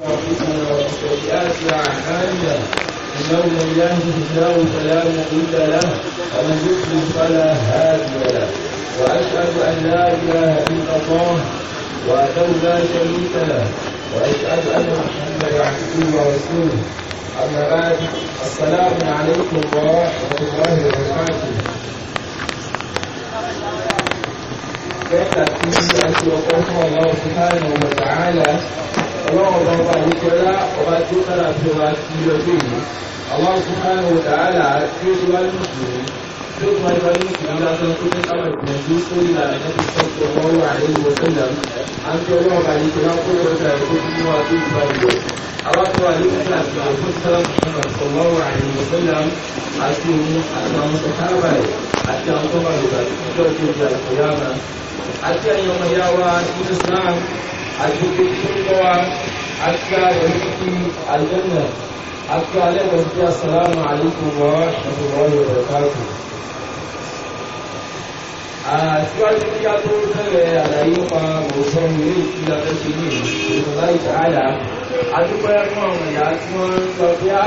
وسيئات أعمالنا إنه من يهده الله فلا مضل له ومن يضلل فلا هادي له وأشهد أن لا إله إلا الله وأنه لا شريك له وأشهد أن محمدا عبده ورسوله أما بعد السلام عليكم ورحمة الله وبركاته كيف تأتي أن الله سبحانه وتعالى ọlọ́run ọba ọba àyíkọ́lá ọba tí ó kára fi ọba ti lọ́jọ́ yìí àwọn subhanahu wa ta'ala tí ó ti wá ní mùsùlùmí tí ó ti wáyé wáyé mùsùlùmí lásán tó ní káwọn ìgbìyànjú tó ní ìlànà ní ti sọ pé ọmọ wà ní ìwọ sẹ́lẹ̀ à ń tẹ ọlọ́run ọba àyíkọ́lá kó lọ sí àyíkó tí wọ́n ti ń bá ìwọ àwọn tó wà ní ìlànà àti àwọn tó ti sọ àti àwọn tó bá lòdà lọ́jọ́ tó di àlùkòyàmà àti ẹ̀yìn ọmọ ìyá wa ní Islam àti òkè tó wa àti ààrẹ títí síwájú kí a tó bẹ̀rẹ̀ àlàyé nípa mọ̀ọ́sán ilé ìtura fẹ́ṣẹ̀ ní ìṣọ̀lá ìdáàlà adúpẹ́ fún àwọn ìyá tí wọ́n ń sọ bí á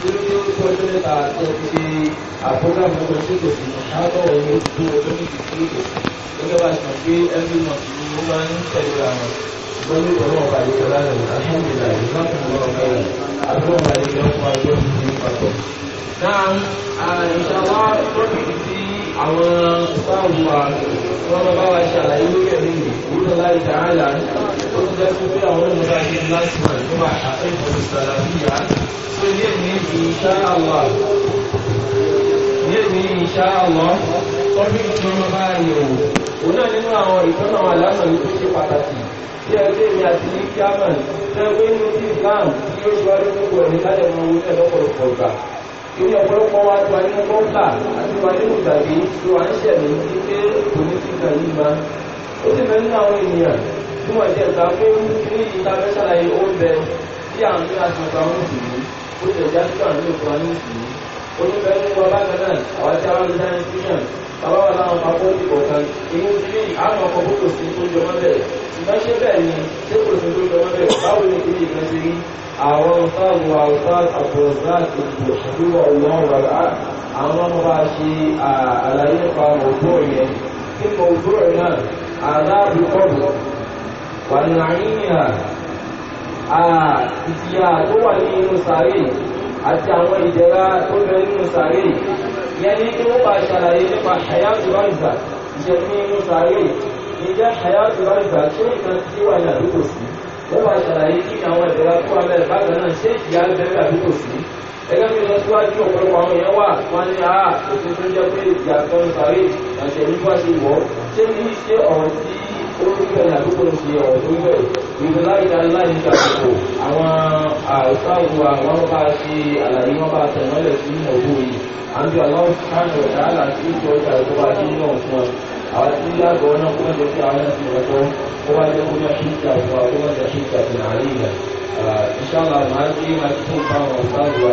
tí ó tó tó ọjọ́ mẹ́ta tó fi ṣe àkókò àmọ́tò tí kò sì mọ̀ káàbọ̀ ní oṣù tó ọjọ́ méjì tí ó lò gẹ́gẹ́ bá ṣe pé every month ni ó máa ń tẹ̀lé àwọn ṣùgbọ́n ní ìtọ́nà ọba àdéjọ lánàá alhamdulilayi lákùnrin lọ́wọ́ mẹ́rin àdúgbò ọba àdéjọ fún àjọ ìpínlẹ̀ pàtó. náà àìsàn wa tó bìrì sí àwọn táwọn wọn bá wá ṣàlàyé lórí ẹ̀rí ìwúlò láì dáhàlà ó ti dẹ́kun pé àwọn ọmọdé àti láti wà nípa àfẹ́kọ̀ọ́ ìsàlàbíyà tó lé ní insha Allah lé ní insha Allah ọdún tí wọn bá yẹ wò òun náà nínú àwọn ìtọ́nà àlànà yìí tó ṣe pàtàkì tí ẹ lé ní àti ní kíámà tẹ́wé ní Islam tí ó ṣe wá gbogbo ẹ̀ ní lálẹ́ ọmọ owó tẹ́ lọ́pọ̀lọpọ̀ torí ọ̀pọ̀lọpọ̀ wa tó wà nínú kọ́ńtà àti wà nínú ìgbàgbé tó wà ń ṣẹ̀mí sí pé kò ní sí ìgbà yìí ó sì fẹ́ nínú àwọn ènìyàn tí wọ́n jẹ́ ìgbà pé ní ìta fẹ́ ṣàlàyé oúnjẹ tí à ń gbé aṣojú àwọn òṣèlú ó jẹ́ ìjà tó wà nínú ìgbà ní ìsìn onífẹ́ nínú ọba kan náà àwọn tí a wá lọ náà bàbá wà láwọn pàtàkì kọ̀ọ̀kan èyí tí àwọn ọkọ̀ bó kò sí tó jọ mọ́ bẹ́ẹ̀ ṣùgbọ́n ṣé bẹ́ẹ̀ ni ṣé kò sí tó jọ mọ́ bẹ́ẹ̀ báwo ni ilé ìkan ṣe rí àwọn ọ̀sáàlù àwòsàn àbọ̀sá ìbò àdúrà ọ̀wọ́n wàrà àwọn ọmọ bá ṣe àlàyé nípa òbúrò yẹn nípa òbúrò náà aláàbùkọ̀bù wà nàìjíríà ìjìyà tó wà ní inú sàárè àti àwọn ìdẹ̀ra tó bẹ nínú sàárè yẹn ní kí wọ́n bá ṣàlàyé nípa hayatu barza ìṣẹ̀mí inú sàárè ìjẹ́ hayatu barza tó ìkan tí wà ní àdúgbò sí wọ́n bá ṣàlàyé kí ni àwọn ìdẹ̀ra tó wà bẹ̀rẹ̀ bákan náà ṣé ìyá ń bẹ̀rẹ̀ àdúgbò sí ẹgbẹ́ mi lọ síwájú ọ̀pọ̀lọpọ̀ àwọn èèyàn wà wọ́n ní àá ah, tó tó jẹ́ pé ìyá kan sàárè àṣẹ ní oríṣiríṣi àdúgbò ń ṣe ọ̀rọ̀ tó bẹ̀ ìlú láìdáláì ṣàkóso àwọn àìsáwò àwọn bá ṣe àlàyé wọn bá tẹ̀ mọ́lẹ̀ sí ìnáwó yìí àbí aláwọ̀ sáànù ọ̀dà àlàyé tó ọjà tó bá dé náà fún ọ àwọn tí lágọ̀ náà kó lè fi àwọn ẹ̀sìn ọ̀tọ̀ kó wá jẹ́ kó má ìjà fún wa kó má jẹ́ ṣe ìjà fún àárín ilẹ̀ ìṣàlà máa ń gbé máa tún bá wọn sáàlù wa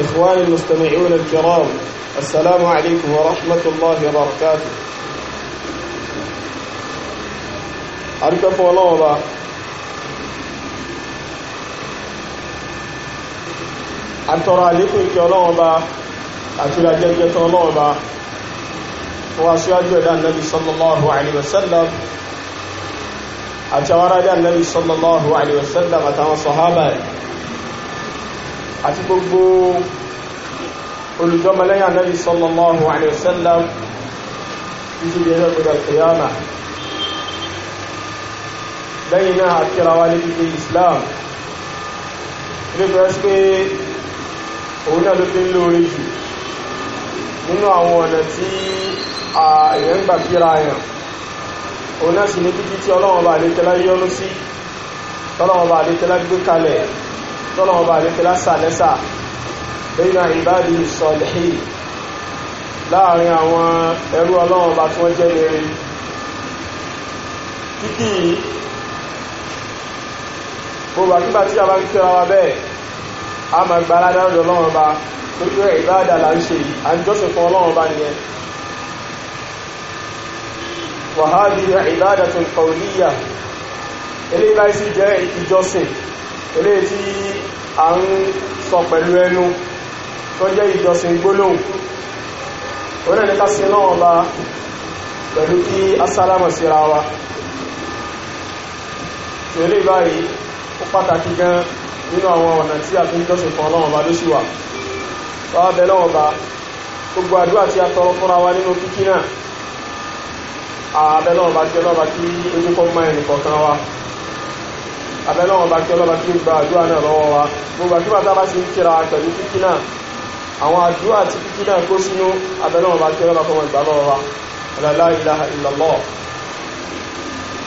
إخواني المستمعون الكرام السلام عليكم ورحمة الله وبركاته أرجو فولولا أن ترى لكم الكرام أتلا جنجة الله وأشهد أن النبي صلى الله عليه وسلم أتوارد النبي صلى الله عليه وسلم أتوارد صحابه àti gbogbo olùjọmọlẹ́yìn anábì sallallahu alaihi wasallam títí di ẹjọ́ gbogbo alkiyama lẹ́yìn náà àkíra wá níbi pé islam nígbà pé òun náà ló fi ń lórí jù nínú àwọn ọ̀nà tí èèyàn gbà kíra yàn òun náà sì ní títí tí ọlọ́wọ́n bá àlétẹ́lá yọ́nú sí tọ́lọ́wọ́n bá àlétẹ́lá gbé kalẹ̀ tọ́lọ́wọ́ bá àríkẹ́ lásà lẹ́sà bẹ́yìnà ìbáàdì sọ̀lẹ̀hì láàrin àwọn ẹrú ọlọ́wọ́ tí wọ́n jẹ́ lérè kíkì gbogbo àkígbà tí a bá ń kíra wa bẹ́ẹ̀ a máa gba aládàájọ ọlọ́wọ́ eléyìí tí a ń sọ pẹ̀lú ẹnu tó jẹ́ ìjọsìn gbólóhùn orílẹ̀ ní kásí náà ọba pẹ̀lú kí asálámọ̀ síra wa tí ó lè báyìí ó pàtàkì gan nínú àwọn ọ̀nà tí a fi ń jọsìn fún ọlọ́run ọba ló sì wà wá bẹ lọ́wọ́ ọba gbogbo àdúrà tí a tọrọ fúnra wa nínú kíkí náà àbẹ lọ́wọ́ ọba tí ọlọ́ba kí ojú mọ́ ẹnì kọ̀ọ̀kan wa abẹ́lọ́wọ́ bá kí ọlọ́ba kí ó gba àdúrà náà lọ́wọ́ wa gbogbo àdúrà tá a bá ti ń kíra pẹ̀lú kíkí náà àwọn àdúrà tí kíkí náà kó sínú abẹ́lọ́wọ́ bá kí ọlọ́ba kọ́mọ ìgbà lọ́wọ́ wa la ilaha illallah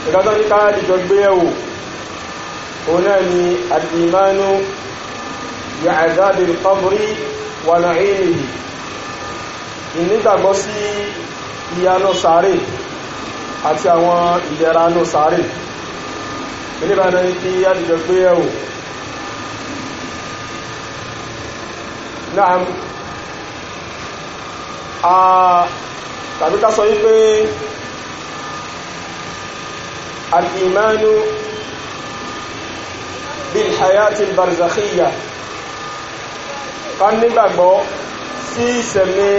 ìgbàgbọ́ ní ká dìjọ gbé ẹ̀wò òun náà ni àdìmánú bi'adhabil qabri wa na'imihi ìnígbàgbọ́ sí ìyanú sáré àti àwọn ìdẹ̀ranú sáré nígbà náà kí yájújọ pé ẹ̀wò náà a tàbí ká sọ wípé alìmánú bil hayati barzakhiyya ká nígbàgbọ́ sí ìsẹ̀mí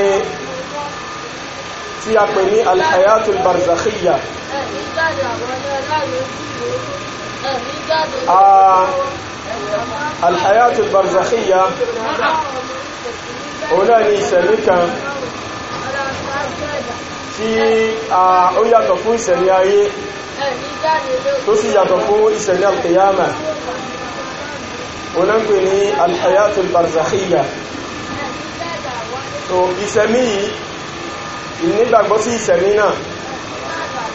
tí a pè ní alhayatul barzakhiyya alhayatu barzakhiya òun náà ni ìṣẹ̀mí kan tí ó yàtọ̀ fún ìṣẹ̀mí ayé tó sì yàtọ̀ fún ìṣẹ̀mí alkiyama òun náà pè ní alhayatu barzakhiya so ìṣẹ̀mí yìí ìnígbàgbọ́ sí ìṣẹ̀mí náà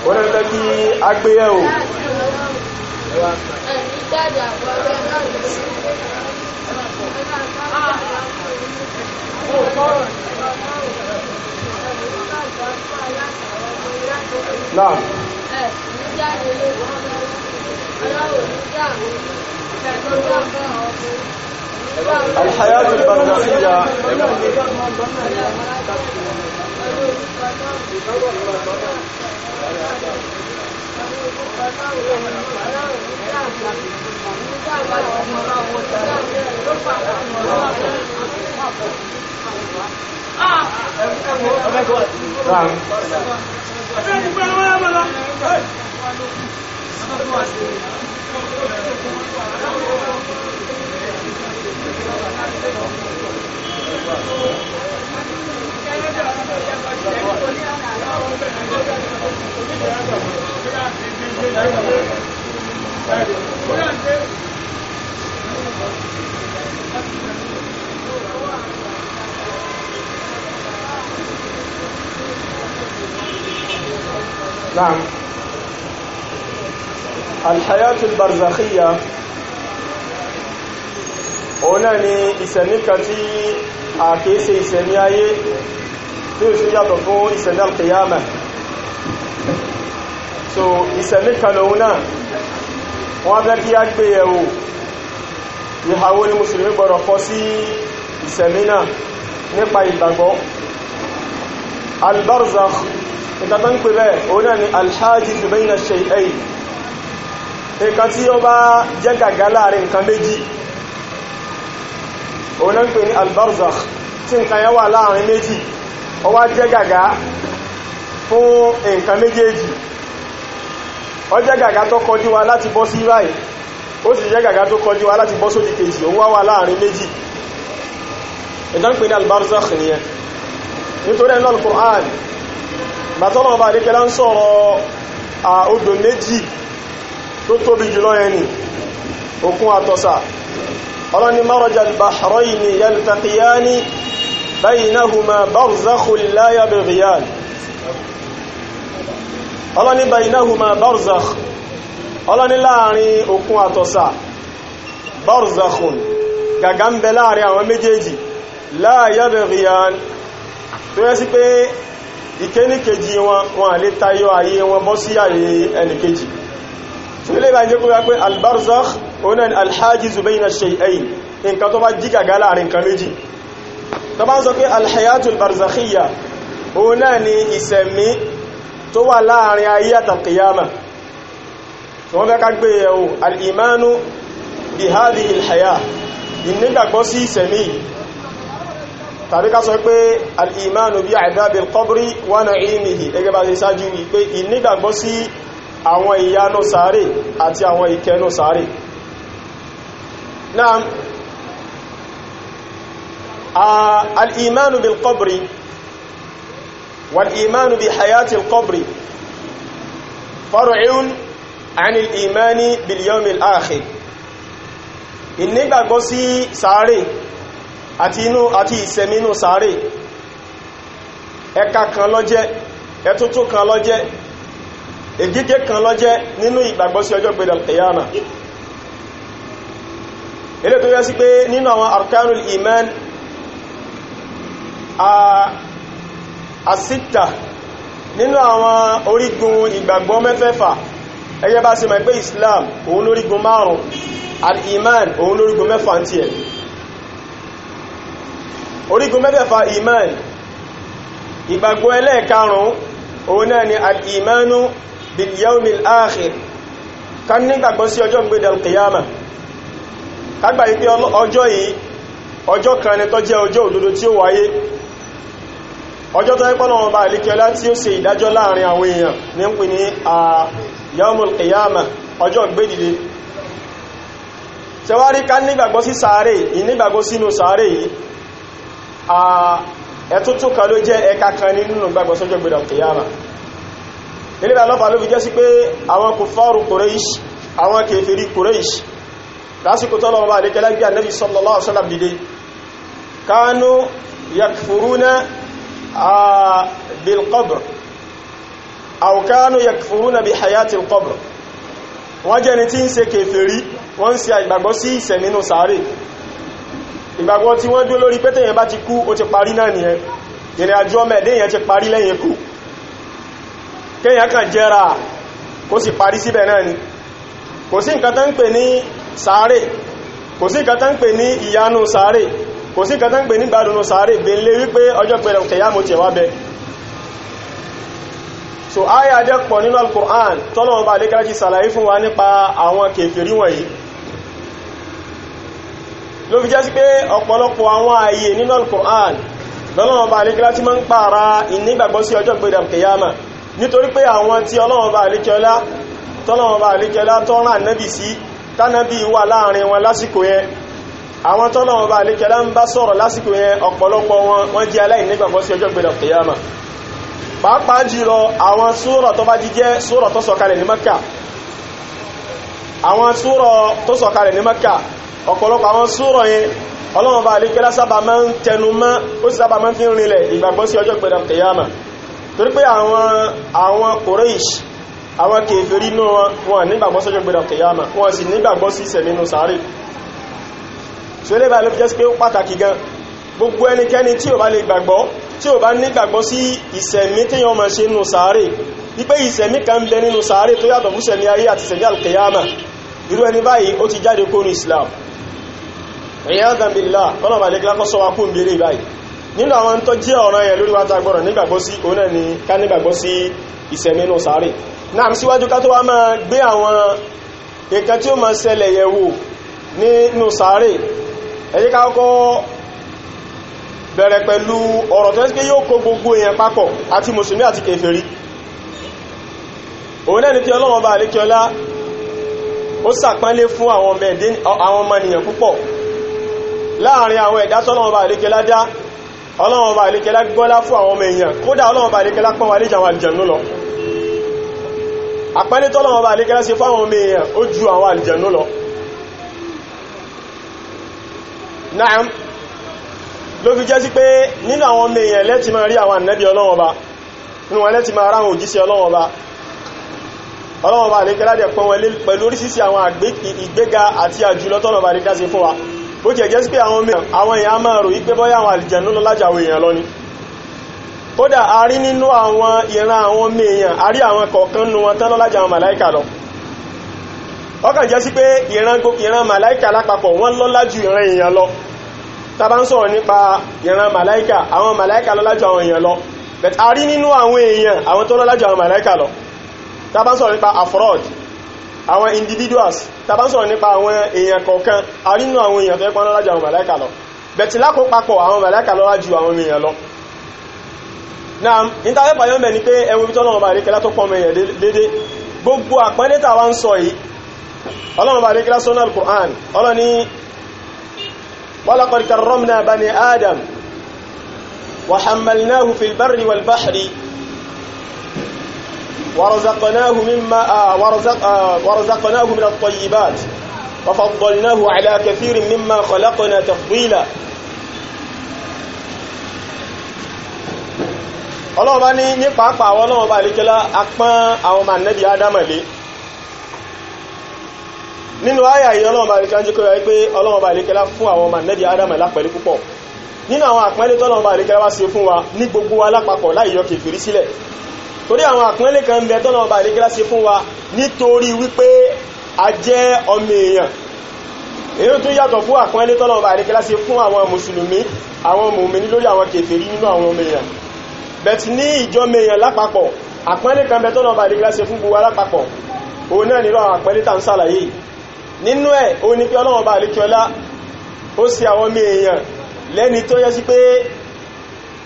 òun náà fẹ́ kí agbéyẹ̀wò Náà. الحياة البرزخية 啊！哎哎，我我来过，是吧？这里不能玩吗？哎！نعم الحياة البرزخية هنا ni àkéèsè ìsẹ̀mí ayé tí ó sì yàtọ̀ fún ìsẹ̀mí alkiyama so ìsẹ̀mí kanòun náà wọ́n fẹ́ kí a gbé ẹ̀wò ìhàwó ní mùsùlùmí gbọ́dọ̀ kọ sí ìsẹ̀mí náà nípa ìgbàgbọ́ albarzakh ìkàtà ń pè bẹ́ẹ̀ òun náà ń pè ní albarzakh tí nǹkan yẹn wà láàrin méjì ó wá jẹ́ gàgá fún nǹkan méjèèjì ó jẹ́ gàgá tó kọjú wa láti bọ́ sí báyìí ó sì jẹ́ gàgá tó kọjú wa láti bọ́ sódì kejì ó wá wà láàrin méjì ìdán pè ní albarzakh nìyẹn nítorí ẹ̀nà al-Qur'an bàtọ́lọ̀ ọba àdékẹ́lá ń sọ̀rọ̀ odò méjì tó tóbi jùlọ yẹn òkun àtọ̀sà ọlọ́ni marajal bahrayni yaltaqiyani baynahuma barzakhun la yabghiyan ọlọ́ni baynahuma barzakh ọlọ́ni láàrin òkun àtọ̀sà barzakhun gàgá ń bẹ láàrin àwọn méjèèjì la yabghiyan tó yẹ sí pé onan alhajizu bayna shay'ayn nǹkan tó bá jígàgá láàrin nǹkan méjì tó bá ń sọ pé alhayatul barzakhiyya onan ni ìsẹ̀mí tó wà láàrin ayé àtàkìyàmà wọ́n fẹ́ ká gbé e ẹ̀wò al'imánu bí hádi ìlhàyà ìnígbàgbọ́ sí ìsẹ̀mí tàbí ká sọ pé al'imánu bí àdábì kọbrí wánà ìmìhì ẹgbẹ́ bá ṣe sáájú wípé ìnígbàgbọ́ sí àwọn ìyanu sáré àti àwọn ìkẹnu sáré نعم، الإيمان بالقبر والإيمان بحياة القبر imanu عن الإيمان باليوم الآخر. far'un an ساري، imani bil yawm al-akhir ìnígbàgbọ́ sí sàárè àti inú àti ìsẹ̀mínú sàárè ẹ̀ka kan lọ́jẹ́ ẹ̀tútù kan lọ́jẹ́ ègígé kan lọ́jẹ́ nínú ìgbàgbọ́ ọjọ́ gbẹ̀dẹ̀ al-qiyamah ilé tó yẹ sí pé nínú àwọn arkanul iman àsìtà nínú àwọn orígun ìgbàgbọ́ mẹ́fẹ̀fà ẹgbẹ́ bá ṣe mọ̀ pé islam òun lórígun márùn al-iman òun lórígun mẹ́fà ń tiẹ̀ orígun mẹ́fẹ̀fà iman ìgbàgbọ́ ẹlẹ́ẹ̀karùn òun náà ni al-imanu bil yawmil akhir kan nígbàgbọ́ sí ọjọ́ gbẹ̀dẹ̀ al-qiyamah kágbà yí pé ọjọ́ yìí ọjọ́ kan ni tó jẹ́ ọjọ́ òdodo tí ó wáyé ọjọ́ tó ẹ́pọ́nà ọba àlíkẹ́lá tí ó ṣe ìdájọ́ láàrin àwọn èèyàn ní ń pè ní yaumul qiyamah ọjọ́ gbédìde tẹwárí ká nígbàgbọ́ sí sàárè ìnígbàgbọ́ sínú sàárè yìí ẹ̀tútù kan ló jẹ́ ẹ̀ka kan nínú gbàgbọ́ sọ́jọ́ gbédìde qiyamah nílẹ̀ alọ́fà ló fi jẹ́ sí pé àwọn kùfárù Quraysh àwọn kèfèrí Quraysh lásìkò tọ́lọ̀ ọba àdékẹ́lá gbé ànábì sallallahu alaihi wasallam dìde kánú yakfuruna bil qabr aw kánú yakfuruna bi hayati al qabr wọ́n jẹ́ ni tí ń ṣe kèfèrí wọ́n ń ṣe ìgbàgbọ́ sí ìṣẹ̀ nínú sàárè ìgbàgbọ́ tí wọ́n dó lórí pété yẹn bá ti kú sàárè kò sí nǹkan tán pè ní ìyanu sàárè kò sí nǹkan tán pè ní gbádùnú sàárè belé wípé ọjọ́ pẹ̀lẹ̀ kẹyàmù tẹ̀ wá bẹ so aya dẹ́ pọ̀ nínú al-Qur'an tọ́lọ́wọ́ bá lékẹ́lá ti sàlàyé fún wa nípa àwọn kèfèrí wọ̀nyí ló fi jẹ́ sí pé ọ̀pọ̀lọpọ̀ àwọn ààyè nínú al-Qur'an lọ́lọ́wọ́ bá lékẹ́lá máa ń pààrà ìnígbàgbọ́ sí ọjọ́ pẹ̀lẹ̀ kẹyàmù nítorí pé àwọn tí ọlọ́wọ́ bá lékẹ́lá tọ́lọ́wọ́ bá lékẹ́lá tọ́rán tánàbí wà láàrin wọn lásìkò yẹn àwọn tọ́lọ̀wọ̀n bá alékẹ́lá ń bá sọ̀rọ̀ lásìkò yẹn ọ̀pọ̀lọpọ̀ wọn wọ́n jẹ́ aláìnígbàgbọ́ sí ọjọ́ gbẹ̀rẹ̀ kìyàmà pàápàá jùlọ àwọn súrọ̀ tó bá jíjẹ́ súrọ̀ tó sọ̀kalẹ̀ ní Mákà àwọn súrọ̀ tó sọ̀kalẹ̀ ní Mákà ọ̀pọ̀lọpọ̀ àwọn súrọ̀ yẹn Ọlọ́run bá alékẹ́lá sábà máa ń tẹnu mọ́ ó sì sábà máa ń fi rinlẹ̀ ìgbàgbọ́ sí ọjọ́ gbẹ̀rẹ̀ kìyàmà torí pé àwọn àwọn Quraysh àwọn kèfèrí náà wọn nígbàgbọ́ sọ́jọ́ gbẹ̀rẹ̀ kìyàmà wọn sì nígbàgbọ́ sí ìsẹ̀mínú sàárè so ilé báyìí ló fi jẹ́ pé ó pàtàkì gan gbogbo ẹnikẹ́ni tí ò bá lè gbàgbọ́ tí ò bá nígbàgbọ́ sí ìsẹ̀mí tí yọ́n máa ṣe nínú sàárè wípé ìsẹ̀mí kan ń bẹ nínú sàárè tó yàtọ̀ fún sẹ̀mí ayé àti sẹ̀mí alkiyama irú ẹni báyìí ó ti jáde kó ní Islam ẹ̀yẹ́dàn bìlá ọ̀nà àbàlẹ́gbẹ́ kọ́ sọ wa kún bèrè báyìí nínú àwọn tó jẹ́ ọ̀ràn yẹn lórí wa tá gbọ́dọ̀ nígbàgbọ́ sí òun náà ni ká nígbàgbọ́ sí ìsẹ̀mí nínú sàárè náà síwájú ká tó wá máa gbé àwọn nǹkan tí ó máa ṣẹlẹ̀ yẹ̀wò nínú sàárè ẹ jẹ́ ká kọ́kọ́ bẹ̀rẹ̀ pẹ̀lú ọ̀rọ̀ tó ẹ́sìké yóò kó gbogbo èèyàn papọ̀ àti mùsùlùmí àti kèfèrí òun náà ni kí ọlọ́wọ́n bá alékiọlá ó sàpánlé fún àwọn ọmọnìyàn púpọ̀ láàrin àwọn ẹ̀dá tọ́lọ́wọ́n bá alékiọlá dá ọlọ́wọ́n bá alékiọlá gbọ́lá fún àwọn ọmọ èèyàn kódà ọlọ́wọ́n bá alékiọlá pọ́n wà lè jàwọn àlìjànú lọ àpẹẹlẹ tọ́lọ́wọ́ bá lè kẹ́lá sí fáwọn ọmọ èèyàn ó ju àwọn àlìjẹ̀nú lọ náà ló fi jẹ́ sí pé nínú àwọn ọmọ èèyàn lẹ́tí máa rí àwọn ànẹ́bí ọlọ́wọ́ bá nínú wọn lẹ́tí máa ráhùn òjíṣẹ́ ọlọ́wọ́ bá ọlọ́wọ́ bá lè kẹ́lá dẹ̀ pọ̀ wọn pẹ̀lú oríṣiríṣi àwọn ìgbéga àti àjùlọ tọ́lọ́wọ́ bá lè kẹ́lá sí fún wa bó ti kódà a rí nínú àwọn ìran àwọn mèèyàn a rí àwọn kọ̀ọ̀kan nínú wọn tán lọ́lájà àwọn màláìkà lọ ọkàn jẹ́ sí pé ìran màláìkà lápapọ̀ wọ́n lọ́lá ju ìran èèyàn lọ tá bá ń sọ̀rọ̀ nípa ìran màláìkà àwọn màláìkà lọ́lá ju àwọn èèyàn lọ but a rí nínú àwọn èèyàn àwọn tó lọ́lá ju àwọn màláìkà lọ tá bá ń sọ̀rọ̀ nípa afrod àwọn individuals tá bá ń sọ̀rọ̀ nípa àwọn èèyàn kọ̀ọ̀kan a rí nínú àwọn èèyàn tó lọ́lá ju àwọn màláìkà lọ but lákòópapọ̀ àwọn màláìkà lọ́lá ju àwọn èèyàn lọ náà ìtàwẹ́ pàyọ́ mẹ́ ni pé ẹwọ ibi tọ́lọ́wọ́ bá rí kẹlá tó pọ̀ mẹ́yẹ̀ lédé gbogbo àpẹẹlẹ́ tàwa ń sọ yìí ọlọ́wọ́ bá rí kẹlá sọ́nà al-Qur'an ọlọ́ni walaqad karramna bani adam wa ورزقناه مما ورزق ورزقناه من الطيبات وفضلناه على كثير مما خلقنا تفضيلا ọlọ́run bá ní ní pàápàá àwọn ọlọ́run bá ìlékẹ́lá apán àwọn ọmọ ànẹ́bí ádámọ̀lé nínú àyà yìí ọlọ́run bá ìlékẹ́lá jẹ́ kọ́ra pé ọlọ́run bá ìlékẹ́lá fún àwọn ọmọ ànẹ́bí ádámọ̀lá pẹ̀lú púpọ̀ nínú àwọn àpọ́nlé tọ́lọ́run bá ìlékẹ́lá wá ṣe fún wa ní gbogbo wa lápapọ̀ láì yọ kèfèrí sílẹ̀ torí àwọn àpọ́nlé kan ń bẹ tọ́lọ́run bá ìlékẹ́lá ṣe fún wa nítorí wípé a jẹ́ ọmọ èèyàn èyí tó yàtọ̀ fún àpọ́nlé tọ́lọ́run bá ìlékẹ́lá ṣe fún àwọn mùsùlùmí àwọn mùmíní lórí àwọn kèfèrí nínú àwọn ọmọ èèyàn bẹ̀tì ní ìjọmọ èèyàn lápapọ̀ àpẹẹlẹ kan bẹ̀tọ́ náà bá lè gíláṣẹ fún gbogbo alápapọ̀ òun náà nílò àwọn àpẹẹlẹ tà ń sàlàyé nínú ẹ̀ ó ní pé ọlọ́wọ́n bá lè kí ọlá ó sì àwọn ọmọ lẹ́ni tó yẹ sí pé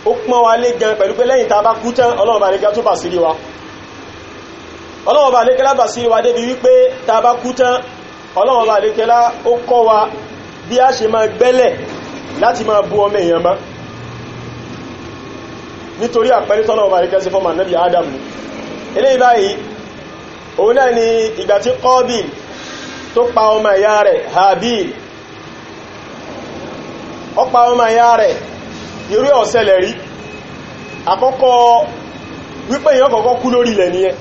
ó pọ́n wa lé gan pẹ̀lú pé lẹ́yìn tá a bá kú tán ọlọ́wọ́n bá lè gá tó bà sí wa ọlọ́wọ́n bá lè kẹ́lá bà sí wa débi wípé tá kú tán ọlọ́wọ́n bá lè kẹ́lá ó kọ́ wa bí a ṣe máa gbẹ́lẹ̀ láti máa bu ọmọ èèyàn máa nítorí àpẹẹrẹ tọ́nà ọba rẹ̀ kẹsí fọ́mà nẹ́bí adam ni eléyìí báyìí òun náà ni ìgbà tí Qabil tó pa ọmọ ìyá rẹ̀ Habil ó pa ọmọ ìyá rẹ̀ irú ọ̀sẹ̀lẹ̀ rí àkọ́kọ́ wípé èèyàn kọ́kọ́ kú lórí ilẹ̀ nìyẹn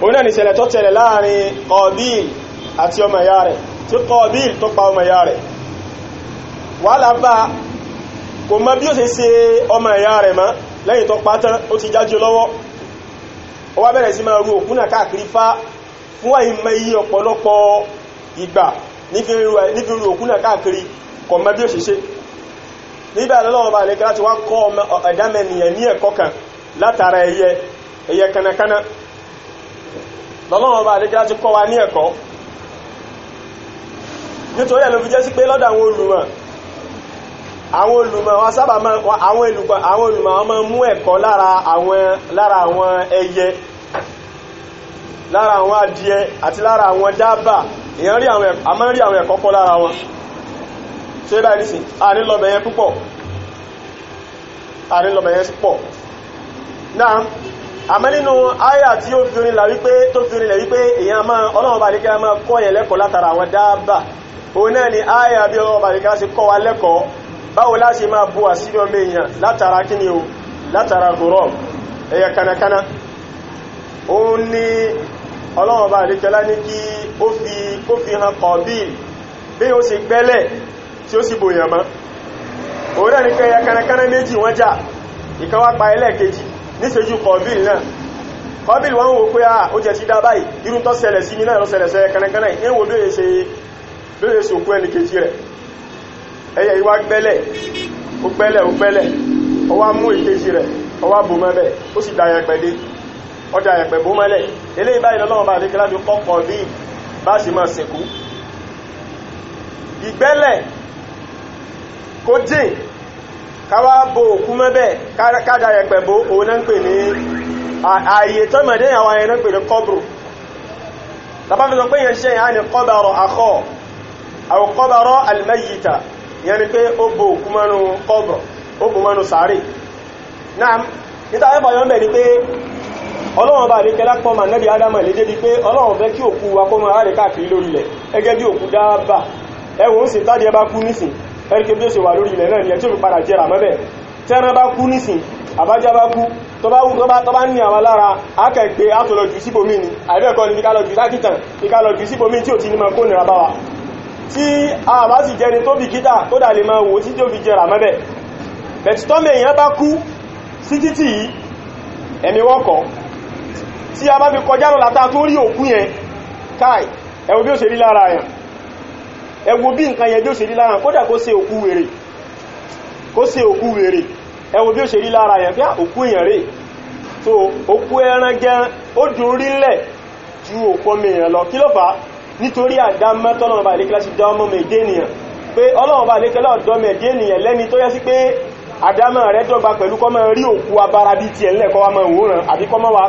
òun náà ni ìṣẹ̀lẹ̀ tó tẹ̀lẹ̀ láàrin Qabil àti ọmọ ìyá rẹ̀ tí Qabil kò mọ̀ bí ó ṣe ṣe ọmọ ẹ̀yà rẹ̀ mọ́ lẹ́yìn tó pátán ó ti jájú lọ́wọ́ ó wá bẹ̀rẹ̀ sí máa ru òkú náà káàkiri fá fún àìmọ̀ iye ọ̀pọ̀lọpọ̀ ìgbà ru òkú náà káàkiri kò mọ̀ bí ó ṣe ṣe nítorí sí pé àwọn olùmọ̀ àwọn olùmọ̀ wọn sábà máa àwọn olùmọ̀ àwọn olùmọ̀ wọn máa mú ẹ̀kọ́ lára àwọn lára àwọn ẹyẹ lára àwọn adìẹ àti lára àwọn dábà èèyàn rí àwọn a máa ń rí àwọn ẹ̀kọ́ kọ́ lára wọn ṣé báyìí nìsín a ní lọ́bẹ̀ yẹn púpọ̀ a ní lọ́bẹ̀ yẹn púpọ̀ náà àmọ́ nínú àyà tí ó fi orin là wípé tó fi orin lẹ̀ wípé èèyàn máa ọlọ́run bá nìkan máa kọ́ yẹn lẹ́kọ̀ọ́ látara àwọn dábà òun náà ni àyà bí ọlọ́run bá nìkan ṣe kọ́ wa lẹ́kọ̀ọ́ báwo láti máa bu àsírí ọmọ èèyàn látara kí ni o látara gòrò ẹ̀yà kanakana òun ni ọlọ́wọ̀n bá àríkẹlá ní kí ó fi kó fi hàn kọ̀bíl bí ó sì gbẹ́lẹ̀ tí ó sì bòyàn mọ́ òun náà ní pé kanakana méjì wọ́n jà ìkan wá pa ẹlẹ́ẹ̀kejì níṣẹ́jú kọ̀bíl náà kọ̀bíl wọ́n wò pé ó jẹ́ sí dá báyìí irú tó ṣẹlẹ̀ sí mi náà ṣẹlẹ̀ kanakana yìí wo bí ó ṣe ẹnìkejì rẹ̀ ẹyẹ ìwá gbẹ́lẹ̀ ó gbẹ́lẹ̀ ó gbẹ́lẹ̀ ó wá mú ìkejì rẹ̀ ó wá bò mọ́lẹ̀ ó sì dáyẹ pẹ̀lẹ́ ọjà ẹ̀pẹ̀ bó mọ́lẹ̀ eléyìí báyìí lọ́lọ́wọ́ bá lè kílá fi kọ́kọ́ bí bá sì máa sìnkú ìgbẹ́lẹ̀ kó jìn káwá bo òkú mẹ́bẹ̀ kájà ẹ̀pẹ̀ bó òun náà ń pè ní ààyè tọ́mọ̀dé àwọn ẹ̀yẹn náà ń pè ní kọ́bùrù tàbá fi sọ pé yẹn ṣe yẹn á ní kọ́bàrọ̀ àkọ́ àwọn kọ́bàrọ̀ àlùmẹ́yìíta ìyẹn ni pé ó bo òkú mọ́nu kọ́bọ̀ ó bo mọ́nu sàárè náà níta ẹ̀fọ́ yọ mẹ́ ni pé ọlọ́run bá àdékẹ́lá pọ́ mà nẹ́bí ádámà lédè di pé ọlọ́run fẹ́ kí òkú wa kó máa rẹ̀ káàkiri lórí ilẹ̀ ẹgẹ́ bí òkú dáàbà ẹwọ̀n ń sì tádì ẹ bá kú nísìn bí ó ṣe wà lórí ilẹ̀ náà ni ẹ̀ tí padà mọ́bẹ̀ bá kú nísìn àbájá bá ma kó tí a bá sì jẹni tó bí kídà tó dà lè máa wò tí tí ó fi jẹrà mẹ́bẹ̀ bẹ̀títọ́mẹ̀ bá kú sí títì yìí ẹ̀mí wọ́kọ̀ tí a bá fi kọjá lọ látà tó rí òkú yẹn káì ẹ wo bí ó ṣe rí lára yẹn ẹ wo bí nǹkan yẹn bí ó ṣe rí lára yẹn kódà kó ṣe òkú wèrè kó ṣe òkú wèrè ẹ wo bí ó ṣe rí lára yẹn fíà òkú èèyàn rè so òkú ẹran gẹran ó dùn rí lẹ̀ ju òkú ọmọ èèyàn lọ kí ló fà á nítorí àdámọ́ tọ́lọ́run bá lékẹ́lá sí dánmọ́ mẹ́dé ènìyàn pé ọlọ́run bá lékẹ́lá ọ̀dọ́ mẹ́dé ènìyàn lẹ́ni tó yẹ sí pé àdámọ́ rẹ̀ dọ́gba pẹ̀lú kọ́mọ rí òkú abara bíi tiẹ̀ ńlẹ̀ kọ́ wa mọ̀ òwúrán àbí kọ́mọ wa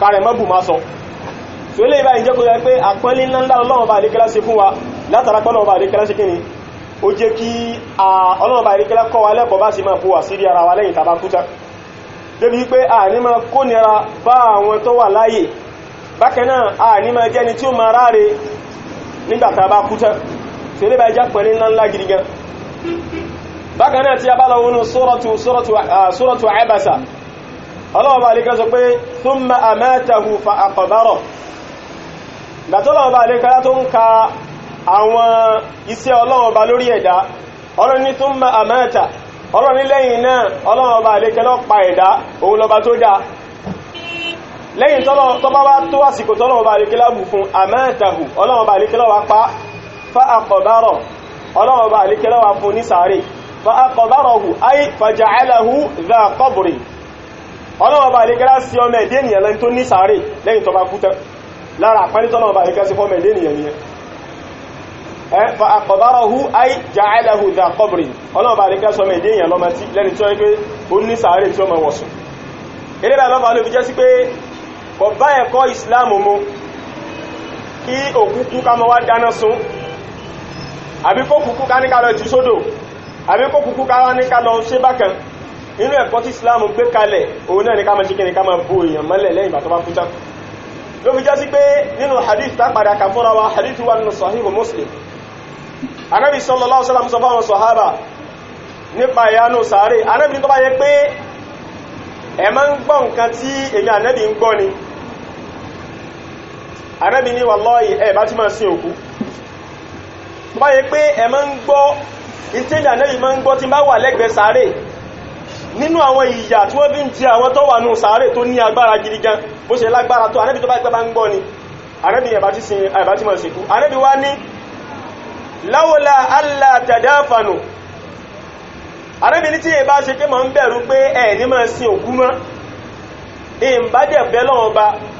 kárẹ̀ mọ́ bù má sọ tó lè báyìí jẹ́ kó yẹ pé àpọ́nlé ńláńlá ọlọ́run bá lékẹ́lá sí fún wa látara pọ́lọ́run bá lékẹ́lá sí kíni ó jẹ́ kí ọlọ́run bá lékẹ́lá kọ́ wa lẹ́kọ̀ọ́ bá wa sírí bákanáà a ní máa jẹ́ni tí ó máa ráre nígbàtà bá kú tán tí ó lè bá ẹjá pẹ̀lẹ́ ńlá ńlá gidi gan bákanáà tí a bá lọ́wọ́ sórọ̀tù àìbàsà ọlọ́ọ̀bá alẹ́ká sọ pé thumma amatahu fa aqbara gbàtọ́lọ́ọ̀bá alẹ́ká tó lẹ́yìn tọ́bá wá tó àsìkò tọ́lọ́wọ́ bá lè kílá bù fún àmẹ́ẹ̀tàhù ọlọ́wọ́ bá lè kílá wá pa fa'akọ̀bárọ̀ ọlọ́wọ́ bá lè kílá wá fún ní sàárè fa'akọ̀bárọ̀hù ay fàjàálàhù dha qabri ọlọ́wọ́ bá lè kílá sí ọmọ ẹ̀dẹ́ ènìyàn lẹ́n tó ní sàárè lẹ́yìn tọ́bá kú tán lára àpẹẹrẹ tọ́lọ́wọ́ bá lè kílá sí fọ́mọ ẹ̀dẹ́ ènìyàn nìyẹn fa'akọ̀bárọ̀hù ay ja'alahu dha qabri ọlọ́wọ́ bá lè kílá sí ọmọ ẹ̀dẹ́ ènìyàn lọ́mọ tí lẹ́ni tí ó yẹ pé ó ní sàárè tí ó mọ̀ wọ̀sùn eré bá lọ́fà ló fi jẹ́ sí pé kò bá ẹ̀kọ́ ìsìláàmù mu kí òkúkú ká mọ́ wá dáná sun àbí kó kúkú ká ní ká lọ jù sódò àbí kó kúkú ká ní ká lọ ṣe bákan nínú ẹ̀kọ́ tí ìsìláàmù gbé kalẹ̀ òun náà ní ká máa ṣe kí ni sallallahu alaihi wasallam sọ fáwọn sọ̀hábà nípa ìyanu sàárè anábì tó bá yẹ pé ẹ̀ máa ń gbọ́ nǹkan tí èèyàn anábì ń gbọ́ ni Ànábì ní wallahi ẹ bá ti máa sin òkú tó bá yẹ pé ẹ máa ń gbọ́ ìtẹ́lẹ̀ Ànábì máa ń gbọ́ tí bá wà lẹ́gbẹ̀ẹ́ sáré nínú àwọn ìyà tí wọ́n fi ń jẹ àwọn tó wà nù sáré tó ní agbára gidi gan bó ṣe lágbára tó Ànábì tó bá gbẹ́ ń gbọ́ ni Ànábì ẹ bá ti sin ẹ bá ti máa sìnkú Ànábì wá ní láwọlá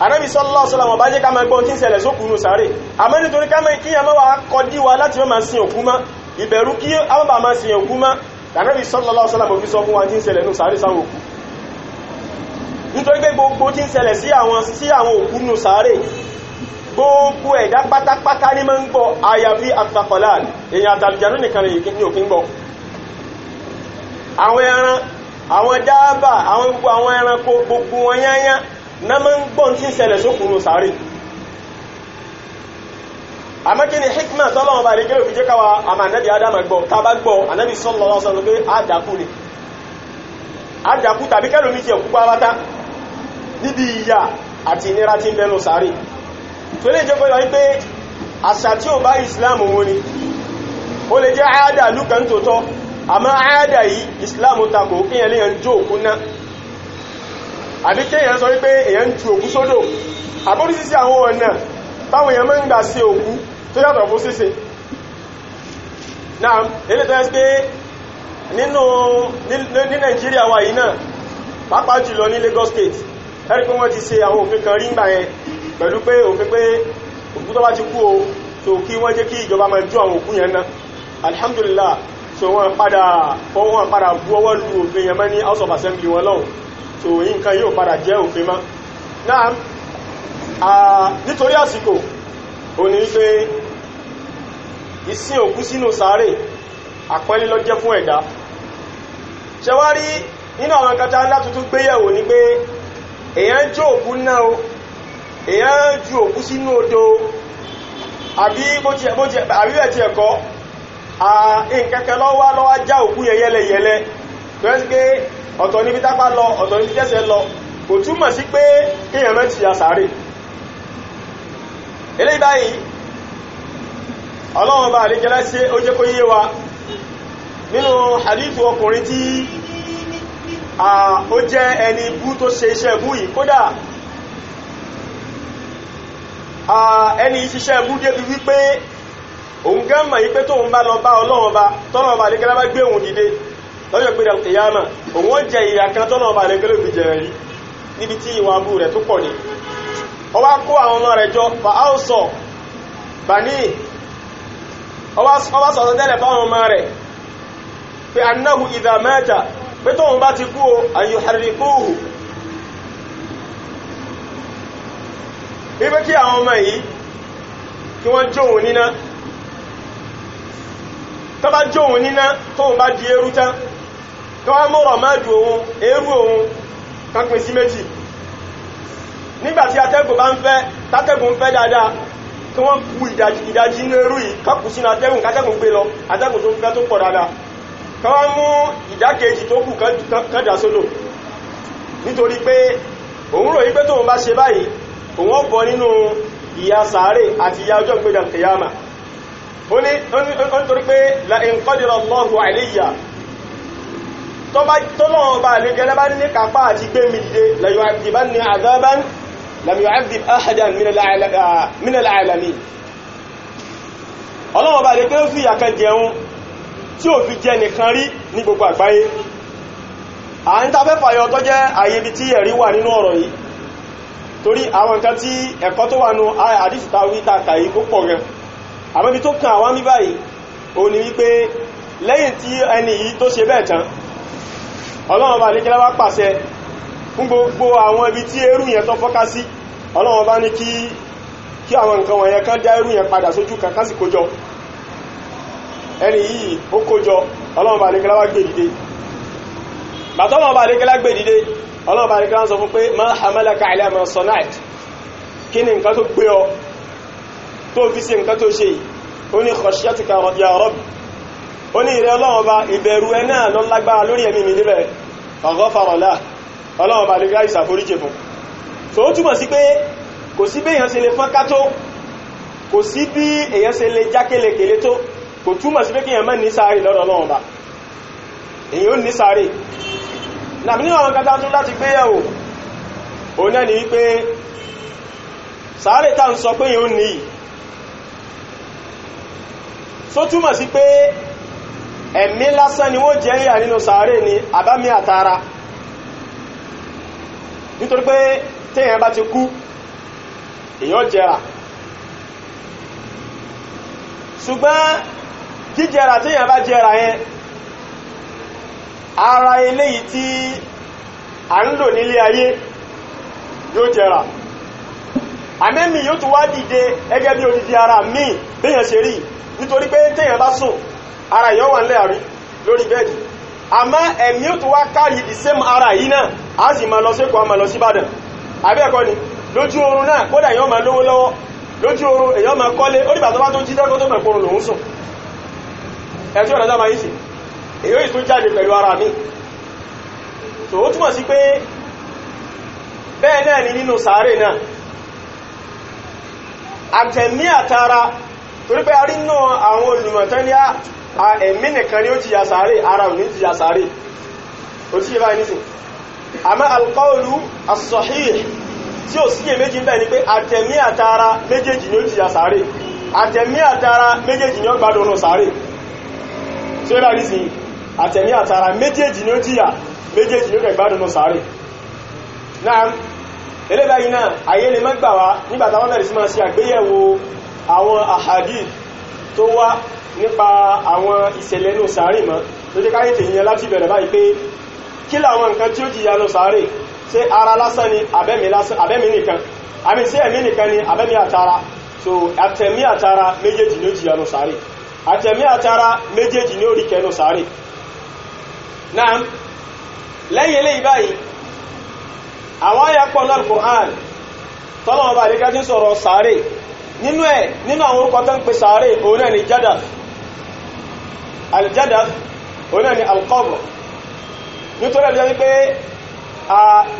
anábi sallallahu alaihi wasallam bá jẹ́ ká máa gbọ́n tí ń ṣẹlẹ̀ sókùn ní sàárè àmọ́ nítorí ká máa kíyàn máa wà kọjí wa láti máa sin òkú mọ́ ìbẹ̀rù kí àbábà máa sin òkú mọ́ anábi sallallahu alaihi wasallam fi sọ fún wa tí ń ṣẹlẹ̀ ní sàárè sáwọn òkú nítorí pé gbogbo tí ń ṣẹlẹ̀ sí àwọn sí àwọn òkú ní sàárè gbogbo ẹ̀dá pátápátá ní máa ń gbọ́ àyàfi àtàkọ̀lá èèyàn àtàlùjánú nìkan ní òkín gbọ́ àwọn ẹran àwọn dáàbà àwọn gbogbo àwọn ẹranko gbogbo wọn yányán na ma ń gbọ́n tí ń ṣẹlẹ̀ sókùnrin ni hikman tọ́lọ́wọ́ bá baa gẹ́lò o jẹ́ kawa àmà ànábì adama gbọ́ tàbá gbọ́ ànábì sallallahu alaihi wasallam pé ni àdàkú tàbí kẹ́lò mi ti ẹ̀kú pàwátá níbi ìyà àti ìnira tí ń tó lè jẹ́ àṣà tí ó bá islam mú ni ó lè jẹ́ àádà lúkàn àmọ́ àádà yìí islam tako jó àbí kéèyàn sọ wípé èyàn ń tu òkú sódò àbórísísí àwọn ọ̀nà táwọn èyàn máa ń gbà sí òkú tó yàtọ̀ fún síse náà ilé tó yẹ pé nínú ní Nàìjíríà wa yìí náà pàápàá jùlọ ní Lagos State ẹ̀rí pé wọ́n ti ṣe àwọn òfin kan rí ńgbà yẹn pẹ̀lú pé òfin pé òkú tó bá ti kú o so kí wọ́n jẹ́ kí ìjọba máa ju àwọn òkú yẹn náà alhamdulillah so wọ́n padà fọwọ́n padà bu ọwọ́ lu òfin yẹn mọ́ ní House of Assembly wọn lọ́hùn so nǹkan yóò padà jẹ́ òfin mọ́ náà nítorí àsìkò ò ní wípé ìsìn òkú sínú sàárè àpọ́nlé ló jẹ́ fún ẹ̀dá ṣẹwárí nínú àwọn kata látútú gbéyẹ̀wò ní pé èyàn jó òkú náà o èyàn ju òkú sínú odò àbí bẹ̀ ti ẹ̀kọ́ nǹkankan lọ́wọ́ lọ́wọ́ já òkú yẹyẹlẹyẹlẹ tó ọ̀tọ̀ níbi tápá lọ ọ̀tọ̀ níbi tẹ́sẹ̀ lọ kò túmọ̀ sí pé kéèyàn rántí àsáré eléyìí báyìí ọlọ́run bá àríkẹ́lá sí ó jẹ́ kó yé wa nínú hadithu ọkùnrin tí ó jẹ́ ẹni bú tó ṣe iṣẹ́ bú yìí kódà ẹni iṣẹ́ bú débi wípé òun gẹ́mọ̀ yí pé tóun bá lọ bá ọlọ́run bá tọ́lọ́run bá àríkẹ́lá bá gbé òun dìde lọ́jọ́ pé alkiyama òun ó jẹ ìyà kan tọ́nà ọba rẹ̀ gẹ́lẹ́ òfin rí níbi tí ìwà abú rẹ̀ tó pọ̀ ní ó kó àwọn ọmọ rẹ̀ jọ fa áùsọ̀ bani sọ̀tọ̀ tẹ́lẹ̀ fáwọn ọmọ rẹ̀ pé pé tóun bá ti kú o àyù harikuhu wípé kí àwọn ọmọ yìí jóun níná tóun bá káwá mú rọ̀mọ́dù òun eérú òun kápin sí méjì nígbàtí atẹ́gùn bá ń fẹ́ tátẹ́gùn fẹ́ dáadáa kí wọ́n kú ìdajì inú eérú yìí kápù sínú atẹ́gùn kátẹ́gùn gbé lọ atẹ́gùn tó fẹ́ tó pọ̀ dáadáa káwá mú ìdákejì tó kù kẹ́dà sólò nítorí pé òun rò wípé tóun bá ṣe báyìí òun ó bọ́ nínú ìyà sàárè àti ìyà ọjọ́ ìgbéjà kìyàmà ó ní nítorí pé la in qadira Allahu alayya tọ́lọ́wọ́ bá lè gẹ́lẹ́ bá ní kápá àti gbé mi dìde lẹ́yìn àdìbá ní àdábán lẹ́yìn àdìb ahadan mínàlá àìlàmí ọlọ́wọ́ bá lè gẹ́lẹ́ fi ìyàkan jẹun tí ò fi jẹ nìkan rí ní gbogbo àgbáyé à ń tafẹ́ fàyọ tó jẹ́ àyè ibi tí ẹ̀rí lẹ́yìn tí ẹni yìí tó ṣe bẹ́ẹ̀ tán ọlọ́run bá lékẹ́lá bá pàṣẹ fún gbogbo àwọn ibi tí eérú yẹn tó fọ́ká sí ọlọ́run bá ní kí kí àwọn nǹkan wọ̀nyẹn kán dá eérú yẹn padà sójú kan kásì kójọ ẹni yìí ó kójọ ọlọ́run bá lékẹ́lá wá gbé dìde bàtọ́lọ́run bá lékẹ́lá gbé dìde ọlọ́run bá lékẹ́lá sọ fún pé ma hamalaka ala ma sana'at kí ni nǹkan tó gbé ọ tó fi ṣe nǹkan tó ṣe yìí ó ní khashiyatuka ya rabbi ó ní ìrẹ́ ọlọ́run ọba ìbẹ̀rù ẹ náà lọ lágbára lórí ẹ̀mí mi débẹ̀ ọgọ́fàrọ̀lá ọlọ́run ọba lè gáìsà foríjì fún so ó túmọ̀ sí pé kò sí bí èèyàn ṣe lè fọ́n ká tó kò sí bí èèyàn ṣe lè jákèlékèlé tó kò túmọ̀ sí pé kí èèyàn má ní sáré lọ́dọ̀ ọlọ́run ọba èèyàn ó ní sáré nàbí nínú àwọn kátà tún láti gbé yẹ̀wò òun náà ni wípé sáré tá ń sọ pé èèyàn ó ní yìí so túmọ̀ sí pé ẹ̀mí lásán ni wọ́n jẹ́ nínú sàárè ni àbámi àtara nítorí pé téèyàn bá ti kú èyàn jera ṣùgbọ́n bá yẹn ara eléyìí tí a ń lò nílé ayé yóò amemi àmẹ́mì yóò tún wá dìde ẹgẹ́ bí odidi ara míì béèyàn ṣe rí nítorí pé ara yọ wà nílẹ̀ àrí lórí bẹ́ẹ̀dì àmọ́ ẹ̀mí tó wá kárí the same ara yìí náà a sì máa lọ sékòó a lọ ni lójú oorun náà kódà èèyàn máa lówó lọ́wọ́ lójú oorun èèyàn máa kọ́lé ó tó bá tó jí dẹ́kọ́ tó mẹ̀kọ́rùn lòún sùn ẹ̀tí ọ̀nà ara mi ó túmọ̀ sí pé bẹ́ẹ̀ náà ni nínú sàárè náà àtẹ̀mí àtara a ẹ̀mí nìkan ni ó jìyà sàárè ara ò jìyà sàárè ó ti yẹ báyìí nísìn àmọ́ alqawlu as tí ò síyè méjì bẹ́ẹ̀ ni pé àtẹ̀mí àtara méjèèjì ni ó jìyà sàárè àtẹ̀mí àtara méjèèjì ni ó gbádùn ọ̀nà tí ó báyìí ni ó jìyà méjèèjì ni ó gbádùn ọ̀nà sàárè náà eléyìí náà ayé lè mẹ́gbà wá sí máa ṣe nípa àwọn ìṣẹ̀lẹ̀ inú sàárè mọ́ ló jẹ́ káyé tèyàn láti bẹ̀rẹ̀ báyìí pé kí làwọn nǹkan tí ó jìyà lọ sàárè ṣé ara lásán ni abẹ́mí nìkan àmì sí ẹ̀mí nìkan ni abẹ́mí àtara so àtẹ̀mí àtara méjèèjì ni ó jìyà lọ sàárè àtẹ̀mí àtara méjèèjì ni ó rí kẹnu náà lẹ́yìn eléyìí báyìí àwọn ayapọ̀ náà Al-Qur'an tọ́lọ́mọba nínú ẹ̀ nínú àwọn orúkọ tó ń pe sàárè òun náà ni jádà aljadath oní ẹni alqabr nítorí ẹ̀bí wípé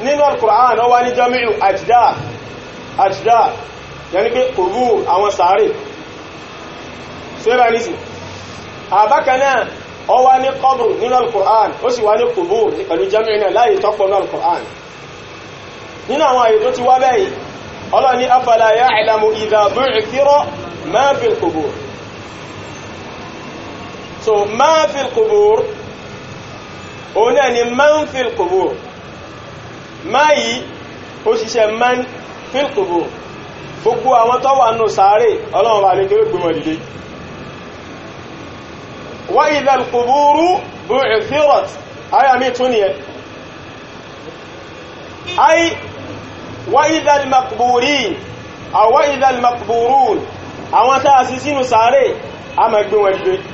nínú al-Qur'an wá ní jamiu ajdath ajdath yẹni pé òru àwọn sàárè sẹ́rànìsì àbákanáà ó wá ní qabr nínú al-Qur'an ó sì wá ní qubur pẹ̀lú jamiu náà láyé tọ́pọ̀ nínú al-Qur'an nínú àwọn àyè tó ti wá bẹ́yìí ọlọ́ni so máa fi kòbòr òun náà ni máa ń fi kòbòr máa yìí ó ṣiṣẹ́ máa ń fi kòbòr gbogbo àwọn tó wà nù sáré ọlọ́run bá lè kéré gbọmọ̀ dìde wá ìdá kòbòrú bú ìfírọ̀t ayà mi tún nìyẹn ay wá ìdá makbúrí àwọn ìdá makbúrún àwọn tá a sínú sáré a máa gbé dìde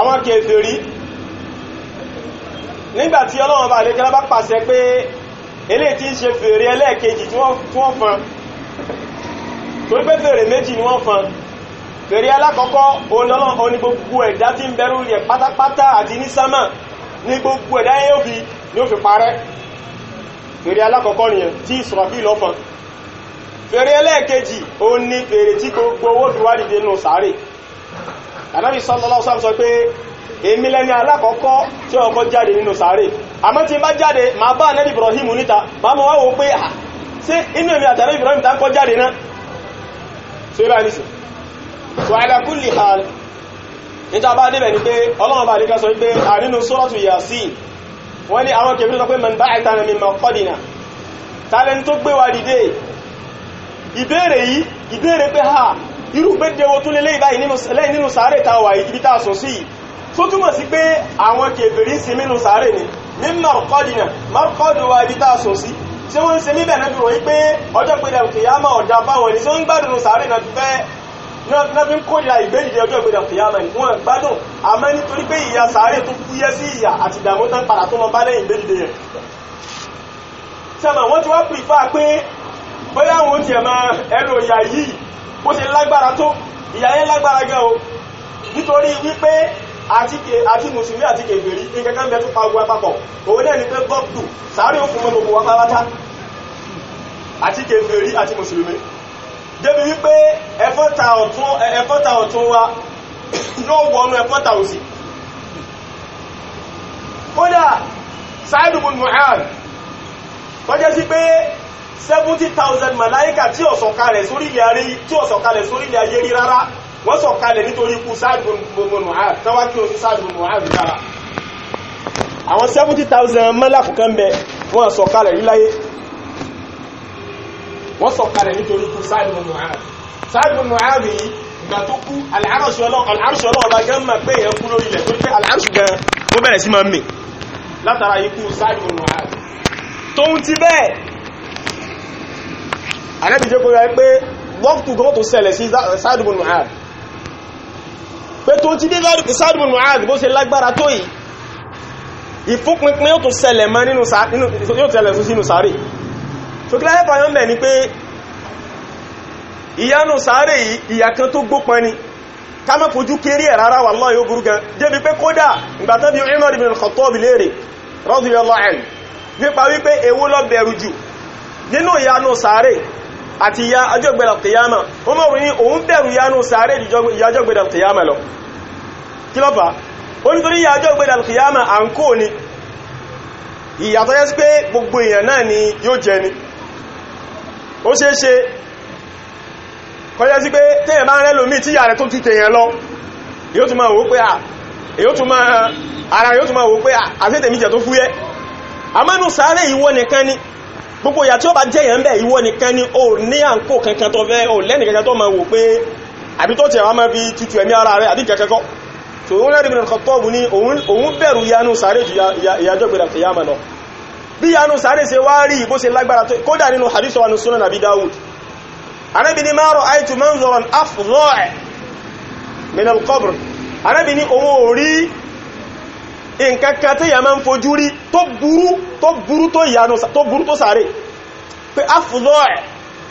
àwọn kèfèrí nígbàtí ọlọ́run bá lè kẹ́lá bá pàṣẹ pé eléyìí tí ń ṣe fèrè ẹlẹ́ẹ̀kejì tí wọ́n torí pé fèrè méjì ni wọ́n fọn fèrè alákọ̀ọ́kọ́ olọ́lọ́run oní gbogbo ẹ̀dá tí ń bẹ̀rù rẹ̀ pátápátá àti ní sámà ní gbogbo ẹ̀dá yóò fi ni ó fi parẹ́ fèrè alákọ̀ọ́kọ́ nìyẹn tí Israfil ló fọn fèrè ẹlẹ́ẹ̀kejì ó ní fèrè tí gbogbo owó fi wá ànábì sallallahu alaihi wasallam sọ pé èmi lẹ́ni alákọ̀ọ́kọ́ tí ọkọ̀ jáde nínú sàárè àmọ́ tí n bá jáde màá bá ànábì Ibrahim níta màá mọ̀ wá wò pé à ah, ṣé inú èmi àtàrí Ibrahim tá ń kọ́ jáde náà ṣe bá nìsí so ala kulli hal níta bá débẹ̀ ni pé ọlọ́run bá nígbà sọ pé àrínú suratu Yasin wọ́n ní àwọn kèfìrí sọ pé man ba'athana min maqadina talent tó gbé wa dìde ìbéèrè yìí ìbéèrè pé ha irú gbédé wo tún lélẹ́ ìbáyìí nínú sàárè ta wà ibi tá a sùn sí yìí tó túmọ̀ sí pé àwọn kèfèrí sí nínú sàárè ni ní mọ̀kọ́dìnà mọ̀kọ́dù wa ibi tá a sùn sí tí wọ́n ń ṣe níbẹ̀ náà fi wọ́n pé ọjọ́ pé kìyàmà ọ̀dà báwọn ni tí wọ́n ń gbádùn sàárè náà fẹ́ náà fi ń kórìíra ìgbédìde ọjọ́ ti ẹ̀mà ẹ̀rọ ìyà yìí bó ṣe lágbára tó ìyà lágbára gan o nítorí wípé àti mùsùlùmí àti kèfèrí ìkẹ́kẹ́ mẹ́tún pa ogun òun náà ni pé gọ́ọ̀dù sáré òfin mọ́ gbogbo wa àti kèfèrí àti mùsùlùmí débi wípé ẹfọ́ta ọ̀tún wa yóò wọnú ẹfọ́ta òsì kódà Sa'id ibn Mu'adh seventy thousand malaika tí ó sọ̀kalẹ̀ sórí ilẹ̀ ayé tí ó sọ̀kalẹ̀ sórí ilẹ̀ ayé rí rárá wọ́n sọ̀kalẹ̀ nítorí ikú sáàdùn gbogbogbò ààrùn tánwá kí o sí sáàdùn gbogbogbò ààrùn dára àwọn seventy thousand mọ́láàkù kan bẹ wọ́n sọ̀kalẹ̀ níláyé wọ́n sọ̀kalẹ̀ nítorí ikú sáàdùn gbogbogbò ààrùn sáàdùn gbogbogbò ààrùn yìí ìgbà tó kú alárùsù ọlọ́run ọba gan mọ̀ pé èèyàn kú lórí ilẹ̀ tó pé alárùsù gan ó bẹ̀rẹ̀ sí máa ń mì látara ikú sáàdùn gbogbogbò ààrùn tóun ti bẹ́ẹ̀ ànábì jẹ́ kó yẹ pé wọ́pù tó tó ṣẹlẹ̀ sí sáàdùbùn mu'ad pé tó ti dé sáàdùbùn mu'ad bó ṣe lágbára tó yìí ìfúnpinpin yóò tó ṣẹlẹ̀ mọ́ nínú sáré so kí láyé fàyọ́ mẹ́ ni pé ìyanu sáré yìí ìyà kan tó gbópọn ni ká má fojú kéré ẹ̀ rárá wallahi ó burú gan débi pé kódà ìgbàtán bí Umar ibn al-Khattab léèrè radiyallahu anhu nípa wípé èwo ló bẹ̀rù jù nínú ìyanu sáré àti ìyá ajọ́gbẹ̀dà kìyàmà wọ́n mọ̀ rí òun bẹ̀rù ya sàárè ya ajọ́gbẹ̀dà kìyàmà lọ kí lọ. fà ó nítorí ìyá ajọ́gbẹ̀dà kìyàmà à ń kó ni ìyàtọ̀ yẹ́ sí pé gbogbo èèyàn náà ni yóò jẹ ni ó ṣe kọjá sí pé téèyàn bá rẹ́ lómi tí ìyà rẹ̀ tó ti lọ ara yóò tún máa pé tó fúyẹ́ nìkan ni gbogbo ìyà tí ó bá jẹ́yàn bẹ́ ìwọ nìkan ni o ní àǹkó kankan tó fẹ́ o lẹ́nì kankan tó ma wò pé àbí tó tẹ̀wà máa fi tutù ẹ̀mí ara rẹ̀ àbí kankan kọ́ so òun lẹ́rìí mìíràn kọ́tọ́ọ̀bù ní òun bẹ̀rù yanu sáré ju ìyàjọ́ gbẹ̀rẹ̀ kìyàmà lọ bí yanu sáré ṣe wá rí bó ṣe lágbára tó kódà nínú hadith wa nusuna nabi dawud ni aitu ni òun ò rí nkankan tí yàmá ń fojú rí tó burú tó burú tó ìyanu tó burú tó sàárè pé afúnlọ́ ẹ̀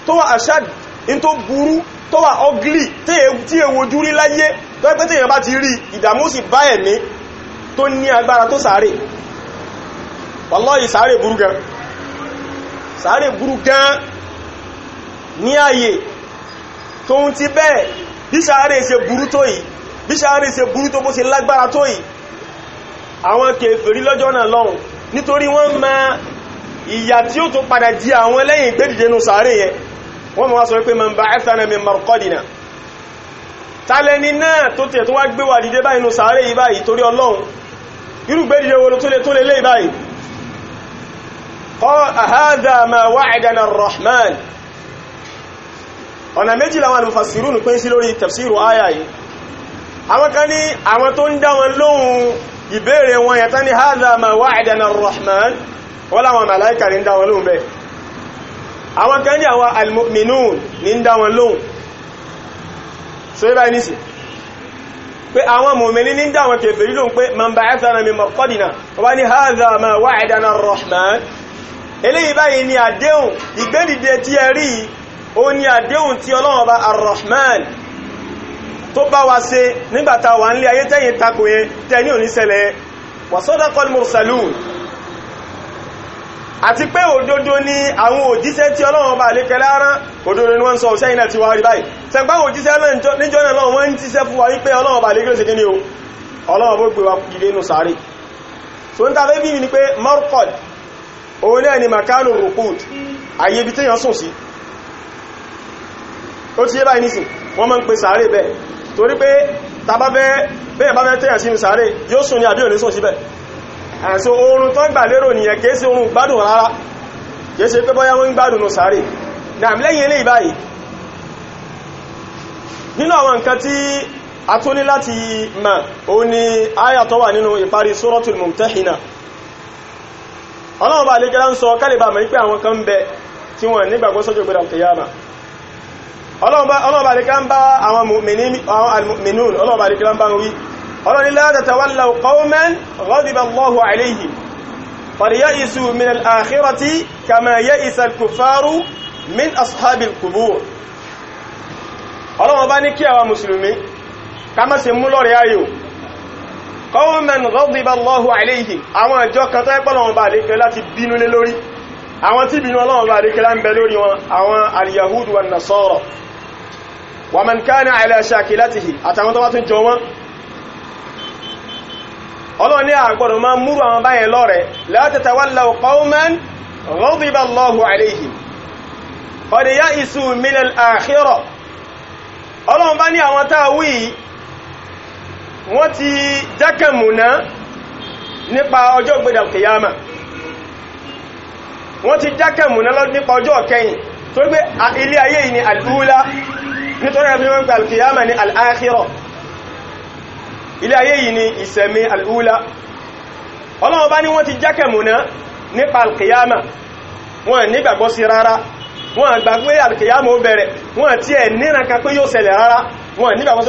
tó wà àṣàd in tó burú tó wà ọgílì tí èwojú rí láyé tó ẹgbẹ́ tí yàmá ti rí ìdàmú sì bá ẹ̀mí tó ní agbára tó sàárè wallahi sàárè burú gan sàárè burú gan ní ààyè tó ń ti bẹ́ẹ̀ bí àwọn kèfèrí lọ́jọ́ náà lọ́hùn nítorí wọ́n ma ìyà tí ó tó padà jí àwọn lẹ́yìn gbédìde nù sàárè yẹn wọ́n ma wá sọ pé man ba'athana min marqadina tálẹ́ni náà tó tẹ̀ tó wá gbé wà dìde báyìí nù sàárè yìí báyìí torí ọlọ́hun irú gbédìde ìbéèrè wọn yẹn tán ní hadha ma wa'adana ar-rahman wọ́n láwọn màláìkà ní dáwọn lóhùn bẹ́ẹ̀ àwọn kan ní àwọn al-mu'minun ní dáwọn lóhùn so ibá ní sí pé àwọn mu'minin ní dáwọn kèfèrí lóhùn pé man ba'athana min marqadina tó bá wa se nígbàtà wà nílé ayé tẹ́yìn takò yẹn tẹ́ ní oníṣẹ́lẹ̀ wàsọ́dọ́kọ́ ni mursalun àti pé òdodo ni àwọn òjíṣẹ́ tí ọlọ́run bá lè kẹlẹ́ ara òdodo ni wọ́n sọ òṣẹ́ iná ti wá rí báyìí tẹgbá òjíṣẹ́ níjọ́ náà lọ́wọ́ ń jíṣẹ́ fún wa wípé ọlọ́run bá lè kẹlẹ́ ṣekí ni o ọlọ́run bó gbé wa gígé nù sáré so ń tafẹ́ bí ni pé marqad òun náà ni makano rukud ayé ibi téèyàn sùn sí ó ti yé báyìí nísìn wọ́n máa ń pe sáré bẹ́ẹ̀ torí pé bẹ́ẹ̀ bá fẹ́ tẹ́yàn sínú sàárè yóò sùn ní àbí òní sùn síbẹ̀ àṣò oorun tán gbà lérò nìyẹn kìí ṣe oorun gbádùn rárá kìí ṣe pé bọ́yá wọ́n ń gbádùn sàárè náà lẹ́yìn eléyìí báyìí ní láti ma ni àyà tó wà nínú ìparí suratul mumtahina ọlọ́run bá lè gẹ́lá ń sọ kálíbà mọ̀ pé àwọn kan bẹ tí wọ́n nígbàgbọ́sọ́jọ́ gbẹ̀rẹ̀ àtẹ̀yàmà ọlọ́ọ̀bà lè kán bá àwọn alìmọ̀mìnún ọlọ́ọ̀bà lè kán bá wí ọlọ́ni látàtà wà láwọ̀ kọ́ọ̀mẹ́n rọ́dìbà lọ́hù àìlèyìí fàríyà isu min al'akhirati kama yẹ isalkufaru min ashabil kubur ọlọ́wọ́ bá ní kí àwọn musulmi ká má ṣe mú lọ́rẹ̀ ayò kọ́wọ́mẹ́n rọ́dìbà lọ́hù àìlèyìí àwọn ìjọ kan tó ẹ́pọ̀ lọ́wọ́ bá láti bínú lé lórí àwọn tí bínú ọlọ́wọ́ bá lè kẹ́ bẹ lórí wọn àwọn alìyahud wa nasọ́rọ̀ wa man kana ala shakilatihi àtàwọn tó bá tún jọ wọ́n ọlọ́run ní àgbọ̀dọ̀ máa múrù àwọn báyẹn lọ́rẹ̀ la tatawallaw qauman ghadiba Allahu alayhim qad ya'isu min al-akhirah ọlọ́run bá ní àwọn táwí wọ́n ti jákẹ̀mùná nípa ọjọ́ gbẹ̀dà kìyàmà wọ́n nípa ọjọ́ kẹyìn tó gbé ilé ayé yìí ni nítorí ẹ̀mí wọ́n gbà alkiyama ní al'akhirọ̀ ilé ayé yìí ni ìsẹ̀mí al'ula ọlọ́wọ́ bá ní wọ́n ti jákẹ̀ múná nípa alkiyama wọ́n nígbàgbọ́ sí rárá wọ́n gbà pé alkiyama ó bẹ̀rẹ̀ wọ́n ti ẹ̀ níran ka yóò ṣẹlẹ̀ rárá wọ́n nígbàgbọ́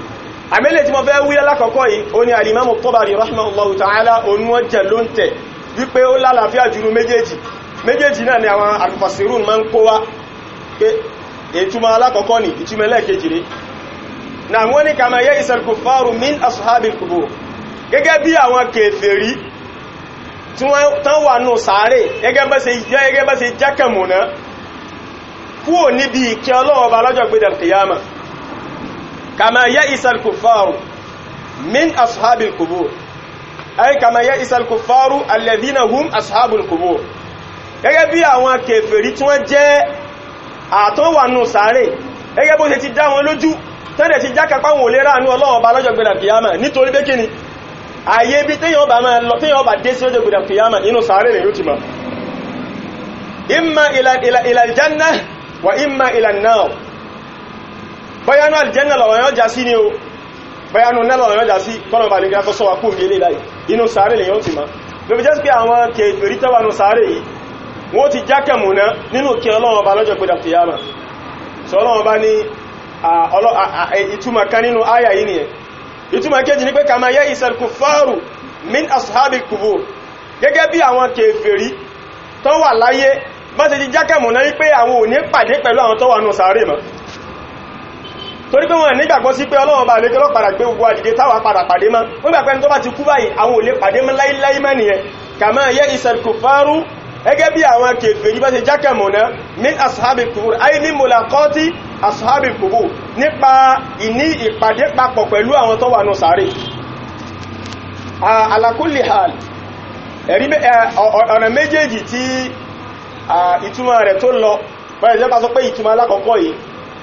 sí àmẹ́lẹ̀ tí mo fẹ́ wúyẹ́ lákọ̀ọ́kọ́ yìí o ní alìmọ́mù Tabari rahimahullahu ta'ala onúwọ́n jẹ ló ń tẹ̀ wípé ó lálàáfíà jùlọ méjèèjì méjèèjì náà ni àwọn alfasirun ma ń kó wá pé ìtumọ̀ alákọ̀ọ́kọ́ ni ìtumọ̀ na wọ́n ní kama min asuhabil qubur gẹ́gẹ́ bí àwọn kèfèrí tí wọ́n tán wà nù sàárè gẹ́gẹ́ bá ṣe jákẹ̀mù kama ya'isa al-kuffaru min ashabil qubur ay kama ya'isa al-kuffaru alladhina hum ashabul qubur gẹ́gẹ́ bí àwọn kèfèrí tí wọ́n jẹ́ àtọ́wànú sáré gẹ́gẹ́ bó ṣe ti dá wọn lójú tẹ́lẹ̀ ti jákàpá wọn lè ráàánú Ọlọ́run lọ́jọ́ gbẹ̀rẹ̀ kìyàmà nítorí pé kíni ayé bí téèyàn bá bọ́yánú àlìjẹ́nà lọ̀rọ̀ yọ́ já sí ní o bọ́yánú náà lọ̀rọ̀ yọ́ já sí kọ́nà bá nígbà tó sọ wà kú mi lè láì inú sàárè lè yọ́ ti ma lóbi jẹ́ pé àwọn kèfèrí tó wà nù sàárè yìí wọ́n ti jákẹ̀ múná nínú kí ọlọ́run ọba lọ́jọ́ pé dàkìyàmà sọ ọlọ́run ọba ní ìtumọ̀ kan nínú àyà yìí nìyẹn ìtumọ̀ kejì ní pé kàmá yẹ́ ìsẹ̀lkù fáàrù min ashabi kubur gẹ́gẹ́ bí àwọn kèfèrí tó wà láyé bá ti jákẹ̀ múná wípé àwọn ò ní pàdé pẹ̀lú àwọn tó wà nù sàárè mọ́ torí pé wọn nígbàgbọ́ sí pé ọlọ́wọ́ bá lékẹ́ lọ́pàdà gbé ogun àdìdé táwà padà pàdé mọ́ wọ́n gbà pẹ́ni tó bá ti kú báyìí àwọn ò lè pàdé mọ́ láíláí mọ́ nìyẹn kàmá yẹ ìsẹ̀kù fárú gẹ́gẹ́ bí àwọn kèfèrí bá ṣe jákẹ̀mọ̀ná min ashabi kubur ayé ní mulaqati ashabi kubur nípa ìní ìpàdé papọ̀ pẹ̀lú àwọn tó wà nù sáré ala kulli hal ọ̀nà méjèèjì tí ìtumọ̀ rẹ̀ tó lọ báyìí jẹ́ pàṣọ pé ìtumọ̀ alákọ̀ọ́kọ́ yìí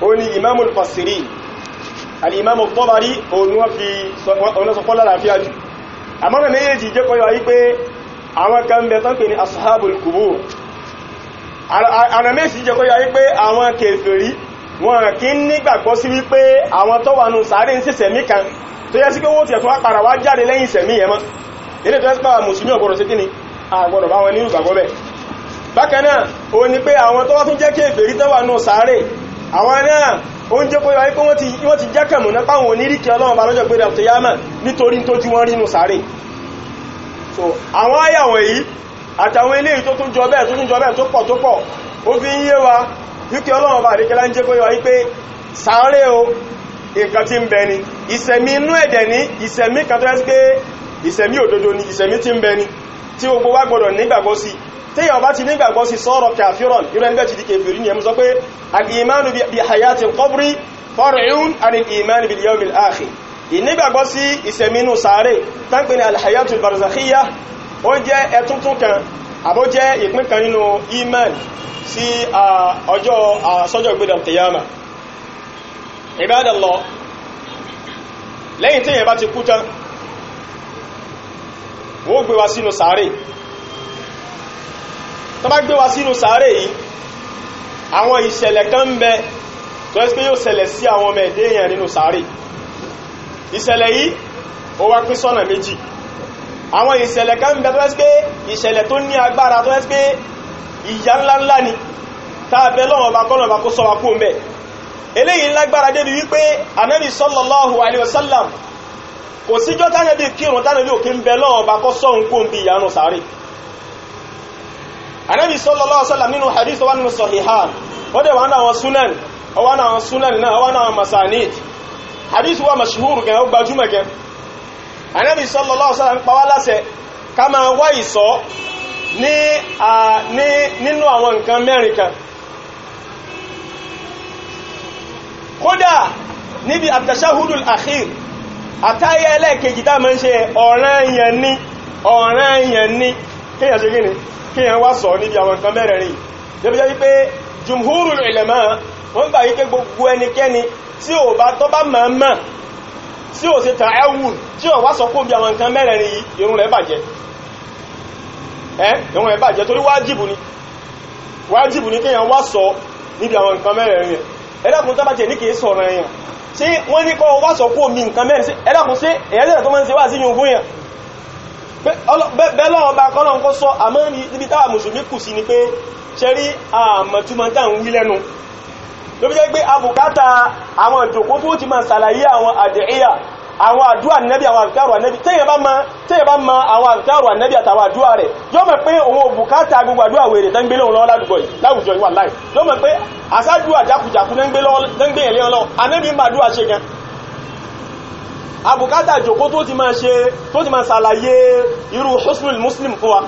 ó ní imamul fasiri al'imamu tọ́bari òun wọ́n fi ọ̀nà lálàáfíà jù àmọ́nà méjèèjì jẹ́ kọ́ yọ wípé àwọn kan bẹ̀ tán pè ní asahabul kubur àrà méjì jẹ́ kọ́ yọ wípé àwọn kèfèrí wọn kí ń nígbàgbọ́ sí wípé àwọn tó wà nù sàárè ń sí sẹ̀mí kan tó yẹ sí pé wọ́n ti ẹ̀tún apàrà wá jáde lẹ́yìn sẹ̀mí ẹ̀mọ́ ilé tó yẹ sí àwọn tó wá tún jẹ́ kèfèrí tó wà nù sàárè àwọn náà ó ń jẹ́ pé wáyé pé wọ́n ti jákàmù náà páwọn oníríkẹ́ ọlọ́run bá lọ́jọ́ gbéra tẹ̀yámà nítorí tójú wọn rínú sáré so àwọn ayàwọ̀ yìí àtàwọn ilé tó tún jọ bẹ́ẹ̀ tó tún jọ bẹ́ẹ̀ tó pọ̀ tó pọ̀ ó fi ń yé wa wíkẹ́ ọlọ́run bá àríkẹ́ lá ń jẹ́ pé wáyé pé sáré o nǹkan tí ń bẹ ni ìsẹ̀mí inú ẹ̀dẹ̀ ní ìsẹ̀mí kan tó yẹ sí pé ìsẹ̀mí òdodo téèyàn bá ti nígbàgbọ́ sí sọ́rọ̀ kàfíràn irú ẹni bẹ́ẹ̀ ti di kèfèrí ni ẹmú sọ pé al-imanu bi hayati al-qabri far'un an al-imani bil yawm al-akhir ìnígbàgbọ́ sí ìsẹ̀mínú sàárè tánkpé ní al-hayatu al-barzakhiyya ó jẹ́ ẹtúntún kan àbó jẹ́ ìpín kan nínú iman sí ọjọ́ sọ́jọ́ gbẹ̀dọ̀ kìyàmà Ibadallah lẹ́yìn téèyàn bá ti kú tán wọ́n gbé wa sínú sàárè tó bá gbé wa sínú sàárè yìí àwọn ìṣẹ̀lẹ̀ kan ń bẹ tó ẹ́ pé yóò ṣẹlẹ̀ sí àwọn ọmọ ẹ̀dẹ́ èèyàn nínú sàárè ìṣẹ̀lẹ̀ yìí ó wá pín sọ́nà méjì àwọn ìṣẹ̀lẹ̀ kan ń bẹ tó ẹ́ pé ìṣẹ̀lẹ̀ tó ní agbára tó ẹ́ pé ìyà ńláńlá ni tàbẹ́ lọ́wọ́ bá kọ́nà bá kó sọ wa kú sallallahu alaihi wasallam kò síjọ́ tánàbì kírun tánàbì òkè ń bẹ lọ́wọ́ bá kọ́ sọ́hun kú ń bí anábì sallallahu alaihi wasallam nínú hadith wà nínú sahihan ó dẹ̀ wà náà sunan ó wà náà sunan náà ó wà náà masanid hadith wà mashhur gan ó gbajúmọ̀ gan anábì sallallahu alaihi wasallam pa wá láṣẹ ká máa wá ìsọ́ ní nínú àwọn nǹkan mẹ́rin kan kódà níbi àtàṣáhùdùl àkhír àtàyẹ ẹlẹ́ẹ̀kejì tá máa ń ṣe ọ̀ranyàn ni ọ̀ranyàn ni kéyàn ṣe gíní kí yẹn wá sọ níbi àwọn nǹkan mẹ́rẹ̀ẹ̀rin débi jẹ́ wípé jumhurul ulama wọ́n gbà wípé gbogbo ẹnikẹ́ni tí ò bá tọ́ bá mọ̀ọ́mọ̀ tí ò ṣe ta ẹwùn tí ò wá sọ kó bí àwọn nǹkan mẹ́rẹ̀ẹ̀rin yìí irun rẹ̀ bàjẹ́ ẹ́ irun rẹ̀ bàjẹ́ torí wájìbù ni wájìbù ni kí yẹn wá sọ níbi àwọn nǹkan mẹ́rẹ̀ẹ̀rin rẹ̀ ẹlẹ́kùn tó bá jẹ́ ní kìí sọ̀rọ̀ ẹ̀yàn tí wọ́n ní kọ́ wá sọ kó mi nǹkan mẹ́rin sí ẹlẹ́kùn sí ẹ̀yẹ́lẹ́rẹ̀ tó máa ń ṣe wá sí yóò fún yàn bẹ́ẹ̀ lọ́wọ́ bá kọ́lọ̀ ń kọ́ sọ àmọ́ níbi táwà mùsùlùmí kù sí ni pé ṣe rí àmọ̀túmọ̀tá ń wí lẹ́nu ló bí jẹ́ pé abùkátà àwọn ìjòkó tó ti máa ṣàlàyé àwọn àdìíyà àwọn àdúrà nẹ́bí àwọn àfikáàrù ànẹ́bí tẹ́yẹ bá ma àwọn àfikáàrù ànẹ́bí àtàwọn àdúrà rẹ̀ yóò mọ̀ pé òun òbùkátà gbogbo àdúrà wèrè tẹ́ ń gbé lóhun lọ́wọ́ ládùgbò láwùjọ ìwà láì yóò mọ̀ pé àsájú àjákùjákù tẹ́ ń gbé lọ́wọ́ abùkátà jòkó tó ti máa ṣe tó ti máa ṣàlàyé irú husnul muslim fún wa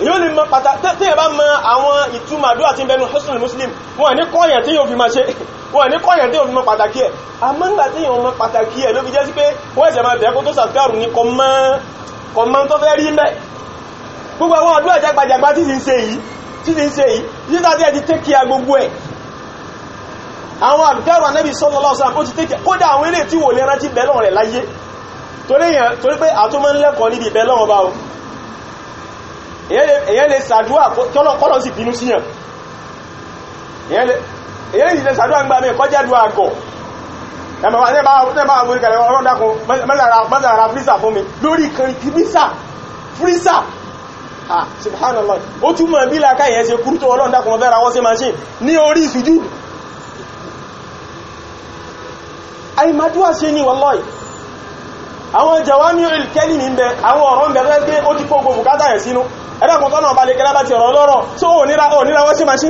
yóò lè mọ pàtàkì tí yẹn bá mọ àwọn ìtumọ̀ àdúrà tí ń bẹnu husnul muslim wọn ní kọ́yàn tí yóò fi máa ṣe wọn ní kọ́yàn tí yóò fi mọ pàtàkì ẹ̀ àmọ́ngbà tí yóò mọ pàtàkì ẹ̀ ló fi jẹ́ sí pé wọ́n ẹ̀sẹ̀ máa bẹ̀ẹ́kó tó sàfihàn ní kọ̀mọ́ tó fẹ́ rí mẹ́ gbogbo àwọn àdúrà jágbajàgba tí ti ń ṣe yìí títí ń ṣe yìí títí àti ẹ̀ ti tẹ́kíà gbogbo ẹ̀ àwọn àdùkárù anẹ́bì sallallahu alaihi wasallam ó ti tẹ́kẹ̀ kódà àwọn eré tí wò lè rántí bẹ́lọ́n rẹ̀ láyé torí pé àtúmọ̀ ń lẹ́kọ̀ọ́ níbi bẹ́lọ́n bá o èyẹ́ lè sàdúwà kọ́lọ̀ sí bínú síyàn èyẹ́ lè sàdúwà ń gbà mí kọjá dùn àgọ̀ ẹ̀mọ̀ wà nẹ́bà àwọn ìkàlẹ̀ ọ̀rọ̀ dákun mẹ́lára frísà fún mi lórí ìkànnì frísà frísà ah subhanallah ó túmọ̀ bí làkàyẹ̀ ṣe kúrútọ̀ ọlọ́ndàkùn ọ̀fẹ́ ra wọ́n sí machine ní orí ìsùjú àìmàdúwà ṣe ní wallahi àwọn jawami'ul kalimi ń bẹ àwọn ọ̀rọ̀ ń bẹ rẹ́ pé ó ti kó gbogbo kátà ẹ̀ sínú ẹ̀dàkùn tọ́nà balẹ̀ kẹlá bá ti ọ̀rọ̀ lọ́rọ̀ tó ò níra wọ́sí maṣí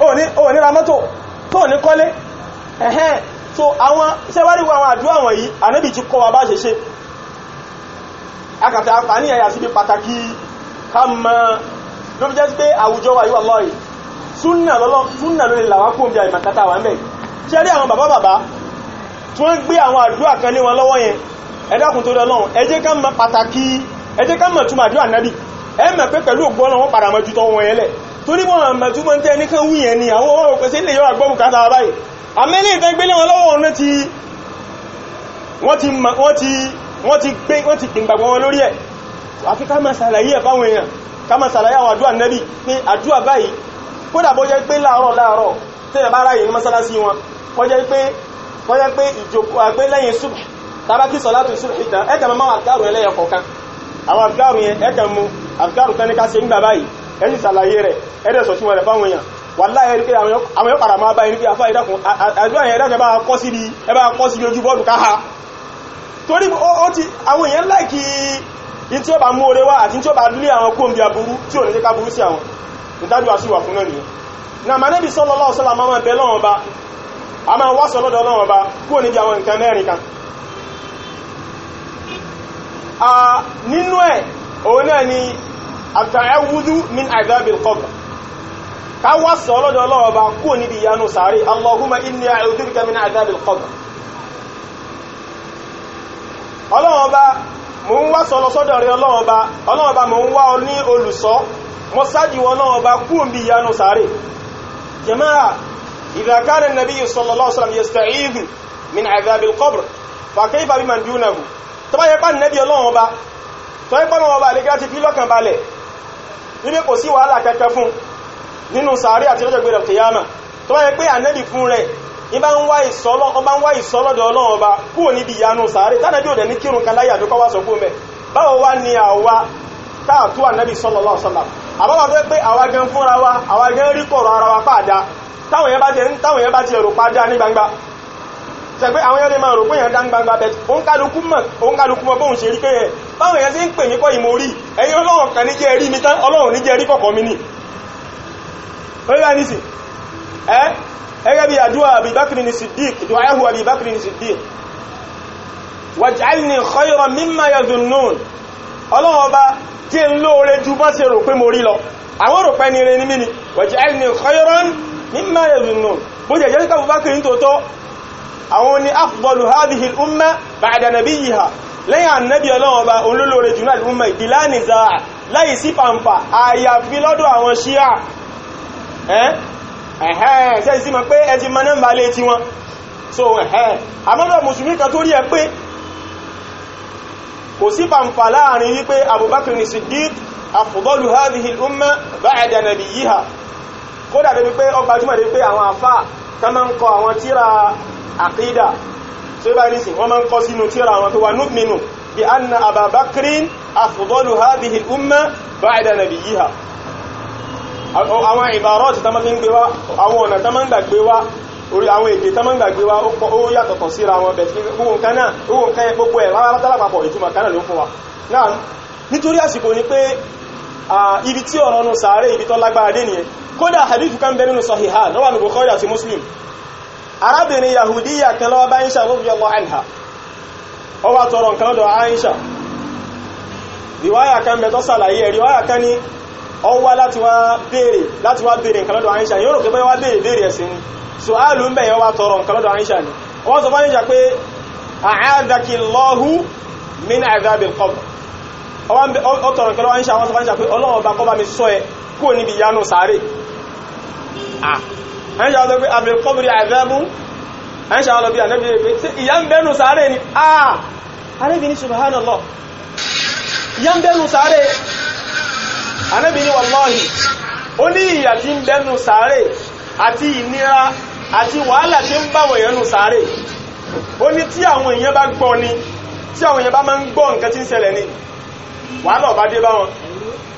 ò níra mọ́tò tó ò ní kọ́lé ẹ̀hẹ́n so àwọn sẹ́wáríwọ̀ àwọn àdúrà wọ̀n yìí ànábì ti kọ́ wa bá ṣe ṣe akàtà àǹfààní ẹ̀yà síbi pàtàkì ká mọ̀ ló fi jẹ́ sí pé àwùjọ wa yìí wallahi súnà lọ́lọ́ súnà ló lè làwákùn bí àìmọ̀kátà wà ń bẹ̀ ṣe rí àwọn bàbá bàbá tí wọ́n gbé àwọn àdúrà kan lé wọn lọ́wọ́ yẹn ẹ dákun tó lọ́wọ́ ẹ jẹ́ ká mọ̀ pàtàkì ẹ jẹ́ ká mọ̀ túnmọ̀ àdúrà nábì ẹ mọ̀ pé pẹ̀lú ògbọ́n náà wọ́n padà mọ̀ ju tọwọ́ yẹn lẹ̀ torí wọn mọ̀ túnmọ̀ tẹ́ ní kan wú yẹn ni àwọn ọmọ òpèsè lè yọ àgbọ́mù kátà báyìí àmẹ́lẹ́ ìtẹ́gbélé wọn lọ́wọ́ wọn ti wọ́n ti gbé wọ́n ti gbìngbàgbọ́ wọn lórí ẹ̀ àfi ká máa sàlàyé ẹ̀ fáwọn èèyàn ká máa sàlàyé àwọn àdúrà nẹ́bì pé àdúrà báyìí kódà bó jẹ́ pé láàárọ̀ láàárọ̀ tẹ́ẹ̀ bá ráyè ní mọ́sálásí wọn kọjá pé wọ́n yẹ pé ìjókòó àgbé lẹ́yìn ṣùgbù tabaki sọ̀látù ṣùgbù ìtàn ẹ̀kẹ́ mọ́ àfikàrù ẹlẹ́yẹ kọ̀ọ̀kan àwọn àfikàrù yẹn ẹ̀kẹ́ mú àfikàrù tán ní ká ṣe ń gbà báyìí ẹ̀sì ṣàlàyé rẹ̀ ẹ̀dẹ̀ sọ̀tún rẹ̀ fáwọn èèyàn wàláhì ẹ̀rí pé àwọn yóò padà máa bá ẹni pé afá ìdákun àdúrà yẹn ẹ̀dákun ẹ bá kọ́ síbi ẹ bá kọ́ síbi ojú bọ́ọ̀dù káha torí na manabi sallallahu alaihi wasallam máa bẹ lọ́wọ́ ba a máa wá sọ́lọ́dọ̀ ọlọ́run ọba kúrò níbi àwọn nǹkan mẹ́rin kan nínú ẹ̀ òun náà ni min àdábìl qabr ká wá sọ́lọ́dọ̀ ọba kúrò níbi ìyanu sàárè allahumma inni a'udhuka min àdábìl qabr ọlọ́run ọba mo wá sọ́lọ́ ọba ọlọ́run ọba wá ọ ní إذا كان النبي صلى الله عليه وسلم يستعيذ من عذاب القبر فكيف بمن دونه tó na yẹ pa nẹ́bí ọlọ́run ọba tó yẹ pọ́nà ọba àlẹ́gá ti fi lọ́kàn balẹ̀ níbi kò sí wàhálà kẹ́kẹ́ fún nínú sàárì àti lọ́jọ́ tó pé fún rẹ̀ ibá ń wá ìsọ́lọ́dọ̀ ọlọ́run ọba kúrò níbi ìyanu sàárì tánàbí ò dẹ̀ ní sọ fún mẹ́ báwo wá ni táwọn èèyàn bá ti ẹ̀rò pàdá ní gbangba sẹ̀gbẹ́ àwọn èèyàn lè máa rò pé èèyàn dá ní gbangba bẹ̀ òǹkálukú mọ̀ òǹkálukú mọ̀ bóun ṣe rí pé ẹ̀ báwọn èèyàn sí ń pè mí kọ́ ìmò rí ẹ̀yin ọlọ́run kan ní jẹ́ rí mi tán ọlọ́run ní jẹ́ rí kọ̀kọ́ mi nì orí àníṣì ẹ́ ẹgẹ́ bí àdúrà àbíbákiri ní Siddiq ọlọ́run ọba ń lóore ju bá ṣe rò pé mo rí lọ àwọn rò pé ní ní mí ni waj'alni khayran mimma yazunnun bó jẹ́ jẹ́ Abubakar tó tọ́ àwọn ni afdalu hadhihi al-umma ba'da nabiyha lẹ́yìn ànábì ọlọ́wọ́n bá olólóore jù náà al-umma ìbílá nìza láì sí pàǹpà àyàfi lọ́dọ̀ àwọn ṣíà ẹ̀hẹ́n ṣe sí mọ̀ pé ẹ ti mọ nọ́mbà lé tí wọn so ẹ̀hẹ́n àmọ́dọ̀ mùsùlùmí kan tó rí ẹ kò sí pàǹfà láàrin wípé Abubakar ni Siddiq afdalu hadhihi al-umma ba'da nabiyha kódà débi pé ọgbà jùmọ̀ débi pé àwọn àfà tá máa ń kọ àwọn tíra àkídà tó bá ní sìn wọ́n máa ń kọ sínú tíra àwọn tó wà númínú bí anna ababakirin afdalu hadhihi al-umma ba'da nabiyyiha àwọn ìbárọ̀tì tá máa ń gbé wá àwọn ọ̀nà tá máa ń gbàgbé wá orí àwọn èdè tó máa ń gbàgbé wa ibi tí ọ̀rọ̀ nù sàárè ibi tó lágbára dé nìyẹn kódà hadith kan bẹ nínú sahiha náà wà ní bukhari àti muslim arábìnrin yahudiya kan lọ́wọ́ bá aisha radiyallahu anha ó wá tọrọ nǹkan lọ́dọ̀ aisha riwaya kan bẹ tó sàlàyé riwaya kan ní ó wá láti wá béèrè láti wá béèrè nǹkan lọ́dọ̀ aisha yóò rò pé bóyá wá béèrè béèrè ẹ̀sìn ni so áàlù ń bẹ̀ yẹn wá tọrọ nǹkan lọ́dọ̀ aisha ni ó sọ fún aisha pé a'adhaki min adhabil qabr ọ̀tọ̀rọ̀ kẹlọ́wọ́ ń ṣàwọn sọ́fánṣà pé ọlọ́wọ́ bá kọ́ mi sọ ẹ kúrò níbi ìyanu sáré àṣà ọ̀tọ̀ pé àbẹ̀kọ́bìrì àìfẹ́bú àṣà ọlọ́bí ànẹ́bí rẹ̀ pé ìyá ń bẹ́nu sáré ni àà ànẹ́bí nị subhanallah ìyá ń bẹ́nu sáré ànẹ́bí ní wallahi ó ní ìyà tí ń sáré àti ìnira àti wàhálà tí ń báwọn èèyàn sáré ó ní tí àwọn èèyàn bá ni wàhálà ọba dé bá wọn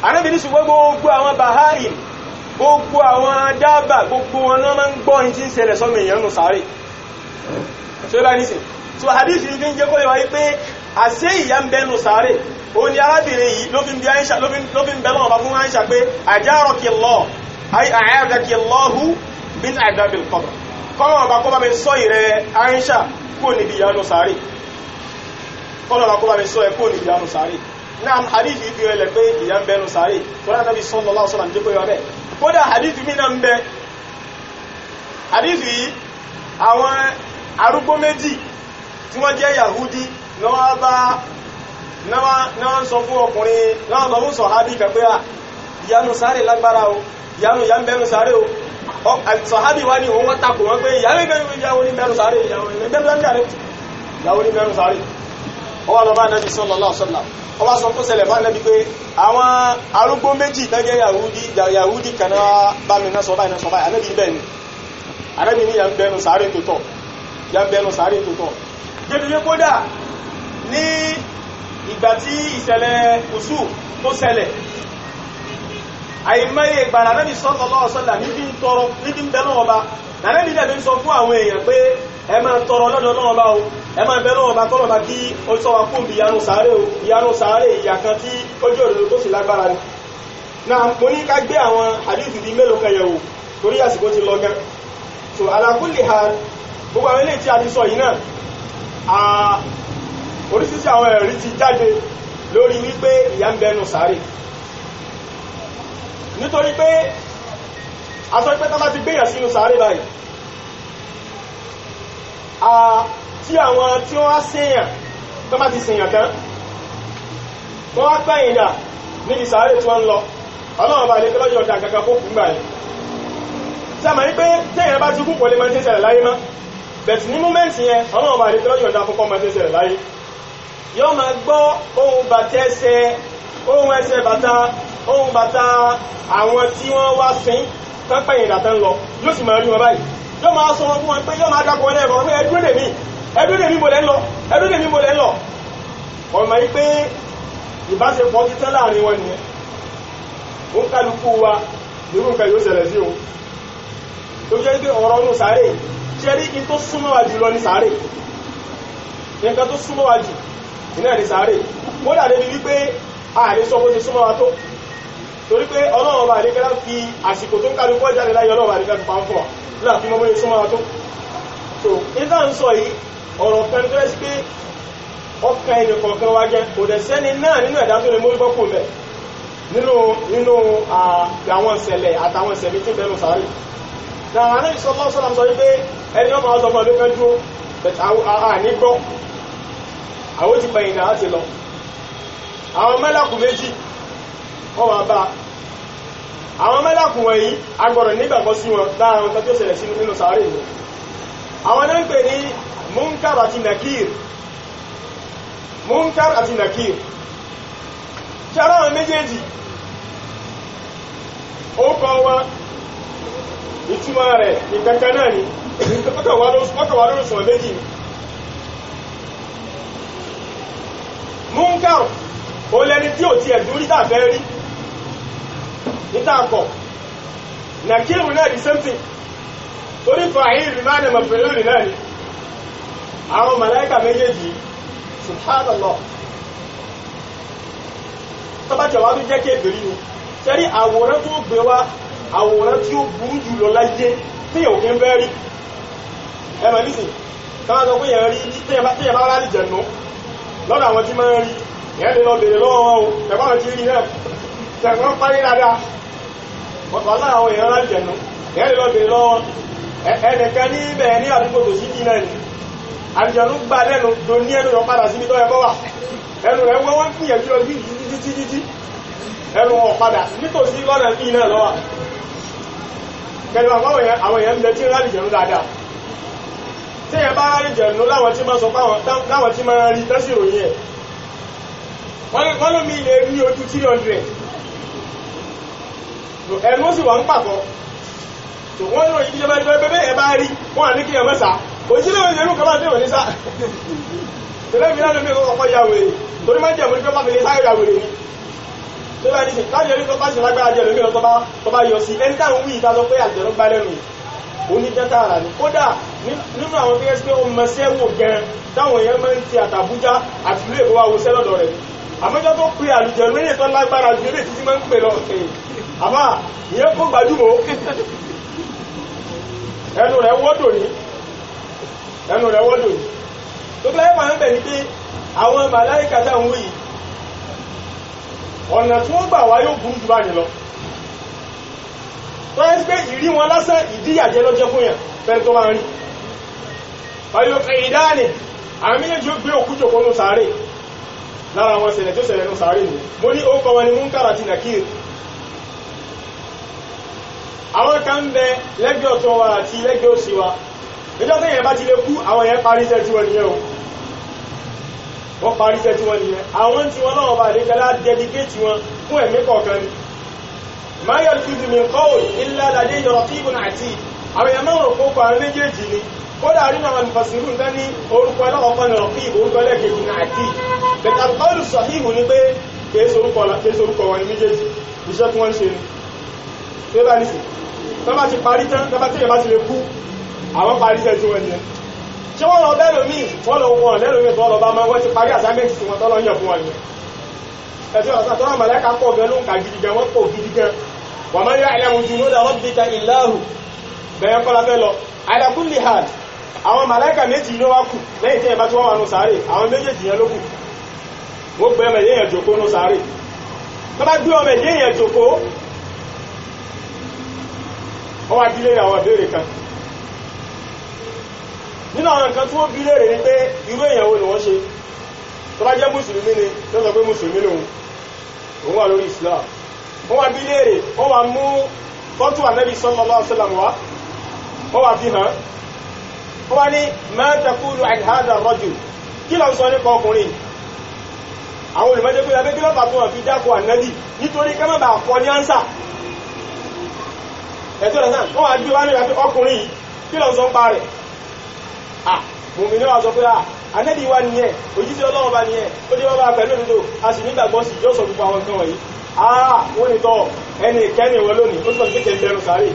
anábì ní ṣùgbọ́n gbogbo àwọn bahari gbogbo àwọn gbogbo wọn náà máa ń gbọ́ ní tí ń ṣẹlẹ̀ sọ́mọ èèyàn nù sáré tó bá ní sìn so hadith yìí fi ń jẹ́ kó lè wáyé pé àṣé ìyá ń bẹ́nu sáré ó ní arábìnrin yìí ló fi ń Aisha ló fi ń bẹ́ lọ́wọ́ bá fún Aisha pé àjárọ̀ lọ àyàrá bí náà hadithi fi rẹ̀ pé ìyà ń bẹnu sáré kọ́lá nàbí sallallahu alaihi wasallam dípò ìwà bẹ́ẹ̀ hadithi mi náà ń bẹ hadithi yìí àwọn arúgbó méjì tí wọ́n jẹ́ yahudi náà bá náà ń sọ fún ọkùnrin náà sọ fún sọ̀hábì kẹ́pẹ́ à ìyanu sáré lágbára o ìyanu ìyà ń bẹnu sáré o sọ̀hábì wá ní òun wọ́n takò wọ́n pé ìyàwó ìbẹ̀rù ìyàwó ní bẹnu sáré ìyàwó ní bẹnu sáré ọwọ́ lọ bá nẹ́bí sallallahu alaihi wasallam ọba sọ tó ṣẹlẹ̀ bá nẹ́bí pé àwọn arúgbó méjì tẹ́jẹ́ yahudi yahudi kaná bá mi náà sọ báyìí náà sọ báyìí anẹ́bí bẹ́ẹ̀ ni anẹ́bí ni yà ń bẹnu sàárè tó tọ̀ yà ń bẹnu sàárè tó tọ̀ débi pé kódà ní ìgbà tí ìṣẹ̀lẹ̀ kùsù tó ṣẹlẹ̀ àìmọye ìgbàlá nẹ́bí sallallahu alaihi wasallam níbi ń tọrọ níbi ń bẹ lọ́wọ́ bá nànẹ́bí ń sọ fún àwọn èèyàn pé ẹ máa tọrọ lọ́dọ̀ lọ́wọ́ o ẹ máa bẹ lọ́wọ́ kí sọ wa o ìyanu sàárè ìyà kan tí ó jẹ́ na mo ní ká gbé àwọn àdìsí bíi mélòó kan yẹ̀wò torí so ha gbogbo àwọn eléyìí tí a ti sọ yìí náà oríṣiríṣi àwọn ẹ̀rí ti jáde lórí wípé ìyà ń nítorí pé aṣọ ìpẹ́ tó bá ti gbéyàn sínú sàárè báyìí tí àwọn tí wọ́n á sèyàn tó bá ti sèyàn tán wọ́n á pẹ́ ìdà níbi sàárè tí wọ́n ń lọ ọlọ́run bá lè pé lọ́jọ́ ọ̀dà kankan fún gbà yìí tí a máa ní pé téèyàn bá ti kú kò lè máa ń tẹ́sẹ̀ láyé mọ́ bẹ̀tì ní múmẹ́ǹtì yẹn ọlọ́run bá lè pé lọ́jọ́ ọ̀dà fún kọ́ máa tẹ́sẹ̀ láyé yóò máa gbọ́ ohun bàtẹ́sẹ̀ ohun ẹsẹ̀ bàtà ohun bàtà àwọn tí wọ́n wá sìn tán pẹ̀yìn ìdàtà ń lọ yóò sì máa rí wọn báyìí yóò máa sọ wọn fún wọn pé yóò máa dákọ̀ wọn lẹ́ẹ̀kọ́ pé ẹdúró lè mí ẹdúró lè mí mo lẹ́ ń lọ ẹdúró lè mí mo lẹ́ ń lọ ọ̀rọ̀ yìí pé ìbáṣepọ̀ ti tán láàrin wọn nìyẹn ó ń kálukú wa nínú nǹkan yóò ṣẹlẹ̀ sí o tó jẹ́ pé ọ̀rọ̀ ọ̀nù sáré ṣe rí kí tó súnmọ́ wa jù lọ ní sáré nǹkan tó súnmọ́ wa jù ìnáà ní sáré kódà débi wípé ààrẹ bó ṣe súnmọ́ wa tó torí pé ọlọ́run bá àdékẹ́lá fi àsìkò tó kálù kọ́ jáde láyé ọlọ́run bá àdékẹ́lá fi pàǹfọ̀ náà fi mọ́bọ́lé súnmọ́ wa tó so nígbà ń sọ yìí ọ̀rọ̀ kan tó lẹ́sí pé ọkàn ẹni kọ̀ọ̀kan wa jẹ́ kò dẹ̀ sẹ́ni náà nínú ẹ̀dá tó lè mórí bọ́ kùn bẹ̀ nínú nínú àwọn ìṣẹ̀lẹ̀ àtàwọn ìṣẹ̀lẹ̀ tí bẹnu sáré náà àwọn ẹni sọlọ́ sọlá sọ wípé ẹni ọmọ àwọn ọmọ ọdún kan dúró àní gbọ́ àwọn ti pẹ̀yìn náà ti lọ àwọn mẹ́làkù méjì kọwa wá bá àwọn mẹ́làkù wọ̀nyí agbọ̀rọ̀ nígbàgbọ́ sí wọn lára wọn tọ́jú ṣẹlẹ̀ sínú nínú sàárè wọn àwọn ń pè ní munkar àti nakir munkar àti nakir ṣe ara méjèèjì ó kọ wa ìtumọ̀ rẹ̀ náà ni ọkọ̀wà ló méjì munkar ó lẹni tí ò ti ẹ̀dúrí tàfẹ́ rí nítàkọ̀ nàkírù náà di same thing torí fàáhìrì máa nà mọ̀fẹ́lúrì náà ni àwọn màláìkà méjèèjì subhanallah tọ́bátẹ̀ wá tún jẹ́ kéèbèrè ni sẹ́rí àwòrán tó gbé wá àwòrán tí ó burú jù lọ láyé tí yóò kí ń bẹ́ rí ẹmọ nísìn káwọn sọ pé yẹn rí téèyàn bá rà lè jẹ̀nu lọ́dọ̀ àwọn tí máa ń rí yẹn lè lọ bèrè lọ́wọ́ wọn o tẹ̀kọ́ rí náà tẹ̀kọ́ parí dáadáa wọ́n láwọn èèyàn ránjẹ̀nu ẹ̀rẹ́ lọ ẹnìkan ní ibẹ̀ ní àdúgbò tó sí dínà ni àjẹ̀nu gbà lẹ́nu tó ní ẹnu lọ padà síbi tó ẹnu rẹ̀ wọ́n wọ́n gbìyànjú lọ títí títí ẹnu wọn nítòsí lọ́nà bíi náà lọ́wà kẹlu àwọn èèyàn ń bẹ tí ń rálì jẹ̀nu dáadáa ẹnu sì wà ń pàkọ́ tó wọ́n lọ ìdílé bá gbẹ́ bẹ́ẹ̀ ẹ bá rí wọ́n àní kí ẹ mẹ́sà òjìlẹ̀ òjìlẹ̀ ẹnu kan bá dé wọ̀nyí sá tẹ̀lé mi lánàá mi kọ́kọ́ ya wèrè torí má jẹ́ mọ́tò bá mi lè sáré ya wèrè ni tó bá dìsí láti ẹni tó bá sì lágbára jẹ lómi lọ́tọ́ bá yọ sí ẹni táwọn wí ìta sọ pé àjẹrò gbá lẹ́nu onídẹ́ta ara ni kódà nínú àwọn tó yẹ pé ó mẹsẹ́ wò gẹ̀rẹ́ táwọn èèyàn máa ń ti àtàbújá àti ilé ìkówá wo rẹ̀ àmọ́jọ́ tó pe àlùjẹ̀rú eré tó lágbára ju eré títí máa àmà ìyẹn kó gbajúmọ̀ ẹnu rẹ̀ wọ́dọ̀ ní ẹnu rẹ̀ wọ́dọ̀ ní tó bẹ́ẹ̀ máa ń bẹ̀ ní pé àwọn màláìka tá ń wí yìí ọ̀nà tí wọ́n gbà wá yóò burú jù báyìí lọ tó ẹ́ pé ìrí wọn lásán ìdíyàjẹ́ lọ́jẹ́ fún yàn fẹ́ tó máa rí ọyọ ìdáni àwọn méjèèjì ó gbé òkú jòkó nù sáré lára wọn ṣẹlẹ̀ tó ṣẹlẹ̀ nù sáré nù mo ní ó kọ wọn ni múnkàrà ti nàkíyè àwọn kan ń bẹ lẹ́gbẹ̀ẹ́ ọ̀tún wa àti lẹ́gbẹ̀ẹ́ òsì wa ìjọ tó yẹn bá ti lè kú àwọn yẹn parí iṣẹ́ tí wọ́n nìyẹn o wọ́n parí iṣẹ́ tí wọ́n nìyẹn àwọn tí wọ́n náà bá àdékẹ́lá dẹ́díkéètì wọn fún ẹ̀mí kọ̀ọ̀kan ni mayel kudu mi kọ́wò ilá ladé yọrọ kíkùn àti àwọn yẹn máa ń rògbò kọ àwọn méjèèjì ni kódà àrínà àwọn ìfọ̀sìrù ń dání orúkọ ẹlọ́kọ̀ọ́kọ́ ni rọ̀kì orúkọ ẹlẹ́kẹ̀ẹ́jì ní àti bẹ̀tà kọ́lù sọ̀híhù ni pé kèé sorúkọ wọn ni méjèèjì iṣẹ́ tí wọ́n ń ṣe ni pé bá nìsín tọ́bá ti parí tán tọ́bá tí ìyàbá ti lè kú àwọn parí tẹ́ tí wọ́n jẹ́ ṣé wọ́n lọ bẹ́ẹ̀ lómi wọ́n lọ wọ́n lẹ́rọ mi tọ́ lọ bá máa wọ́n ti parí assignment tí wọ́n tọ́lọ́ yàn fún wọn yẹn ẹ̀tí ọ̀sán tọ́lọ́ mọ̀lẹ́ka pọ̀ gan ló ń ka gidi gan wọ́n pọ̀ gidi gan wà máa yọ àìlẹ́mú ju ló dàrọ́ bí ta ìlàhù bẹ̀yẹn kọ́lá fẹ́ lọ àìlẹ́kùnlé hàn àwọn mọ̀lẹ́ka méjì ló wá kù lẹ́yìn tí ẹ̀ bá ti wọ́n wà nù sáré àwọn méjèèjì yẹn ló kù wọ́n gbé ọmọ ẹ̀yẹ́ yẹn jòkó nù sáré tọ́lá gbé ọmọ ẹ̀yẹ́ yẹn jòkó ó wá bílé àwọn ìbéèrè kan nínú àwọn nǹkan tí wọ́n bí léèrè ní pé irú èèyàn wo ni wọ́n ṣe tó bá jẹ́ mùsùlùmí ni tó sọ pé mùsùlùmí lòun òun wà lórí Islam wọ́n wá bí léèrè wọ́n wá mú tọ́tù ànábì sallallahu alaihi wasallam wá wọ́n wá fi hàn wọ́n wá ní ma taqulu an hadha rajul kí lọ sọ nípa ọkùnrin àwọn olùmọ́jẹ́ pé abẹ́gbẹ́ bàbá tó hàn fi dákọ̀ ànábì nítorí kẹ́mẹ́bà kọ́ ní ánsà ẹ̀tọ́ rẹ̀ náà wọ́n wá gbé wá nígbà pé ọkùnrin yìí kí ló ń sọ ń pa rẹ̀ à mùmí ní wàá sọ pé à anẹ́bí wa nìyẹn òjísé ọlọ́run bá nìyẹn ó dé wọ́n bá pẹ̀lú òdodo a sì nígbàgbọ́ sí yóò sọ gbogbo àwọn nǹkan wọ̀nyí à wọ́n ní tọ́ ẹnì kẹ́ni wọ lónìí ó sọ kékeré bẹnu sáré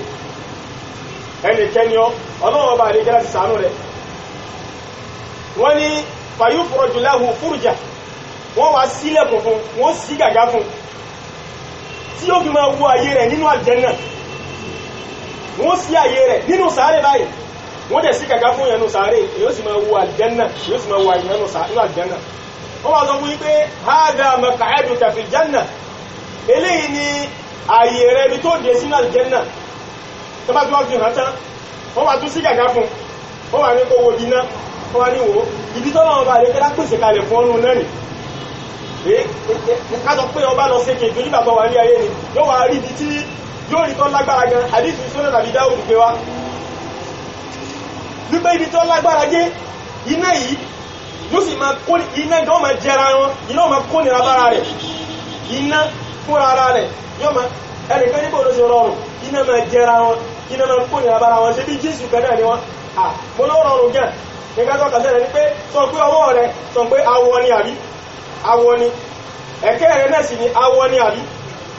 ẹnì kẹ́ni ọ ọlọ́run ọba àdékẹ́ láti sàánú rẹ̀ wọ́n ní fàyú fúrọ̀jù láhùn fúrùjà wọ́n wá sílẹ̀kùn fún wọ́n sí gàgá fún tí ó fi máa wo ayé rẹ̀ nínú àlùjánnà náà wọ́n si àyè ninu sare sàárè báyìí wọ́n dẹ̀ sí kàkà fún ìyẹnu sàárè yóò sì ma wo àlìjẹ́nà yóò sì wọ́n wá sọ fún yín ka hádà maq'adu kàfí jẹ́nà ni àyè ibi tó dé sínú àlìjẹ́nà tó bá tó ọ fi hàn tán fun ọ tún sí kàkà wo wo ibi tó lọ́wọ́ bá lè kẹ́lá pèsè ni yóò rí tó lágbára gan àdísì sọ́nà tàbí dáwùdù pé wá wípé ibi tó lágbára gé iná yìí yóò sì máa kó iná gan máa jẹra wọn iná máa kó nira bára rẹ̀ iná fúnra ara rẹ̀ yóò máa ẹnìkan níbo ló ṣe rọrùn iná máa jẹra wọn iná máa kó nira bára wọn ṣe bí Jésù kan náà ni wọn à mo ló rọrùn gan nígbà tó kàn sẹ́rẹ̀ ni pé sọ pé ọwọ́ rẹ̀ sọ pé awọ ni àbí awọ ni ẹ̀kẹ́ rẹ̀ náà sì ni awọ ni àbí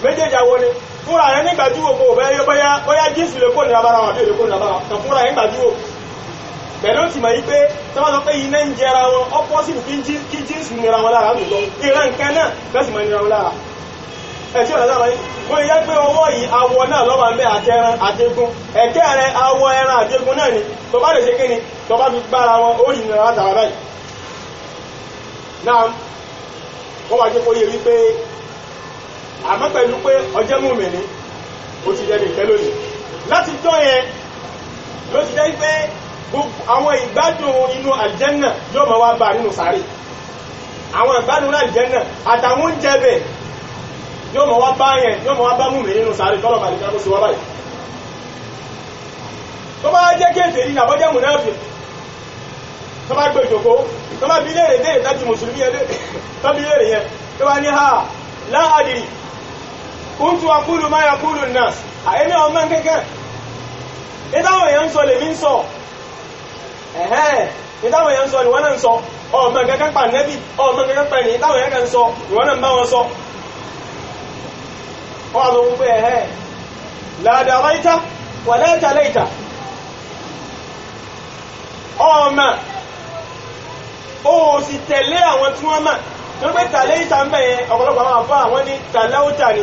méjèèjì awọ ni fúnra rẹ̀ nígbàjú òkú òbẹ́ yọ bóyá ya jésù lè kó nira bára wọn àbí èdè kó nira bára wọn fúnra rẹ̀ nígbàjú bẹ̀rẹ̀ yí pé ń jẹra wọn kí jésù nira wọn lára ìran nǹkan náà nira wọn lára wọ́n awọ náà lọ́wọ́ awọ ẹran àtẹgun náà ni tó lè ṣe ni fi gbára wọn ó yìí nira látara báyìí náà wọ́n wá jẹ́ kó yẹ wípé àmọ́ pẹ̀lú pé ọjọ́ mùmí ni ó ti dẹni ìfẹ́ lónìí láti tọ́ yẹn ló ti jẹ́ pé àwọn ìgbádùn inú àlìjẹ́nà yóò máa wá bá nínú sáré àwọn ìgbádùn àlìjẹ́nà àtàwọn oúnjẹ bẹ̀ yóò máa wá bá yẹn yóò máa wá bá mùmí nínú sáré tọ́lọ̀ bàlẹ̀ kí wọ́n báyìí tó bá jẹ́ kéèsè yìí àbọ́jẹ́ mùnáfì kuntu aqulu ma yaqulu an-nas àyẹ́mí ọmọ kẹ́kẹ́ ìdáwọn èèyàn ń sọ lèmi ń sọ ẹ̀hẹ́n ìdáwọn èèyàn ń sọ ni wọ́n náà ń sọ ọmọ kẹ́kẹ́ pa nẹ́bì ọmọ kẹ́kẹ́ pa ní ìdáwọn èèyàn kan sọ ìwọ́n náà ń bá wọn sọ wọ́n àlọ́ wípé ẹ̀hẹ́n làdàrọ́ ìta wà lẹ́ẹ̀ta lẹ́ẹ̀ta ọmọ ó sì tẹ̀lé àwọn tí wọ́n mà tó pé tàlẹ́ ìta ń bẹ̀yẹn ọ̀pọ̀lọpọ̀ àwọn àfọ́ àwọn ní tàlẹ́ òta ni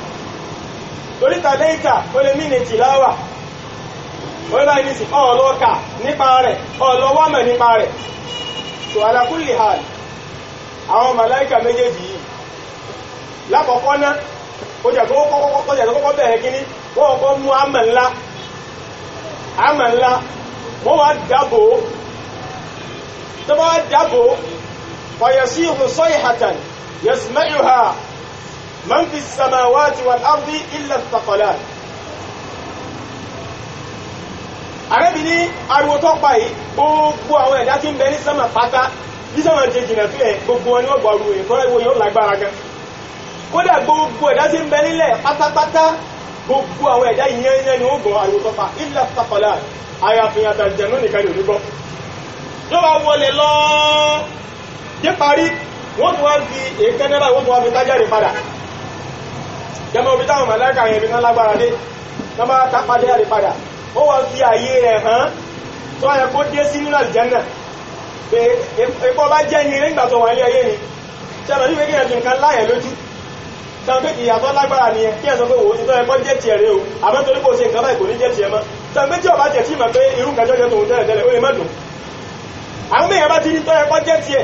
torí tàlẹ́ìkà ó lè mí ní tìláwà ó lè ní sí ọ̀lọ́ọ̀kà nípa rẹ̀ ọ̀lọ́wọ́mọ̀ nípa rẹ̀ tó alákùnlé hàn àwọn màláìkà méjèèjì yìí lákọ̀ọ́kọ́ náà ó jẹ́ tó kọ́kọ́ bẹ̀rẹ̀ kíní wọ́n kọ́ mú àmà ńlá àmà ńlá wọ́n wá dábò tó bá wá dábò fọyẹ̀sí ìhùn sọ́yẹ̀ hàtàn yẹ̀sùmẹ́yù ha من في السماوات والأرض إلا الثقلان àrẹ́bì ní ariwo tó pa yìí gbogbo àwọn ẹ̀dá tí ń bẹ ní sánmà pátá bí sánmà jẹ jìnà tó yẹ gbogbo wọn ni wọ́n gbọ́ ọrùn ìtọ́ ìwò yóò lágbára gan kódà gbogbo ẹ̀dá tí ń bẹ nílẹ̀ pátápátá gbogbo àwọn ẹ̀dá ìyẹnyẹn ni wọ́n gbọ́ ariwo tó pa ilẹ̀ pàpàlà àyàfihàn àtàjẹ̀nú nìkan yóò nígbọ́ yóò wá wọlé lọ dé parí wọ́n tún wá fi èékánná jẹmọ́ bí táwọn màláìkà yẹn bí wọ́n lágbára dé wọ́n bá tapadé àrí padà ó wá fi ààyè rẹ̀ hàn tó yẹ kó dé sí nínú àlìjánà pé epo bá jẹ́ ní nígbà tó wà ní ayé ni sẹ́nà ní méjì ẹ̀sìn kan láyẹ̀ lójú sọ pé ìyàtọ̀ lágbára ni ẹ kí ẹ sọ pé òun ti tọ́ ẹkọ́ jẹ́ tiẹ̀ rẹ o àmọ́ torí kò ṣe nǹkan báyìí kò ní jẹ́ tiẹ̀ mọ́ sọ pé tí ọba jẹ́ tí mà pé irú nǹkan jọ́jọ́ tòun tẹ́lẹ̀ tẹ́lẹ̀ ó lè má dùn àwọn èèyàn bá ti ní tọ́ ẹkọ́ jẹ́ tiẹ̀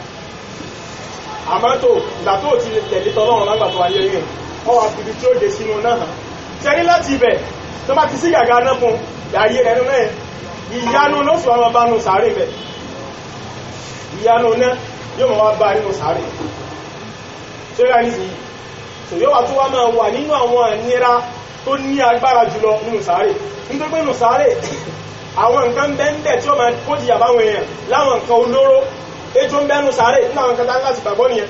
àmọ́ tó ìgbà tó ti tẹ̀lé tọ́lọ́run lágbà tó ayé rìn wọ́n wá fi ibi tí ó dé sínú náà hàn tẹ́rí láti ibẹ̀ tó bá ti sí gàgà náà fún ayé ẹnu náà ìyanu ló sọ ọmọ bá nù sáré bẹ̀ ìyanu náà yóò mọ̀ wá bá nínú sáré tó yá ní yìí tó yóò wá tó wá máa wà nínú àwọn ìnira tó ní agbára jùlọ nínú sáré nítorí pé nínú sáré àwọn nǹkan bẹ́ẹ̀ tí ó máa kó ètò ń bẹ́nu sàárè nínú àwọn kẹta láti gbàgbọ́ nìyẹn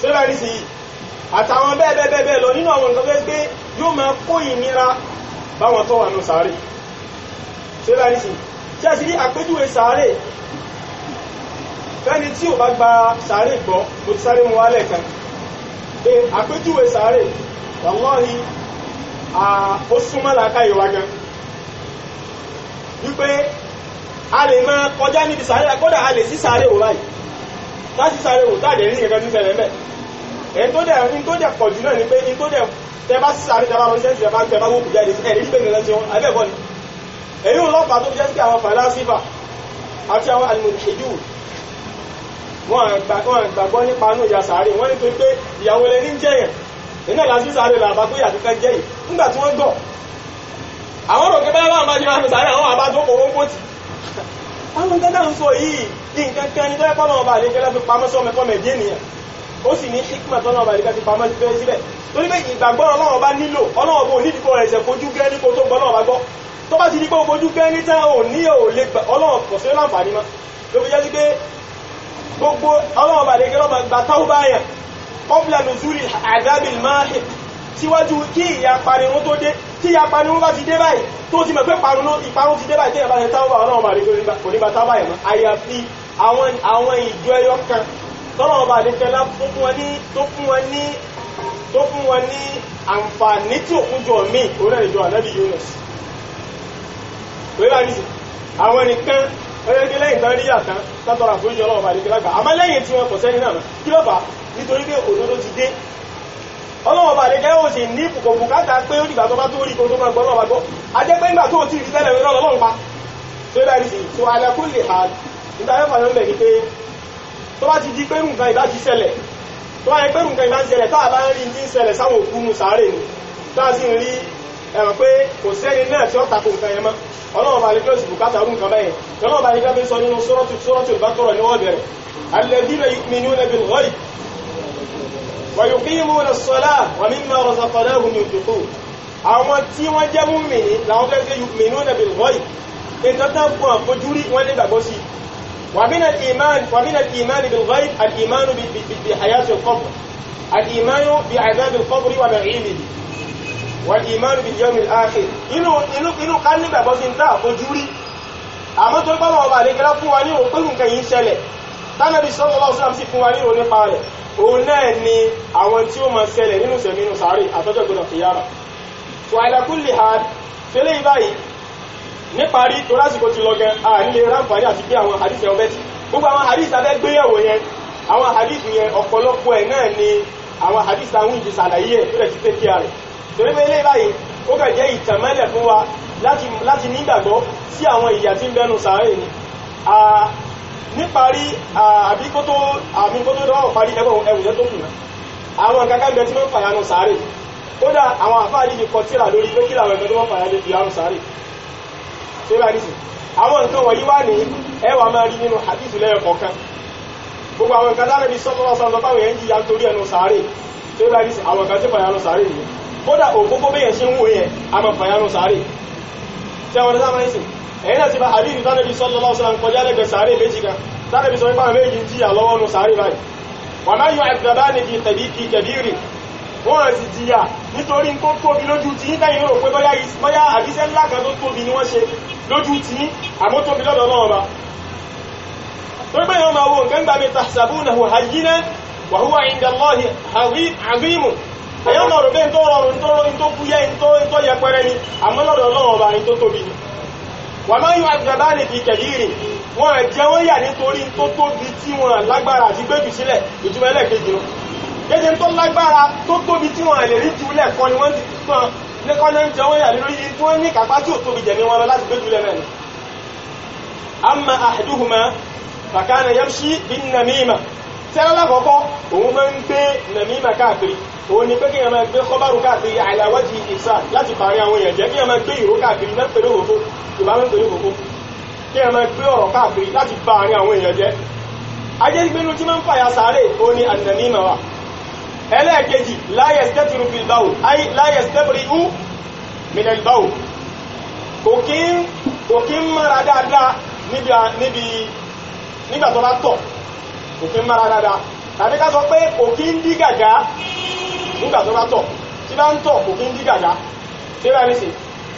sọ́dọ̀ ní sí yìí àtàwọn bẹ́ẹ̀ bẹ́ẹ̀ bẹ́ẹ̀ lọ nínú àwọn nǹkan tó gbé yóò máa kó ìnira báwọn tó wà nù sàárè sọ́dọ̀ ní sí tí a sì rí àpéjúwe sàárè fẹ́ni tí ò bá gba sàárè gbọ́ mo ti sáré mu wálẹ̀ kan pé àpéjúwe sàárè wàlọ́ọ̀hì ó súnmọ́ làákàyè wa gan wípé a lè máa kọjá níbi sàárè kódà a lè sí sàárè wò báyìí ká sí sàárè wò táàdé ní nǹkan tó ń ṣẹlẹ̀ mẹ́ ẹ̀ tó dẹ̀ ní tó dẹ̀ pọ̀ jù náà ni pé ní tó dẹ̀ tẹ bá sí sàárè tẹ́lá lọ́sẹ̀ tẹ́ bá tẹ́ bá wọ́pù jáde ẹ̀ ní pẹ̀lú ẹ̀rọ tiwọn abẹ́ẹ̀kọ́ ni èyí ń lọ́pàá tó jẹ́ sí àwọn fàlásífà àti àwọn àlùmọ̀ṣẹ́jù wọn gbàgbọ́ nípa inú ìyá sàárè wọ́n ní pé pé ìyàwó lẹ ní jẹ́yàn iná ìlàsí sàárè làbá pé ìyàtọ̀ fẹ́ jẹ́yìn nígbà tí wọ́n gbọ́ àwọn rò pé báyọ̀ máa jẹ́ máa sàárè àwọn àbájọ́ òun kò tì àwọn ìtẹ́lẹ̀ ń sọ yìí nǹkan kan ní tọ́lẹ́pọ̀ náà bá àlékẹ́lẹ́ fi pamọ́ sí ọmọ ẹ̀kọ́ mẹ̀dí ènìyàn ó sì ní hikma tọ́lọ́ bá àlékẹ́ fi pamọ́ síbẹ̀ torí pé ìgbàgbọ́ bá nílò bó ẹ̀sẹ̀ fojú gẹ́ ní gbọ́ bá gbọ́ tó bá ti di pé o fojú gẹ́ ní tán ò ní ò lè síwájú kí ìyá parun tó dé tí ìyá parun bá ti dé báyìí tó ti mọ̀ pé parun ìparun ti dé báyìí tí ìyá bá ti táwọn ọlọ́run bá rí onígbà tábà yẹn mọ́ àyàfi àwọn ìjọ ẹyọ kan tọ́lọ́run bá lè fẹ́lá tó fún wọn ní tó fún wọn ní tó fún wọn ní àǹfààní tí òkun jọ míì orí ìjọ ànábì Yunus wíwá ní àwọn nìkan ọjọ́ lẹ́yìn tán níyà tán sátọ́ra fún ìjọ ọlọ́run bá lè àmọ́ lẹ́yìn tí wọn kọ̀ sẹ́yìn náà kí ló nítorí pé òdodo ti dé ọlọ́wọ́ bá lẹ́gẹ́ ó sì ní bùkátà pé ó dìgbà tó bá tó rí kó tó máa gbọ́ lọ́wọ́ gbọ́ ajẹ́ pé nígbà tó ti rí tẹ́lẹ̀ lọ́wọ́ lọ́wọ́ pa tó bá sí tó alẹ́kùn lè ha nígbà yóò fàyọ́ mẹ́ pé tó bá ti di pé nǹkan ìbá ti ṣẹlẹ̀ tó bá yẹ pé nǹkan ìbá ti ṣẹlẹ̀ tá bá ń rí ti ń sáwọn òkú nu sàárè ni tá a sì ń rí ẹ̀rọ pé kò sẹ́ni náà tí ó tako nǹkan yẹn mọ́ ọlọ́wọ́ bá lẹ́gẹ́ ó sì bùkátà rú nǹkan bẹ́yẹn ọlọ́wọ́ bá lẹ́gẹ́ fi sọ nínú sọ́rọ́tù sọ́rọ́tù ìbátọ̀rọ̀ ni wọ́n bẹ̀rẹ̀ alladhina yu'minuna bil ghaib ويقيمون الصلاة ومما رزقناهم ينفقون àwọn tí wọ́n jẹ́ múmìnì láwọn fẹ́ sí yu'minuna bil ghaib ìtọ́tọ́ fún àfojúrí wọ́n lè gbàgbọ́ sí wa min al-iman wa min al-iman bil ghaib al-iman bi hayati al-qabr al-iman bi adhab al-qabr wa na'iimihi inú ká ní gbàgbọ́ sí ní tá àmọ́ tó gbọ́dọ̀ tánàbí sallallahu alaihi wasallam sì fún wa ní onípa rẹ̀ òun náà ni àwọn tí ó máa ṣẹlẹ̀ nínú sẹ̀mínú sàárè àtọ́jọ́ gbọdọ̀ kìyàmà tó àìdàkúlì ha tẹ́lẹ̀ ìbáyìí níparí tó lásìkò ti lọ gan a nílé ráǹfààní àti bí àwọn hadith ẹ̀wọ̀n bẹ́ẹ̀ gbogbo àwọn hadith abẹ́ gbéyẹ̀wò yẹn àwọn hadith yẹn ọ̀pọ̀lọpọ̀ ẹ̀ náà ni àwọn hadith àwọn ìdí sàlàyé ẹ̀ tó lẹ̀ ti tẹ́ kí a rẹ̀ torí pé ilé báyìí ó kàn jẹ́ ìtànmẹ́lẹ̀ fún wa láti nígbàgbọ́ sí àwọn ìyà tí ń bẹnu sàárè ni níparí àbí kó tó àmì kó tó dọ́wọ́ parí ẹgbọ́n ẹwùjẹ́ tó kùnà àwọn kankan bẹ tí wọ́n fàyà nù sáré kódà àwọn àfáàdì ti kọ tíra lórí pé kí làwọn ẹgbẹ́ tó wọ́n fàyà lè fi àrùn sáré ṣé bá nìsí àwọn nǹkan wọ̀nyí wà ní ẹwà máa rí nínú hadith lẹ́yìn kọ̀ọ̀kan gbogbo àwọn nǹkan tánàbí sọ́kọ́lọ́ sọ́kọ́ báwọn yẹn jìyà torí ẹnu sáré ṣé bá nìsí àwọn a máa fàyà nù sáré ṣé àwọn ọ̀dọ́ sáà ẹ̀yìn náà ti bá àdíjì tánàbí sallallahu alaihi wasallam kọjá lẹ́gbẹ̀ẹ́ sàárè méjì kan tánàbí sọ wípé àwọn méjì ń jìyà lọ́wọ́ nù sàárè báyìí wà máa yọ àgbàbá ní fi tẹ̀bí kí kẹ̀bírì wọ́n ti jìyà nítorí tó tóbi lójú tí nígbà yìí rò pé bóyá àbíṣẹ́ ńlá kan tó tóbi ni wọ́n ṣe lójú tí àmọ́ tóbi lọ́dọ̀ náà ba tó gbé yọ máa wọ́n máa ń yọ àjọ̀dáàlì fi kẹ̀yìrì wọ́n jẹ́ wọ́n yà nítorí tó tóbi tí wọ́n lágbára àti gbéjù sílẹ̀ ìtumọ̀ ẹlẹ́ẹ̀kejì wọn gẹ́gẹ́ tó lágbára tó tóbi tí wọ́n lè rí jùlẹ̀ kan ni wọ́n ti tán lẹ́kọ́ náà jẹ́ wọ́n yà lórí tí wọ́n ní kápá tí ò tóbi jẹ̀mí wọn láti gbéjù lẹ̀ mẹ́rin amma ahaduhuma fakana yamshi bin namima sẹ́lá kọ́kọ́ òun máa ń gbé nàmímà káàkiri òun ni pé kí ẹ̀mà gbé kọ́bárù káàkiri àìláwájì ìsà láti parí àwọn èèyàn jẹ́ kí ẹ̀mà gbé ìró káàkiri náà pẹ̀lú òfófó ìbá mẹ́ pẹ̀lú òfófó kí ẹ̀mà gbé ọ̀rọ̀ káàkiri láti bá àwọn èèyàn jẹ́ ajé gbénu tí máa ń fàyà sáré òun ni ànàmímà wa ẹlẹ́ẹ̀kejì láyẹ̀ stẹ́tìrù fi báwò láyẹ̀ stẹ́tìrì ú mìnẹ̀lì báwò kò kí ń mara dáadáa níbi nígbà tó bá tọ̀ kò kí ń mára dáadáa tàbí ká sọ pé kò dí gàgá nígbà tó bá tọ̀ tí bá ń tọ̀ tí bá ní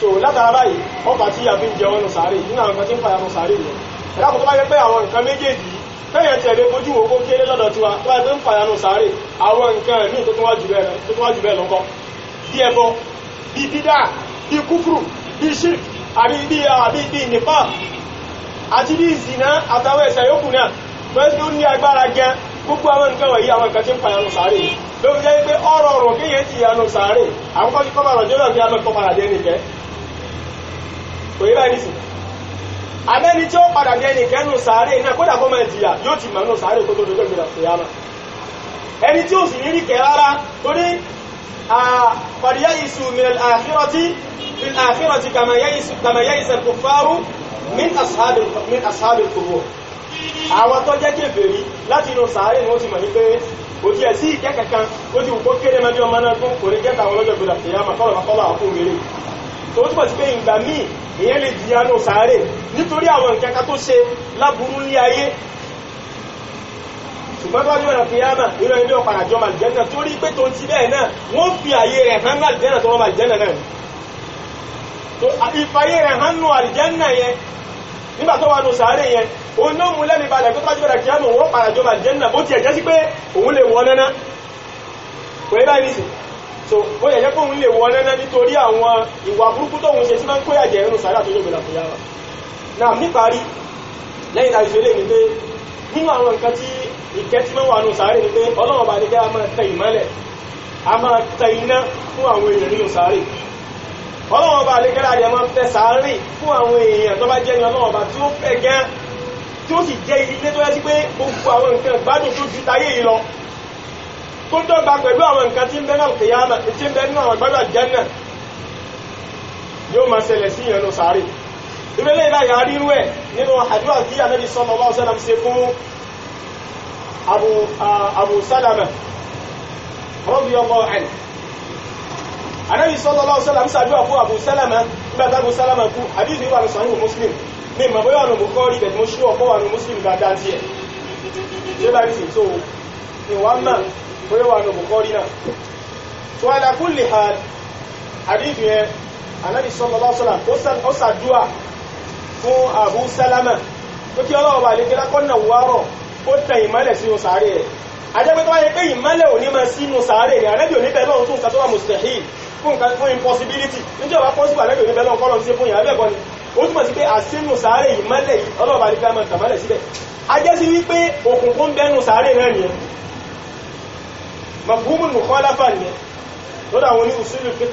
so látara báyìí ọkà tí a fi ń jẹun nù sàárè nínú àwọn nǹkan tí ń fa ẹnu sàárè yẹn ẹ̀dá kò tó bá yẹ pé àwọn nǹkan méjèèjì tí fojú owó kéré lọ́dọ̀ tiwa tó bá yẹ pé ń fa sàárè àwọn nǹkan ẹ̀mí tó tún wá jù bẹ́ẹ̀ lọ́kọ́ bí ẹbọ bí bídà bí kúfùrù bí àbí bí nípa àti fẹ́ẹ́ tó ní agbára gan gbogbo àwọn nǹkan wọ̀nyí àwọn nǹkan tí ń payanu sáré ló fi jẹ́ pé ọ̀rọ̀ ọ̀rọ̀ kí yẹn ti yanu sáré àwọn kọ́jú kọ́mà rọ̀ jọ́lọ́ kí a mọ̀ kọ́mà rà dé nìkẹ́ kò yí báyìí nìsín abẹ́ni tí ó padà dé nìkẹ́ nù sáré náà kódà kó máa jìyà yóò ti mọ̀ nù sáré kó tó dojú ìgbìlà fìyà náà ẹni tí ó sì ní nìkẹ́ rárá torí àpàdé yẹ́yìísù min àfírọ́tí min àfírọ́tí kàmà yẹ́yìísù kàmà yẹ́yìísù kùfárú min ashabil qubur àwọn tó jẹ́ kèfèrí láti inú sàárè ni wọ́n ti mọ̀ ní pé òtí ẹ̀ sí ìjẹ́ kankan ó ti wù kó kéré mẹ́bí ọmọ náà tún kò ní jẹ́ta àwọn ọlọ́jọ́ gbọdọ̀ tẹ̀yà máa kọ́lọ̀ kọ́lọ̀ àwọn fún rere tó túbọ̀ sí pé ìgbà míì èyàn lè di anú sàárè nítorí àwọn nǹkan kan tó ṣe láburú ní ayé ṣùgbọ́n tó wájú kíyámà nínú ẹni ọ̀pàdà jọ màlìjẹ́nà torí pé tó ti bẹ́ẹ̀ náà wọ́n fi àyè rẹ̀ hàn màlìjẹ́nà tó wọ́n màlìjẹ́nà náà ìfàyè rẹ̀ hàn nù yẹn nígbà tó wà nù sàárè yẹn onóhun lẹ́mi balẹ̀ tó bá jọ́ra kíámù wọ́n padà jọ bà jẹ́nà bó ti ẹ̀jẹ́ sí pé òun lè wọ́n nẹ́ná kò ní báyìí nìsín so ó yẹ jẹ́ pé òun lè wọ́n nẹ́ná nítorí àwọn ìwà burúkú tó òun ṣe tí máa ń kó yàjẹ́ nù sàárè àtọ́jọ́ gbẹ̀dà fún yàrá náà níparí lẹ́yìn àìsí lè ní pé nínú àwọn nǹkan tí ìkẹ́ tí máa ń wà nù sàárè ni pé ọlọ́run bá ní kẹ́ a máa tẹ ìmọ́lẹ̀ a máa tẹ iná fún àwọn èèyàn nínú sàárè ọlọ́wọ́n bá alékẹ́lá rẹ̀ máa ń fẹ́ sàárì fún àwọn èèyàn tó bá jẹ́ ní ọlọ́wọ́n bá tí ó fẹ́ gan tí ó sì jẹ́ ilé tó yẹ sí pé gbogbo àwọn nǹkan ìgbádùn tó ju táyé yìí lọ tó dọ́gba pẹ̀lú àwọn nǹkan tí ń bẹ náà kìyà náà tí ń bẹ nínú àwọn ìgbádùn àjẹ́nà yóò máa ṣẹlẹ̀ sí ìyẹn ló sàárì ìrẹ́lẹ̀ ìbáyà rírú ẹ̀ nínú àdúrà tí ànábì sallallahu alaihi wasallam ṣe fún Abu Salama radiyallahu anhu anabi sallallahu alaihi wasallam ṣàdúrà fún abu salama nígbàtà abu salama kú àdìsí wà ní sahih muslim ní ìmọ̀ bóyá ọ̀nà bukhari bẹ̀tẹ̀ mo ṣúwọ̀ kọ́ wà ní muslim dáadáa tiẹ̀ ṣé bá rí sí tó ìwà mà bóyá wà ní bukhari náà tó ala kulli hal àdìsí yẹn anabi sallallahu alaihi wasallam ó ṣàdúrà fún abu salama ó kí ọlọ́wọ́ bá lè kí lákọ́nà wárọ̀ ó tẹ ìmọ́lẹ̀ sínú sàárè rẹ̀ ajẹ́pẹ́tọ́ wáyé pé ìmọ́lẹ̀ òní máa sínú sàárè rẹ̀ ànábì òní bẹ̀rẹ̀ lọ́run tún kàtọ́wà mustahil fún nǹkan fún impossibility níjọ́ bá possible àlẹ́gbẹ̀ẹ́ níbẹ̀ náà kọ́lọ̀ sí fún yàrá bẹ́ẹ̀ kọ́ ni ó túmọ̀ sí pé àsínú sàárè yìí mọ́lẹ̀ yìí ọlọ́ọ̀bá ní fẹ́ẹ́ mọ̀ tàmọ́lẹ̀ síbẹ̀ a jẹ́ sí wípé òkùnkùn bẹ́nu sàárè náà nìyẹn mọ̀kúmù nìkan láfà nìyẹn lọ́dọ̀ àwọn oní ìṣúlù pé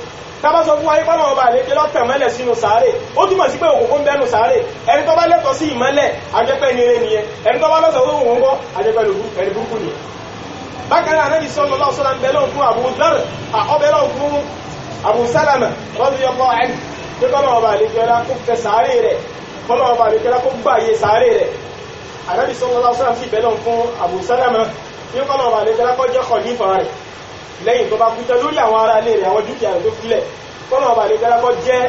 tábà sọ fún wa ipá náà ọba àlejò lọ́tẹ̀ mọ́lẹ̀ sínú sàárè ó túmọ̀ sí pé òkùnkùn bẹ́nu sàárè ẹni tó bá lẹ́tọ̀ọ́ sí ìmọ́lẹ̀ ajẹ́pẹ́ nire nìyẹn ẹni tó bá lọ́sọ̀ tó wọ́n ń bẹ fún àbúrò dárẹ̀ àkọ́bẹ̀ fún Abu Salama radiyallahu anhu pé kọ́nà ọba àlejòlá kó fẹ́ sàárè rẹ̀ kọ́nà ọba àlejòlá kó gbàyè sàárè rẹ̀ Ànábì sallallahu alaihi wasallam sì bẹ́lọ̀ fún Abu Salama pé kọ́nà ọba àlejòlá kó jẹ́ khalifa rẹ̀ lẹ́yìn tó bá kú tán lórí àwọn ará ilé rẹ̀ àwọn dúkìá rẹ̀ tó filẹ̀ kọ́nà ọba àlejòlá kó jẹ́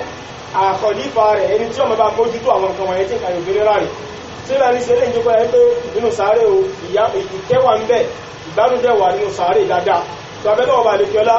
khalifa rẹ̀ ẹni tí ọmọ bá mójútó àwọn nǹkan wọ̀nyẹn tí kàyọ̀ fẹ́rẹ́ rárẹ̀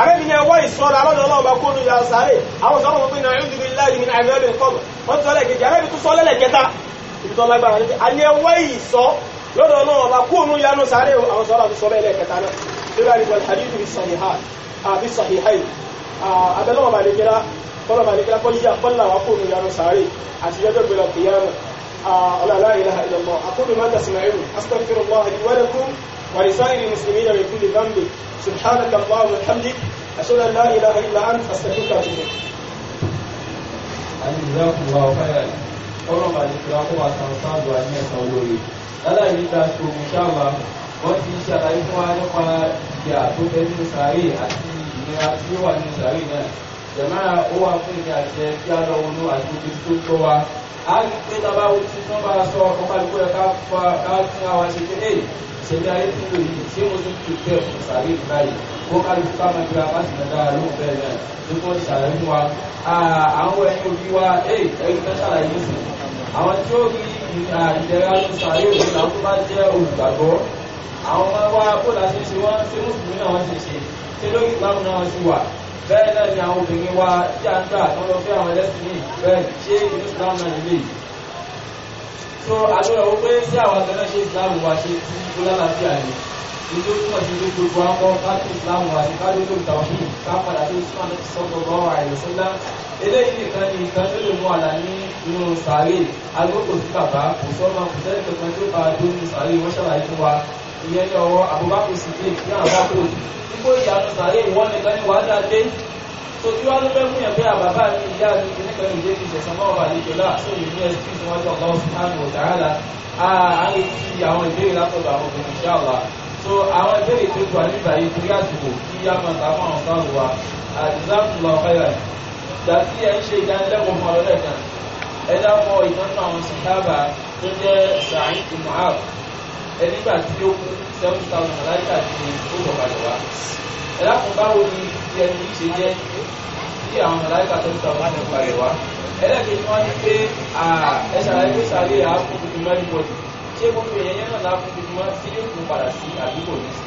àrẹ́bí ni ẹwọ́ ìṣọ́ra lọ́dọ̀ ọlọ́ọ̀bá kó nù yàrá sáré àwọn sọ́rọ̀ wọn pé náà yóò dìbò láàyè mi náà ẹgbẹ́ ìkọ́bù wọ́n ti sọ́lẹ̀ kejì àrẹ́bí tún sọ́lẹ̀ lẹ́kẹta ibi tó lágbára ní pé a ẹwọ́ ìṣọ́ lọ́dọ̀ kó nù yàrá sáré àwọn sọ́rọ̀ àti sọ́lẹ̀ lẹ́kẹta náà lórí àdìgbò àdìgbò àbí sàhìháì abẹ́lọ́wọ̀ balẹ̀kẹ́lá kọ́lọ̀ ولسائر المسلمين من كل ذنب سبحانك اللهم وبحمدك أشهد أن لا إله إلا أنت أستغفرك وأتوب إليك àdìsíláàkù wa ọ̀fáyà ọlọ́mà àdìsíláàkù wa sàǹsáàdù àní ẹ̀sán olóore lálàyé ìta ṣòwò ṣáàbà wọ́n ti ṣàlàyé fún wa nípa ìjà tó fẹ́ nínú sàárè àti ìnira tí ó wà nínú sàárè náà jẹ̀máà ó wà fún ìjà àṣẹ kí á lọ wọnú àti ojú tó tọ́ wa a rí pé tábà ó ti tán bá a sọ ọkọ̀ kálukú rẹ̀ ká fún wa ṣe pé ìṣẹ̀lẹ̀ ayé tí ó yìí ṣé mo tún ti tẹ̀ fún sàrí ìbáyìí kó kájú ká máa gbé apá sí dáadáa ló ń bẹ̀rẹ̀ náà tó kọ́ ṣàlàyé wa àwọn ẹ̀yìn òbí wa ẹ̀yìn tó ṣàlàyé sí àwọn tí ó rí ìdẹ̀ra ló sàrí òbí náà tó bá jẹ́ olùgbàgbọ́ àwọn ọmọ wa kó la ṣe ṣe wọ́n ṣe mùsùlùmí náà wọ́n ṣe ṣe ṣe lórí ìbámu náà wọ́n ṣe wà bẹ́ẹ̀ náà ni àwọn obìnrin wa tí a ń gbà tó lọ fẹ́ àwọn ẹlẹ́sìn yìí bẹ́ẹ̀ ṣé ìlú so àjọyọ̀ wọ́n pé sí àwọn àgbẹ̀rẹ̀ ṣe ìsìláàmù wa ṣe tí ó lálàáfíà ni ìjọ túmọ̀ sí pé gbogbo akọ káàkiri ìsìláàmù wa ti káàkiri tó ìtàwọn yìí ká padà tó ìsìláàmù náà ti sọ gbogbo ọ̀rọ̀ àìlọ́sọ́lá eléyìí nìkan ni nǹkan tó lè mú àlà ní inú sàárè agbókò sí bàbá kò sọ́mọ kò sẹ́ni kankan tó bá tó ní sàárè wọ́n ṣàlàyé fún wa ìyẹn ní ọwọ́ àbúbákò sí pé kí àwọn bá kò ní kó ìyànú sàárè wọ́n nìkan ni wàá dá dé tó tí wá ló fẹ́ fún yàn pé àbàbà ah, mi ìyá mi ti ní pẹ̀lú ìdí ìṣẹ̀sán náà wà níjọ náà tó lè ní ẹsẹ̀ tí wọ́n jọ lọ́wọ́ fún àwọn ọ̀tàràlà a lè fi àwọn ìbéèrè látọ̀dọ̀ àwọn obìnrin insha Allah so àwọn ìbéèrè tó wà nígbà yìí torí àsìkò kí á máa ta fún àwọn sáàlù wa àdìsáàmùlọ fẹ́rẹ̀ ìgbà tí ẹ ń ṣe ìdánilẹ́kọ̀ọ́ fún ọlọ́dẹ̀ kan ẹ dákọ̀ ìtọ́jú àwọn sìkáàbà tó jẹ́ Sa'id Mu'adh ẹnígbà tí ó kú seven thousand aláìka ti ó bọ̀ padà wá ẹ dákun jẹ́ ní ṣe jẹ́ kí àwọn mọ̀láìkà tó ń tọ̀ wá nípa rẹ̀ wá. ẹlẹ́kẹ̀ẹ́ wọ́n ní pé ẹ ṣàlàyé pé sàlẹ̀ àákùn tuntun mọ́ ní bọ̀dì ṣé gbogbo èèyàn yẹn náà láàkùn tuntun mọ́ sí yóò tún padà sí àdúgbò ní sí.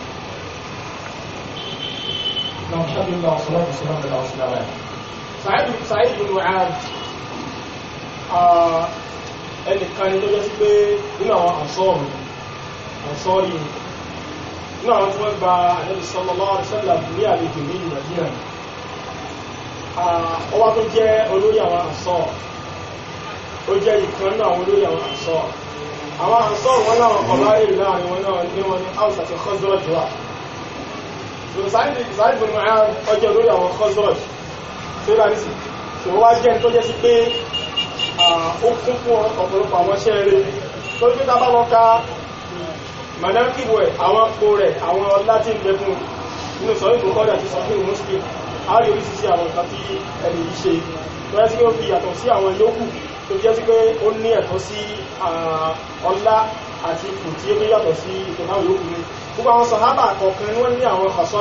sàìdù mu'ad ẹnìkan ni tó jẹ́ sí pé nínú àwọn àṣọ́ọ̀rù àṣọ́ọ̀rù ní àwọn tí wọ́n gba ẹni sallallahu alaihi wasallam ní àlejò ní Madina ọwọ́ tó jẹ́ olórí àwọn àṣọ ó jẹ́ ìkan náà àwọn olórí àwọn àṣọ àwọn àṣọ wọn láwọn kọláyè láàrin wọn náà ní wọn ní Áùsà àti Khazraj wà Sa'id bin Mu'adh ọjọ́ olórí àwọn Khazraj tó rà ní sí ṣòwò wá jẹ́ tó jẹ́ sí pé ó kún fún ọ̀pọ̀lọpọ̀ àwọn iṣẹ́ rẹ̀ tó ń gbé ta bá lọ ka manakibu ẹ̀ àwọn apò rẹ̀ àwọn ọlá tí ń bẹ fún nínú sọ́yìn tó kọ́dà ti sọ́yìn muslim a rí oríṣiríṣi àwọn nǹkan tí ẹni yìí ṣe tó yẹ sí pé ó fi yàtọ̀ sí àwọn yòókù tó jẹ́ sí pé ó ní ẹ̀tọ́ sí ọlá àti ipò tí ó yàtọ̀ sí ìtọ́nà yòókù ni gbogbo àwọn sàhábà kọ̀ọ̀kan ni wọ́n ní àwọn àṣọ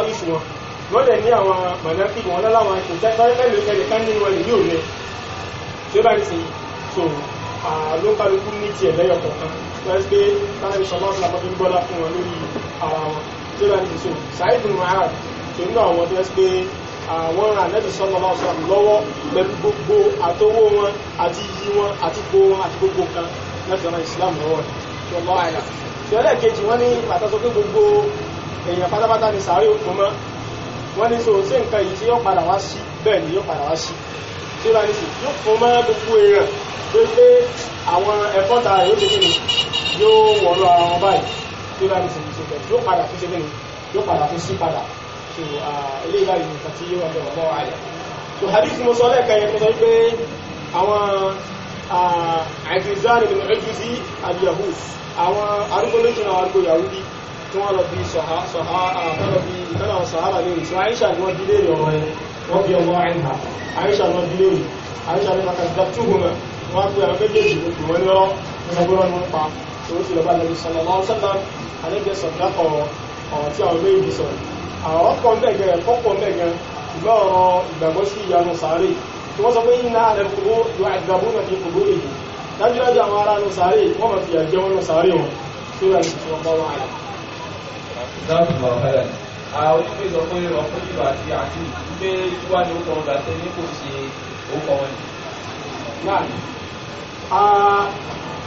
ìṣù wọ́n pé tánàbí sọlọ́ọ̀sì làbọ́tí ń bọ́lá fún wọn lórí ara wọn tí wọ́n ti so ṣáìdì mahad tó nínú àwọn tó pé àwọn ànẹ́bí sọlọ́ọ̀sì lọ́wọ́ pẹ̀lú gbogbo àtọwọ́ wọn àti iyì wọn àti gbó wọn àti gbogbo kan láti ọ̀nà ìsìlámù lọ́wọ́ tó lọ́ àyà ìṣẹ̀lẹ̀ kejì wọ́n ní pàtàkì pé gbogbo èèyàn pátápátá ni sàárè òkú mọ́ wọ́n ní so ṣé nǹkan yìí tí yóò padà wá sí bẹ́ẹ̀ ni yóò padà wá sí tí wọ́n ní sì yóò fún mọ́ gbogbo èèyàn pé pé àwọn ẹ̀fọ́ta yóò ti kí ni yóò wọ̀lọ́ ara wọn báyìí tí bá ti ṣe bẹ̀rẹ̀ yóò padà fi ṣe bẹ́ẹ̀ yóò padà fi sí padà so ilé ìbáyìí nǹkan tí yóò wọlé ọ̀pọ̀ àyà so hadith mo sọ lẹ́ẹ̀kan yẹn mo sọ pé àwọn àìsíńsáàrì nínú ẹjú sí àdìyàwó àwọn arúgbó méjì náà arúgbó Yahudi tí wọ́n lọ bí sọ̀há sọ̀há àtọ́lọ́ bí ìtọ́lọ́ sọ̀hárà lórí tí Aisha ni wọ́n bí léèrè ọ̀rọ̀ ẹ̀ wọ́n bí ọmọ àìhà Aisha ni wọ́n bí léèrè Aisha ni wọ́n kàtàkì túhùn náà wọ́n á pè àwọn méjèèjì òkú wọn ní ọ́ ọgbọ́n ní wọ́n pa tó fi lọ́ba lẹ́nu sọ̀rọ̀ lọ́wọ́ sọ́dọ̀ àlejò sọ̀dọ̀ ọ̀rọ̀ ọ̀rọ̀ tí àwọn méjì sọ àwọn ọkọ̀ ń bẹ̀gẹ̀ ẹ̀kọ́ pọ̀ ń bẹ̀gẹ̀ sí ìyanu sàárè tí wọ́n sọ pé náà fi èyí dájúdájú àwọn ará nu sàárè wọn sàárè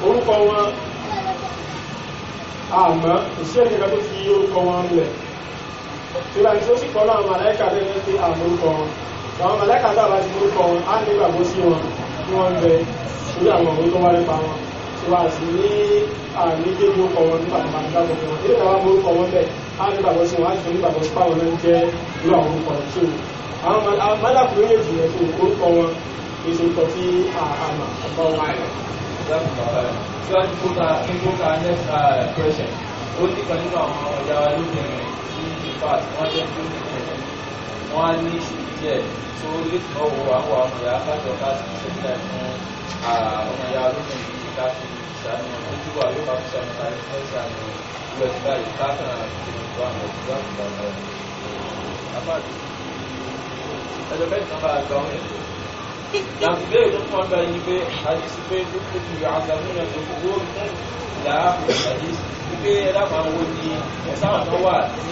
wọn tí àmọ́ ìṣe ìjọba tó fi orúkọ wọn lẹ̀ tí wọ́n ti ó sì kọ́nà àwọn màláìka lẹ́nu pé àmúrúkọ wọn àwọn màláìka tó àbájú orúkọ wọn á ní ìgbàgbọ́ sí wọn kí wọ́n bẹ sórí àwọn ọ̀rọ̀ tó wá nípa wọn tí wọ́n á sì ní àmì dé orúkọ wọn nípa àwọn àgbà gbogbo wọn nígbà wọn orúkọ wọn bẹ á ní ìgbàgbọ́ sí wọn á sì ní ìgbàgbọ́ sí pàwọn náà jẹ́ irú àwọn orúkọ rẹ̀ tó àwọn màláìka ló yẹ jù láti bàbá rẹ̀ síwájú kó ta kí n kó ta next question ó ní kan nínú àwọn ọ̀dà wa lóbìnrin ní ìfàt wọ́n jẹ́ tó ní ẹ̀jẹ̀ wọ́n á ní ìṣòro díẹ̀ tó lè tọ́ wo àwọn àwọn ọ̀dà akájọ láti ṣẹ́gbẹ́ fún ọmọ ìyá lóbìnrin yìí láti ṣàmì ojú wa yóò bá fi ṣàmì tàbí fún ìṣàmì us báyìí kákan ìṣèlú àwọn ọ̀dà ìgbà náà. àbájọ ẹjọ́ bẹ́ẹ̀ nàbẹ́ẹ̀ tó tún ọgbà yìí pé àdìsí pé gbogbo ìyá àgbàmúnà tó gbogbo fún ìlà àdìsí wípé ẹlẹ́pàá wo ni ẹ̀sáwọn tó wà tí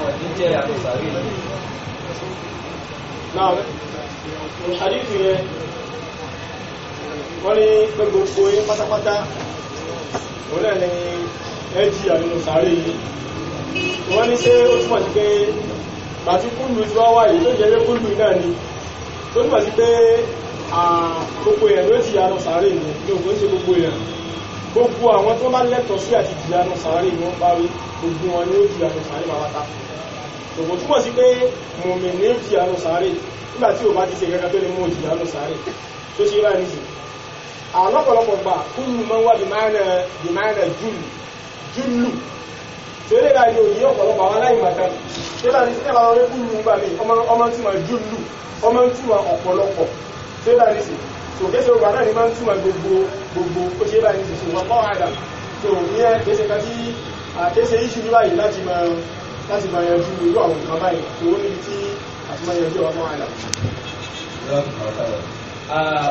wọn ní jẹ́ àtọ̀sàrí rẹ̀. náà àdìsí rẹ̀ wọ́n ní pé gbogbo yín pátápátá òun náà ni ẹ jí àdínú sàárè yìí wọ́n ní ṣé ó túmọ̀ sí pé bàtí kúndùn tí wọ́n wà yìí tó jẹ́ pé kúndùn náà ni tó nígbà sí pé gbogbo èèyàn ló ti yanu sàárè ni ní òkú ṣe gbogbo èèyàn gbogbo àwọn tó bá lẹ́tọ̀ọ́ sí àti ìyanu sàárè ni wọ́n parí gbogbo wọn ni ó ti yanu sàárè máa wáta òkú túmọ̀ sí pé mòmí ní ó ti yanu sàárè nígbà tí ò bá ti ṣe gẹ́gẹ́ tó lè mú òjì yanu sàárè tó ṣe báyìí nìyí àwọn ọ̀pọ̀lọpọ̀ gbà kúlù mọ́ wá bí máa ń jùlù ṣeré ra yóò yí ọ̀pọ̀lọpọ̀ àwọn aláìmọ̀kan ṣeré àti ṣeré àwọn ọ̀rẹ́kù lù gbà mí ọmọ tí ma jù lù ọmọ tí ma ọ̀pọ̀lọpọ̀ ṣeré àti ṣe so kéṣe ogun àná ni máa ń tí ma gbogbo gbogbo ó ṣeré àti ṣe ṣùgbọ́n mọ́ àdà so ìyẹn kéṣe kan tí àkéṣe iṣu ní báyìí láti ma láti ma yanjú irú àwọn nǹkan báyìí tó ó níbi tí àti ma yanjú ọmọ àdà.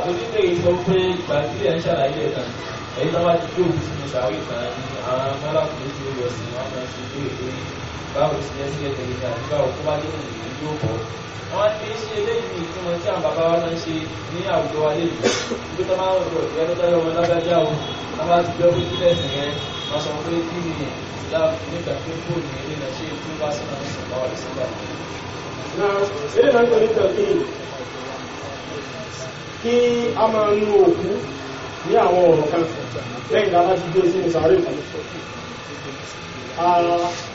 onílé ìsọ pé ìgbà tí ẹ ń ṣàlàyé ẹ̀ èyí tó bá ti kó òkú sínú sàárè kan ní àwọn mọ́làkùnrin tí ó yọ sí wọn máa ń ṣe pé pé báwo ti jẹ́ sílẹ̀ tẹ̀lé ní àdúgbà òkú bá dé òun ìlú yóò bọ̀. àwọn ti ń ṣe eléyìí ìtumọ̀ tí àwọn bàbá wa máa ń ṣe ní àwùjọ wa lè lò ibi tó máa ń rọ̀ ìyá tó tọ́jú ọmọ lágbájá o a bá ti gbọ́ pé kílẹ̀ sí yẹn wọ́n sọ pé kí ni ìdáàbò nígbà pé fóònù ilé náà ṣe tí ó bá sí náà sọ̀rọ̀ àwọn ìṣẹ̀lẹ̀ kí a máa nu òkú ní àwọn ọ̀rọ̀ kan lẹ́yìn lábá ti gbé sínú sàárè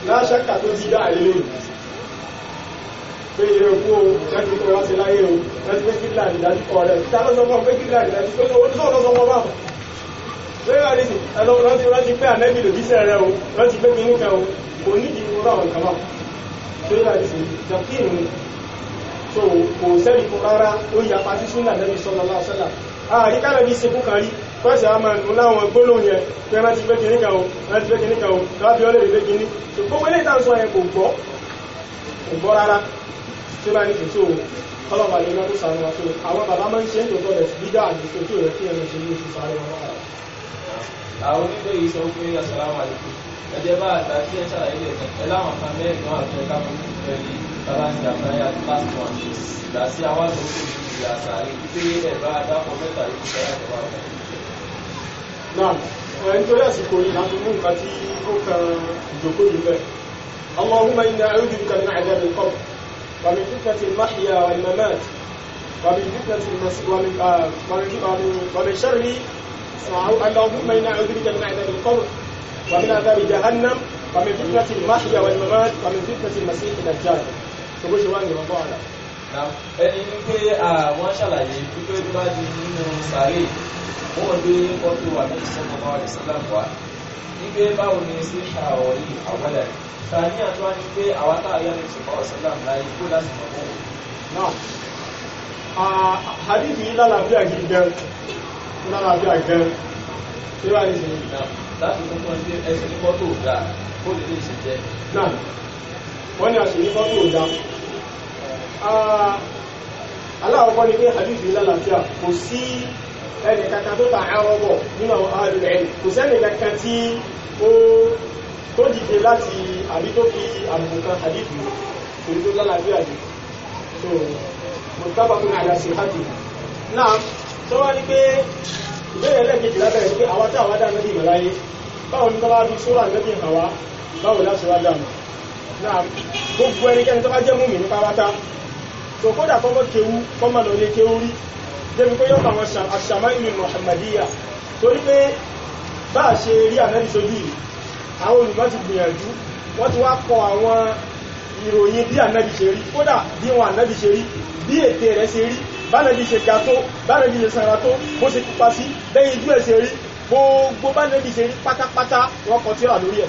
láṣẹ́kà tó ti dá ilé pé ilé okú o láti tó wá sí láyé o láti pé kíkìlá ìdájú kọ rẹ̀ tí a lọ́sọ́gbọ́n pé kíkìlá ìdájú pé ó tó lọ́sọ́gbọ́n bá mọ̀ lẹ́yìn àdìsí ẹlọ́wọ́ láti rántí pé ànẹ́bì lòdì sẹ́ rẹ̀ o láti pé kínú kẹ o kò nídìí irú àwọn kan náà lẹ́yìn àdìsí jàpín so kò sẹ́ni kò rárá ó yapa sí súnà lẹ́bi sọ́nà láṣẹ́là àrí ah, kánàbí sekú kan rí kọ́sì àmà nù láwọn gbólóhùn yẹn pé rántí pé o rántí pé kìíní kan o lábí ọlẹ́ ìwé kìíní tó gbogbo ilé ìtàn sọ yẹn kò gbọ́ kò gbọ́ rárá tí bá ní kò tó kọ́lọ̀bà lè mẹ́kú sàánú wa tó àwọn bàbá máa ń ṣe ń tó gbọ́dọ̀ gbígbà àdìsó tó rẹ̀ kí ẹnu ṣe ní oṣù sáré wọn lára. àwọn onígbé yìí sọ pé àsàlámù àdìsó ẹjẹ bá àgbà tí ẹ ṣàlàyé ẹ láwọn kan mẹ́rin náà àti ẹ̀ka mọ́ bàbá ń gbàgbá yà tó last one is ìdásí àwọn àti oṣù yìí ti àṣà ìdílé ẹ̀bá adápọ̀ mẹ́ta yìí ti ṣẹlẹ̀ àjọba rẹ̀. náà ẹ̀ اللهم إنا أعوذ بك من عذاب القبر ومن فتنة المحيا والممات ومن فتنة المس... ومن آه ومن ومن شر اللهم إنا أعوذ بك من عذاب القبر ومن عذاب جهنم ومن فتنة المحيا والممات ومن فتنة المسيح الدجال so bó ṣe wá nìyẹn bọ́ àlà. ẹni wípé àwọn ṣàlàyé wípé tó bá di nínú sàárè wọ́n gbé ọdún wà ní ìṣẹ́kọ̀ọ́ ìṣẹ́lápá wípé báwo ni sí ṣàwọ̀ yìí àwọ̀dà ta ní àtúwá ní pé àwọn táàyà ní ìṣẹ́kọ̀ọ́ ìṣẹ́lápá láyé kó láti mọ̀ mọ́ náà àdìbì lálàáfíà gígbẹ́ lálàáfíà gẹ́rẹ́ tí wà ní ìṣẹ́yìn náà láti kọ́kọ́ ní ẹsẹ̀ ní mọ́tò dáa kó lè ní ìṣẹ́jẹ́ náà wọ́n ní àṣírí kọ́ tó dá aláwọ̀kọ́ ni pé hadithi lálàáfíà kò sí ẹni kankan tó ta àrọ́bọ̀ nínú àwọn ààrẹ ẹni kò sẹ́ni kankan tí ó tó dìde láti àbí tó fi àbùkù kan hadithi torí tó lálàáfíà jù so mo tábà fún àyàṣe hàtì náà tó wá ní pé ìbéèrè ẹlẹ́gẹ̀ẹ́jì lábẹ́rẹ̀ pé àwọn tí àwọn dáná ní ìmọ̀láyé báwo ni tọ́lá bí sóra nẹ́bí hàn wá báwo láti wá dáná náà gbogbo ẹnikẹ́ni tó bá jẹ́ mùmí ní pátá tó kódà kọ́kọ́ kéwú kọ́mọ lọ lé kéwú rí débi pé yọ́ àwọn àṣàmá ìlú Muhammadiyya torí pé bá a ṣe rí ànábì sójú yìí àwọn olùmọ̀ ti gbìyànjú wọ́n ti wá kọ àwọn ìròyìn bí ànábì ṣe rí kódà bí wọn ànábì ṣe rí bí ète rẹ̀ ṣe rí bánàbí ṣe ga tó bánàbí ṣe sanra tó bó ṣe pupa sí bẹ́yìn ojú ẹ̀ ṣe rí gbogbo bánàbí ṣe rí pátápátá wọ́n kọ tírà lórí ẹ̀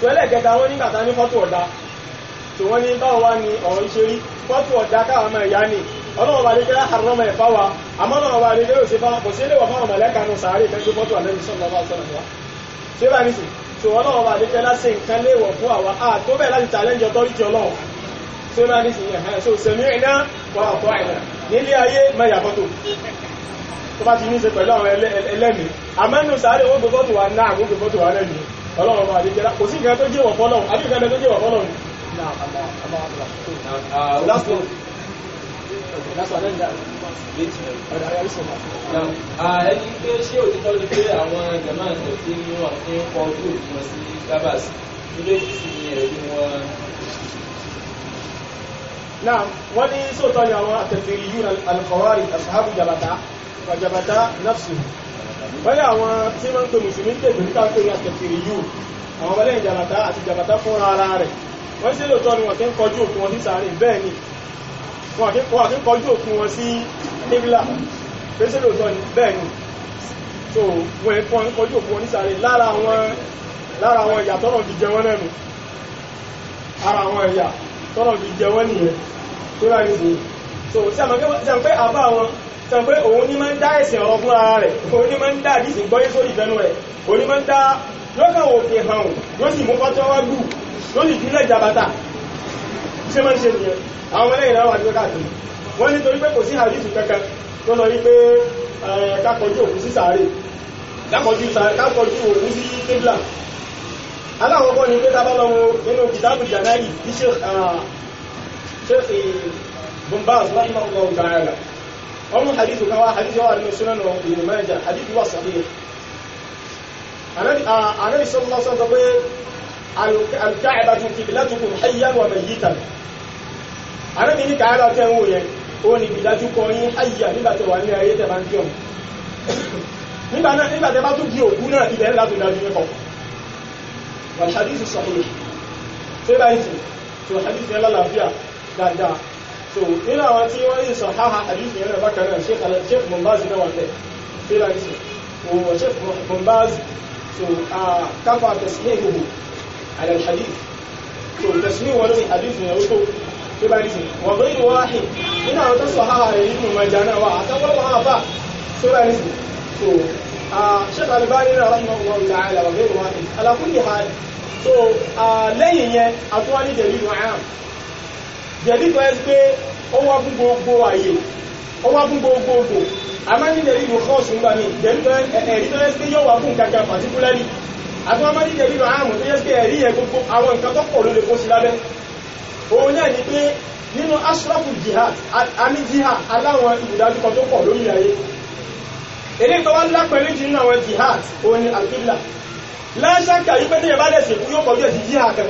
tó ẹlẹ́ẹ̀kẹta wọ́n nígbà tá ní fọ́tò ọ̀dà tó wọ́n ní báwo wá ní ọ̀rọ̀ iṣẹ́ rí fọ́tò ọ̀dà káwọn máa yá ni ọlọ́wọ́ bá dékẹ́lá àrọ́mọ ẹ̀fá wa àmọ́ ọlọ́wọ́ bá dékẹ́lá òsè fáwọn kò sí ilé wà fáwọn mọ̀lẹ́ka nù sàárè kẹ́sí fọ́tò àlẹ́bí sọ́nà bá sọ́nà wa ṣé bá ní sìn tó ọlọ́wọ́ bá dékẹ́lá sí nǹkan léèwọ̀ fún àwa a tó bẹ́ẹ̀ láti challenge authority ọlọ́wọ́ ṣé bá ní sìn ẹ̀hán so sẹ̀mí iná wà ọ̀tọ̀ àìlà nílé ayé mẹ́yà fọ́tò tó bá ti ní ṣe pẹ̀lú àwọn ẹlẹ́mìí àmọ́ nù sàárè wọ́n gbé fọ́tò wa náà wọ́n gbé fọ́tò wa lẹ́mìí ọlọ́run ọba àdéjẹ́lá kò sí nǹkan tó jẹ́ wọ̀fọ́ lọ́run àbí nǹkan tó jẹ́ wọ̀fọ́ lọ́run uh, ẹni pé ṣé òtítọ́ ni pé àwọn jama ẹ̀sẹ̀ tí wọ́n fi ń kọ ojú òfin sí gabas méjèèjì sí ni ẹ̀rí wọn. náà wọ́n ní sóòtọ́ ni àwọn àtẹ̀fẹ̀rí yúra alkọ̀wárì asahabu jabata wa jabata nafsu báyà àwọn tí wọ́n ń pè mùsùlùmí tètè níta pé ní àtẹ̀kìrì yìí àwọn ọmọlẹ́ ìjàbàtà àti ìjàbàtà fúnra ara rẹ̀ wọ́n sì lóòótọ́ ni wọ́n ti ń kọjú òkun wọn sí sàárè bẹ́ẹ̀ ni wọ́n àti ń kọjú òkun wọn sí níbílà pé sí lóòótọ́ ni bẹ́ẹ̀ ni so wọ́n ẹ̀ kọ́ kọjú òkun wọn ní sàárè lára àwọn ìyà tọ́rọ̀ fi jẹ wọ́n lẹ́nu ara àwọn ìyà tọ́rọ̀ fi jẹ wọ́n nìyẹn tó láì sí so sàmùpé àbá wọn sàmùpé òun ní máa ń dá ẹ̀sìn ọ̀rọ̀ fún ara rẹ̀ òun ní máa ń dá àdìsí gbọ́yé sórí ìfẹ́nu rẹ̀ òun ní máa ń dá lọ́kàn òkè hàn yóò sì mú pátọ́ wá gbù yóò sì jùlẹ̀ jàbátà ṣe máa ń ṣe nìyẹn àwọn ọmọ náà wà nígbà káàkiri wọ́n ní torí pé kò sí àdìsí kankan tó lọ wípé kákọjú òkú sí sàárè kákọjú òkú sí tébìlà aláwọ̀ kọ́ ni pé tábàlọ́wọ́ nínú kìtàbù jàdáyì tí ṣe bin baz rahimahullahu ta'ala wọ́n mú hadithu kan wá hadithu wà nínú sunan wọn ibn majah hadithu wà sahih anabi sallallahu alaihi wasallam pé alka'batu qiblatukum hayyan wa mayyitan anabi ní kàábà tẹ́ ń wò yẹn ó ní ìdájú kọ yín hayya nígbà tẹ́ wà ní ayé tẹ́ bá ń jẹun nígbà náà nígbà tẹ́ bá tún di òkú náà ibẹ̀ ńlá tó dájú yẹn kọ wal hadithu sahih tó bá yìí tó hadithu yẹn lálàáfíà dáadáa so nínú àwọn tí wọ́n yìí sọ háhá àdìsí yẹn náà bákan náà sheikh mumbaz náà wà bẹ́ẹ̀ freelance òwò sheikh mumbaz so káfà tẹ̀sílẹ̀ ìhòhò àdàl hadith so tẹ̀sílẹ̀ wọn ní àdìsí yẹn ó tó tó bá ní sìn wọ́n bẹ́ẹ̀ ni wọ́n áhìn nínú àwọn tó sọ háhá rẹ̀ yìí mọ̀ jà náà wà àtàwọn wọn àbá tó bá ní sìn so ah, sheikh alibari ta'ala wà bẹ́ẹ̀ ni ala kulli hal so ah, lẹ́yìn yẹn àtúwálé jẹ̀lú ìwọ̀n jẹ̀dí tó ẹ́ pé ó wá fún gbogbo àyè ó wá fún gbogbo ògbò amáyí jẹ̀dí ló kọ́ ọ̀sùn gbà mí jẹ̀dí tó ẹ̀rí tó ẹ́ pé yóò wá fún kankan pàtíkúlẹ́rì àti wọn amáyí jẹ̀dí ló àmọ̀ tó yẹ́ pé ẹ̀rí yẹ gbogbo àwọn nǹkan tó pọ̀ ló lè kó sí lábẹ́ òun náà ni pé nínú asrafu jihad àmì jihad aláwọn ìdájúkọ tó pọ̀ lórí ayé eléyìí tó wá lápẹ̀lú jù nínú àwọn jihad òun ni alqibla láṣákà yí pé ní ìbádẹ́sìn yóò kọjú ẹ̀sìn jihad kan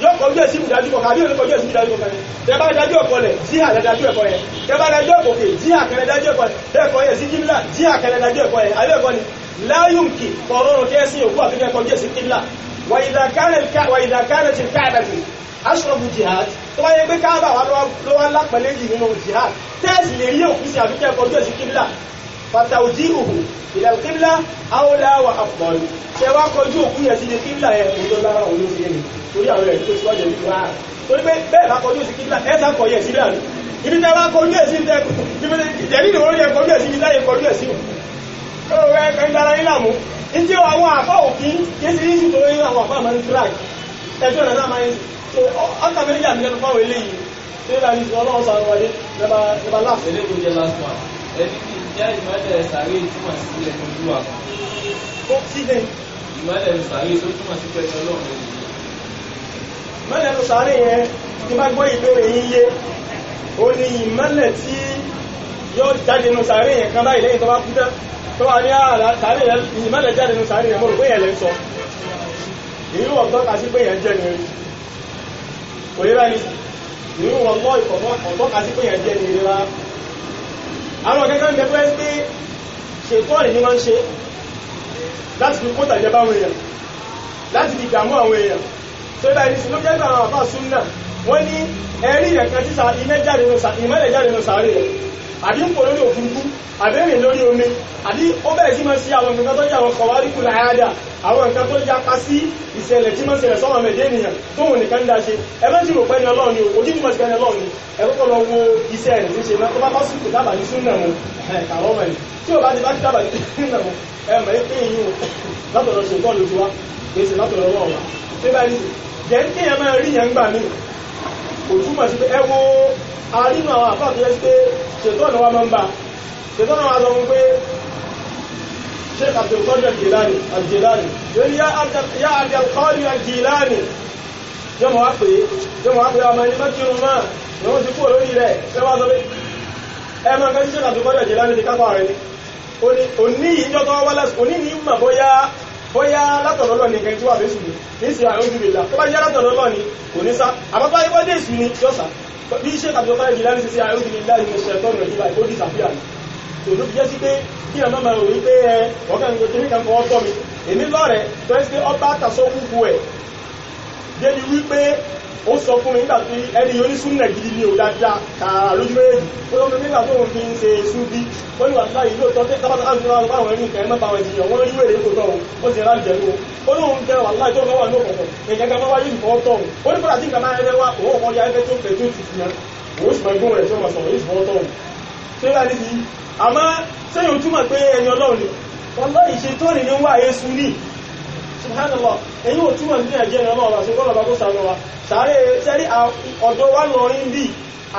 yóò kọjú ẹ̀ sí ìdájú kọ̀ọ̀kan àbí òní kọjú ẹ̀ sí ìdájú kọ̀ọ̀kan ni tẹ bá dájú ẹ̀kọ́ lẹ̀ jí àlẹ́ dájú ẹ̀kọ́ yẹn tẹ bá dájú ẹ̀kọ́ kè jí àkẹrẹ dájú ẹ̀kọ́ ẹ̀kọ́ yẹn sí kíbílà jí àkẹrẹ dájú ẹ̀kọ́ yẹn àbí ẹ̀kọ́ ni láyùnkì kọ̀ọ̀rọ̀rùn kẹ́ sí òkú àfikẹ́ kọjú ẹ̀ sí kíbílà wà ìdàkárẹ̀ ti káàbàtì aṣọ́bù jihad tó káàbà fàtàwùjíhùhù ìlàlùkíbílà áwòláwà àpọ̀lù ṣe wá kọjú òkú yẹn sí ní kíbílà yẹn òun tó lára òun ló fi yẹn torí àwọn ẹ̀rí tó ti wájú ẹ̀rí wá torí pé bẹ́ẹ̀ bá kọjú sí kíbílà ẹ̀ sá kọ yẹn sí bẹ́ẹ̀ ibi tẹ́ wá kọjú ẹ̀ sí tẹ́ ìjẹ́rí ni wọ́n yẹ kọjú ẹ̀ sí ibi táyẹ kọjú ẹ̀ sí o ẹ̀ ń dara yín láàmú ǹjẹ́ àwọn àfọ̀ òkí kí sí yín tó yín àwọn àfọ̀ àmọ́ ní track ẹjọ́ rẹ̀ náà máa ń so ọ̀tàmẹ́lẹ́yà mi lẹ́nu fáwọn eléyìí tí ó bá ní sọ ọlọ́run sọ àwọn ọmọdé lẹ́ba láàfin lẹ́kọ̀ọ́ jẹ́ last one ẹni kí ìjẹ́ ìmọ́lẹ̀ sàárè túmọ̀ sí ẹni olúwa kan. ó sílẹ̀. ìmọ́lẹ̀ sàárè tó túmọ̀ sí pẹ̀lú ọlọ́run ẹni. ìmọ́lẹ̀ tó sàárè yẹn tí bá gbọ́ ìbéèrè yín yé ó ní ìmọ́lẹ̀ tí yóò jáde nù sàárè yẹn kan báyìí lẹ́yìn tó bá kú tán tó wà ní ah, ààlà sàárè yẹn ìmọ́lẹ̀ jáde nù sàárè yẹn mo rò pé yẹn lè sọ ìlú ọ̀tọ́ ka sí pé yẹn jẹ́ ni kò yẹ báyìí ìlú ọ̀tọ́ ìkọ̀tọ́ ka sí pé yẹn jẹ́ ni rárá àwọn kẹ́kẹ́ ń bẹ̀rẹ̀ pé ṣètọ́ rẹ̀ ní wọ́n ń ṣe láti fi kóta jẹba àwọn èèyàn láti fi dààmú àwọn èèyàn tó bá ẹni sí ló jẹ́ àwọn àfáà súnà wọ́n ní ẹ̀rí ẹ̀kan tí ìmẹ́lẹ̀ jáde nù sàárè rẹ̀ àbí ń pò lórí òfurufú àbí rìn lórí omi àbí ó bẹ̀rẹ̀ sí máa ṣe àwọn nǹkan tó jẹ́ àwọn kọ̀wárìkù láyáda àwọn nǹkan tó yapa sí ìṣẹ̀lẹ̀ tí máa ṣẹlẹ̀ sọ́wọ́n mẹ́jẹ ènìyàn tó wọn nìkan dá ṣe ẹ bá ti rò pé ní ọlọ́run ni ojú tí máa ṣe ní ọlọ́run ni ẹ kọ́kọ́ lọ wo iṣẹ́ rẹ̀ ní ṣe tó bá bá sì kò dábàá ní súnà mu àwọn ọmọ ẹni tí ò bá ti bá ti dábàá ní súnà mu ẹ mọ̀ ẹ́ pé o látọ̀dọ̀ kò túmọ̀ sí pé ẹ wo arínú àwọn àfáà tó yẹ sí pé ṣètò ọ̀nà wa máa ń bá ṣètò ọ̀nà wa sọ fún pé ṣe àtòkọ́jọ jìláni àjìláni yóò ní yá àjẹkọ́ni àjìláni yóò mọ̀ wá pé yóò mọ̀ wá pé ọmọ ẹni mọ́kírun máa ni wọ́n ti kúrò lórí rẹ̀ ṣé wá sọ pé ẹ máa fẹ́ ṣe àtòkọ́jọ jìláni ti kápá rẹ̀ ni òní ìjọ tó wá lásìkò òní ní mọ̀ bóyá bóyá látọ̀lọ́lọ́ ni kẹjú wà lóṣù ní sí àwọn ojú ìlà tó bá jẹ́ látọ̀lọ́lọ́ ni kò ní sá àbábá ẹgbọ́ dé ìsú ni yóò sá bí iṣẹ́ tàbí ọkọ̀ ìjìlá ní sí àwọn ojú ìlà ìmọ̀ ṣẹ̀ tọ́nù rẹ̀ nígbà ìkódì sàfíà ni tò ló fi jẹ́ sí pé kí ọmọ máa rò wípé ọkàn ìgbòkè ní kan fọwọ́ tọ́ mi èmi lọ́rẹ̀ẹ́ tó ẹ́ sí pé ọba tàṣọ́ wúwo ẹ̀ débi wípé ó sọ fún mi nígbà tí ẹni onísúnnà gidi ni ò dáadáa tààrà lójú méjèèjì ó lọ́pọ̀ nígbà tó ń fi ń ṣe súnbí wọ́n ní wàtí láyìí lóòótọ́ tẹ́ tábàtà láti rán àwọn ẹni kẹrin mẹ́ta àwọn ènìyàn wọ́n rí wèrè ìkòtọ́ òun ó ti rán jẹ̀lú ó lóun jẹ́ wà tó ń wà ní òkùnkùn nìkan kan wáyé ìfọwọ́ tọ̀ ó ní subhanallah èyí ò túmọ̀ ní ẹ̀jẹ̀ ìran àti kọ́lọ̀ kó sàánú wa sàárè sẹ́rí ọ̀dọ́ wa lọ rí bí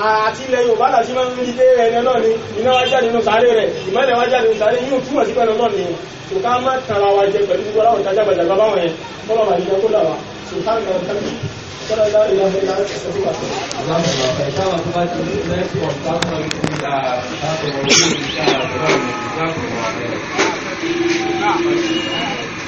àti ilẹ̀ yorùbá láti máa ń rí pé ẹni náà ni iná wá jáde nínú sàárè rẹ̀ ìmọ̀lẹ̀ wá jáde nínú sàárè yóò túmọ̀ sí pẹ̀lú náà nìyẹn kò ká má tara wa jẹ pẹ̀lú gbogbo aláwọ̀ ìtajà gbàjà bàbá wọn yẹn kọ́lọ̀ bá yíyá kó dàwà Thank you.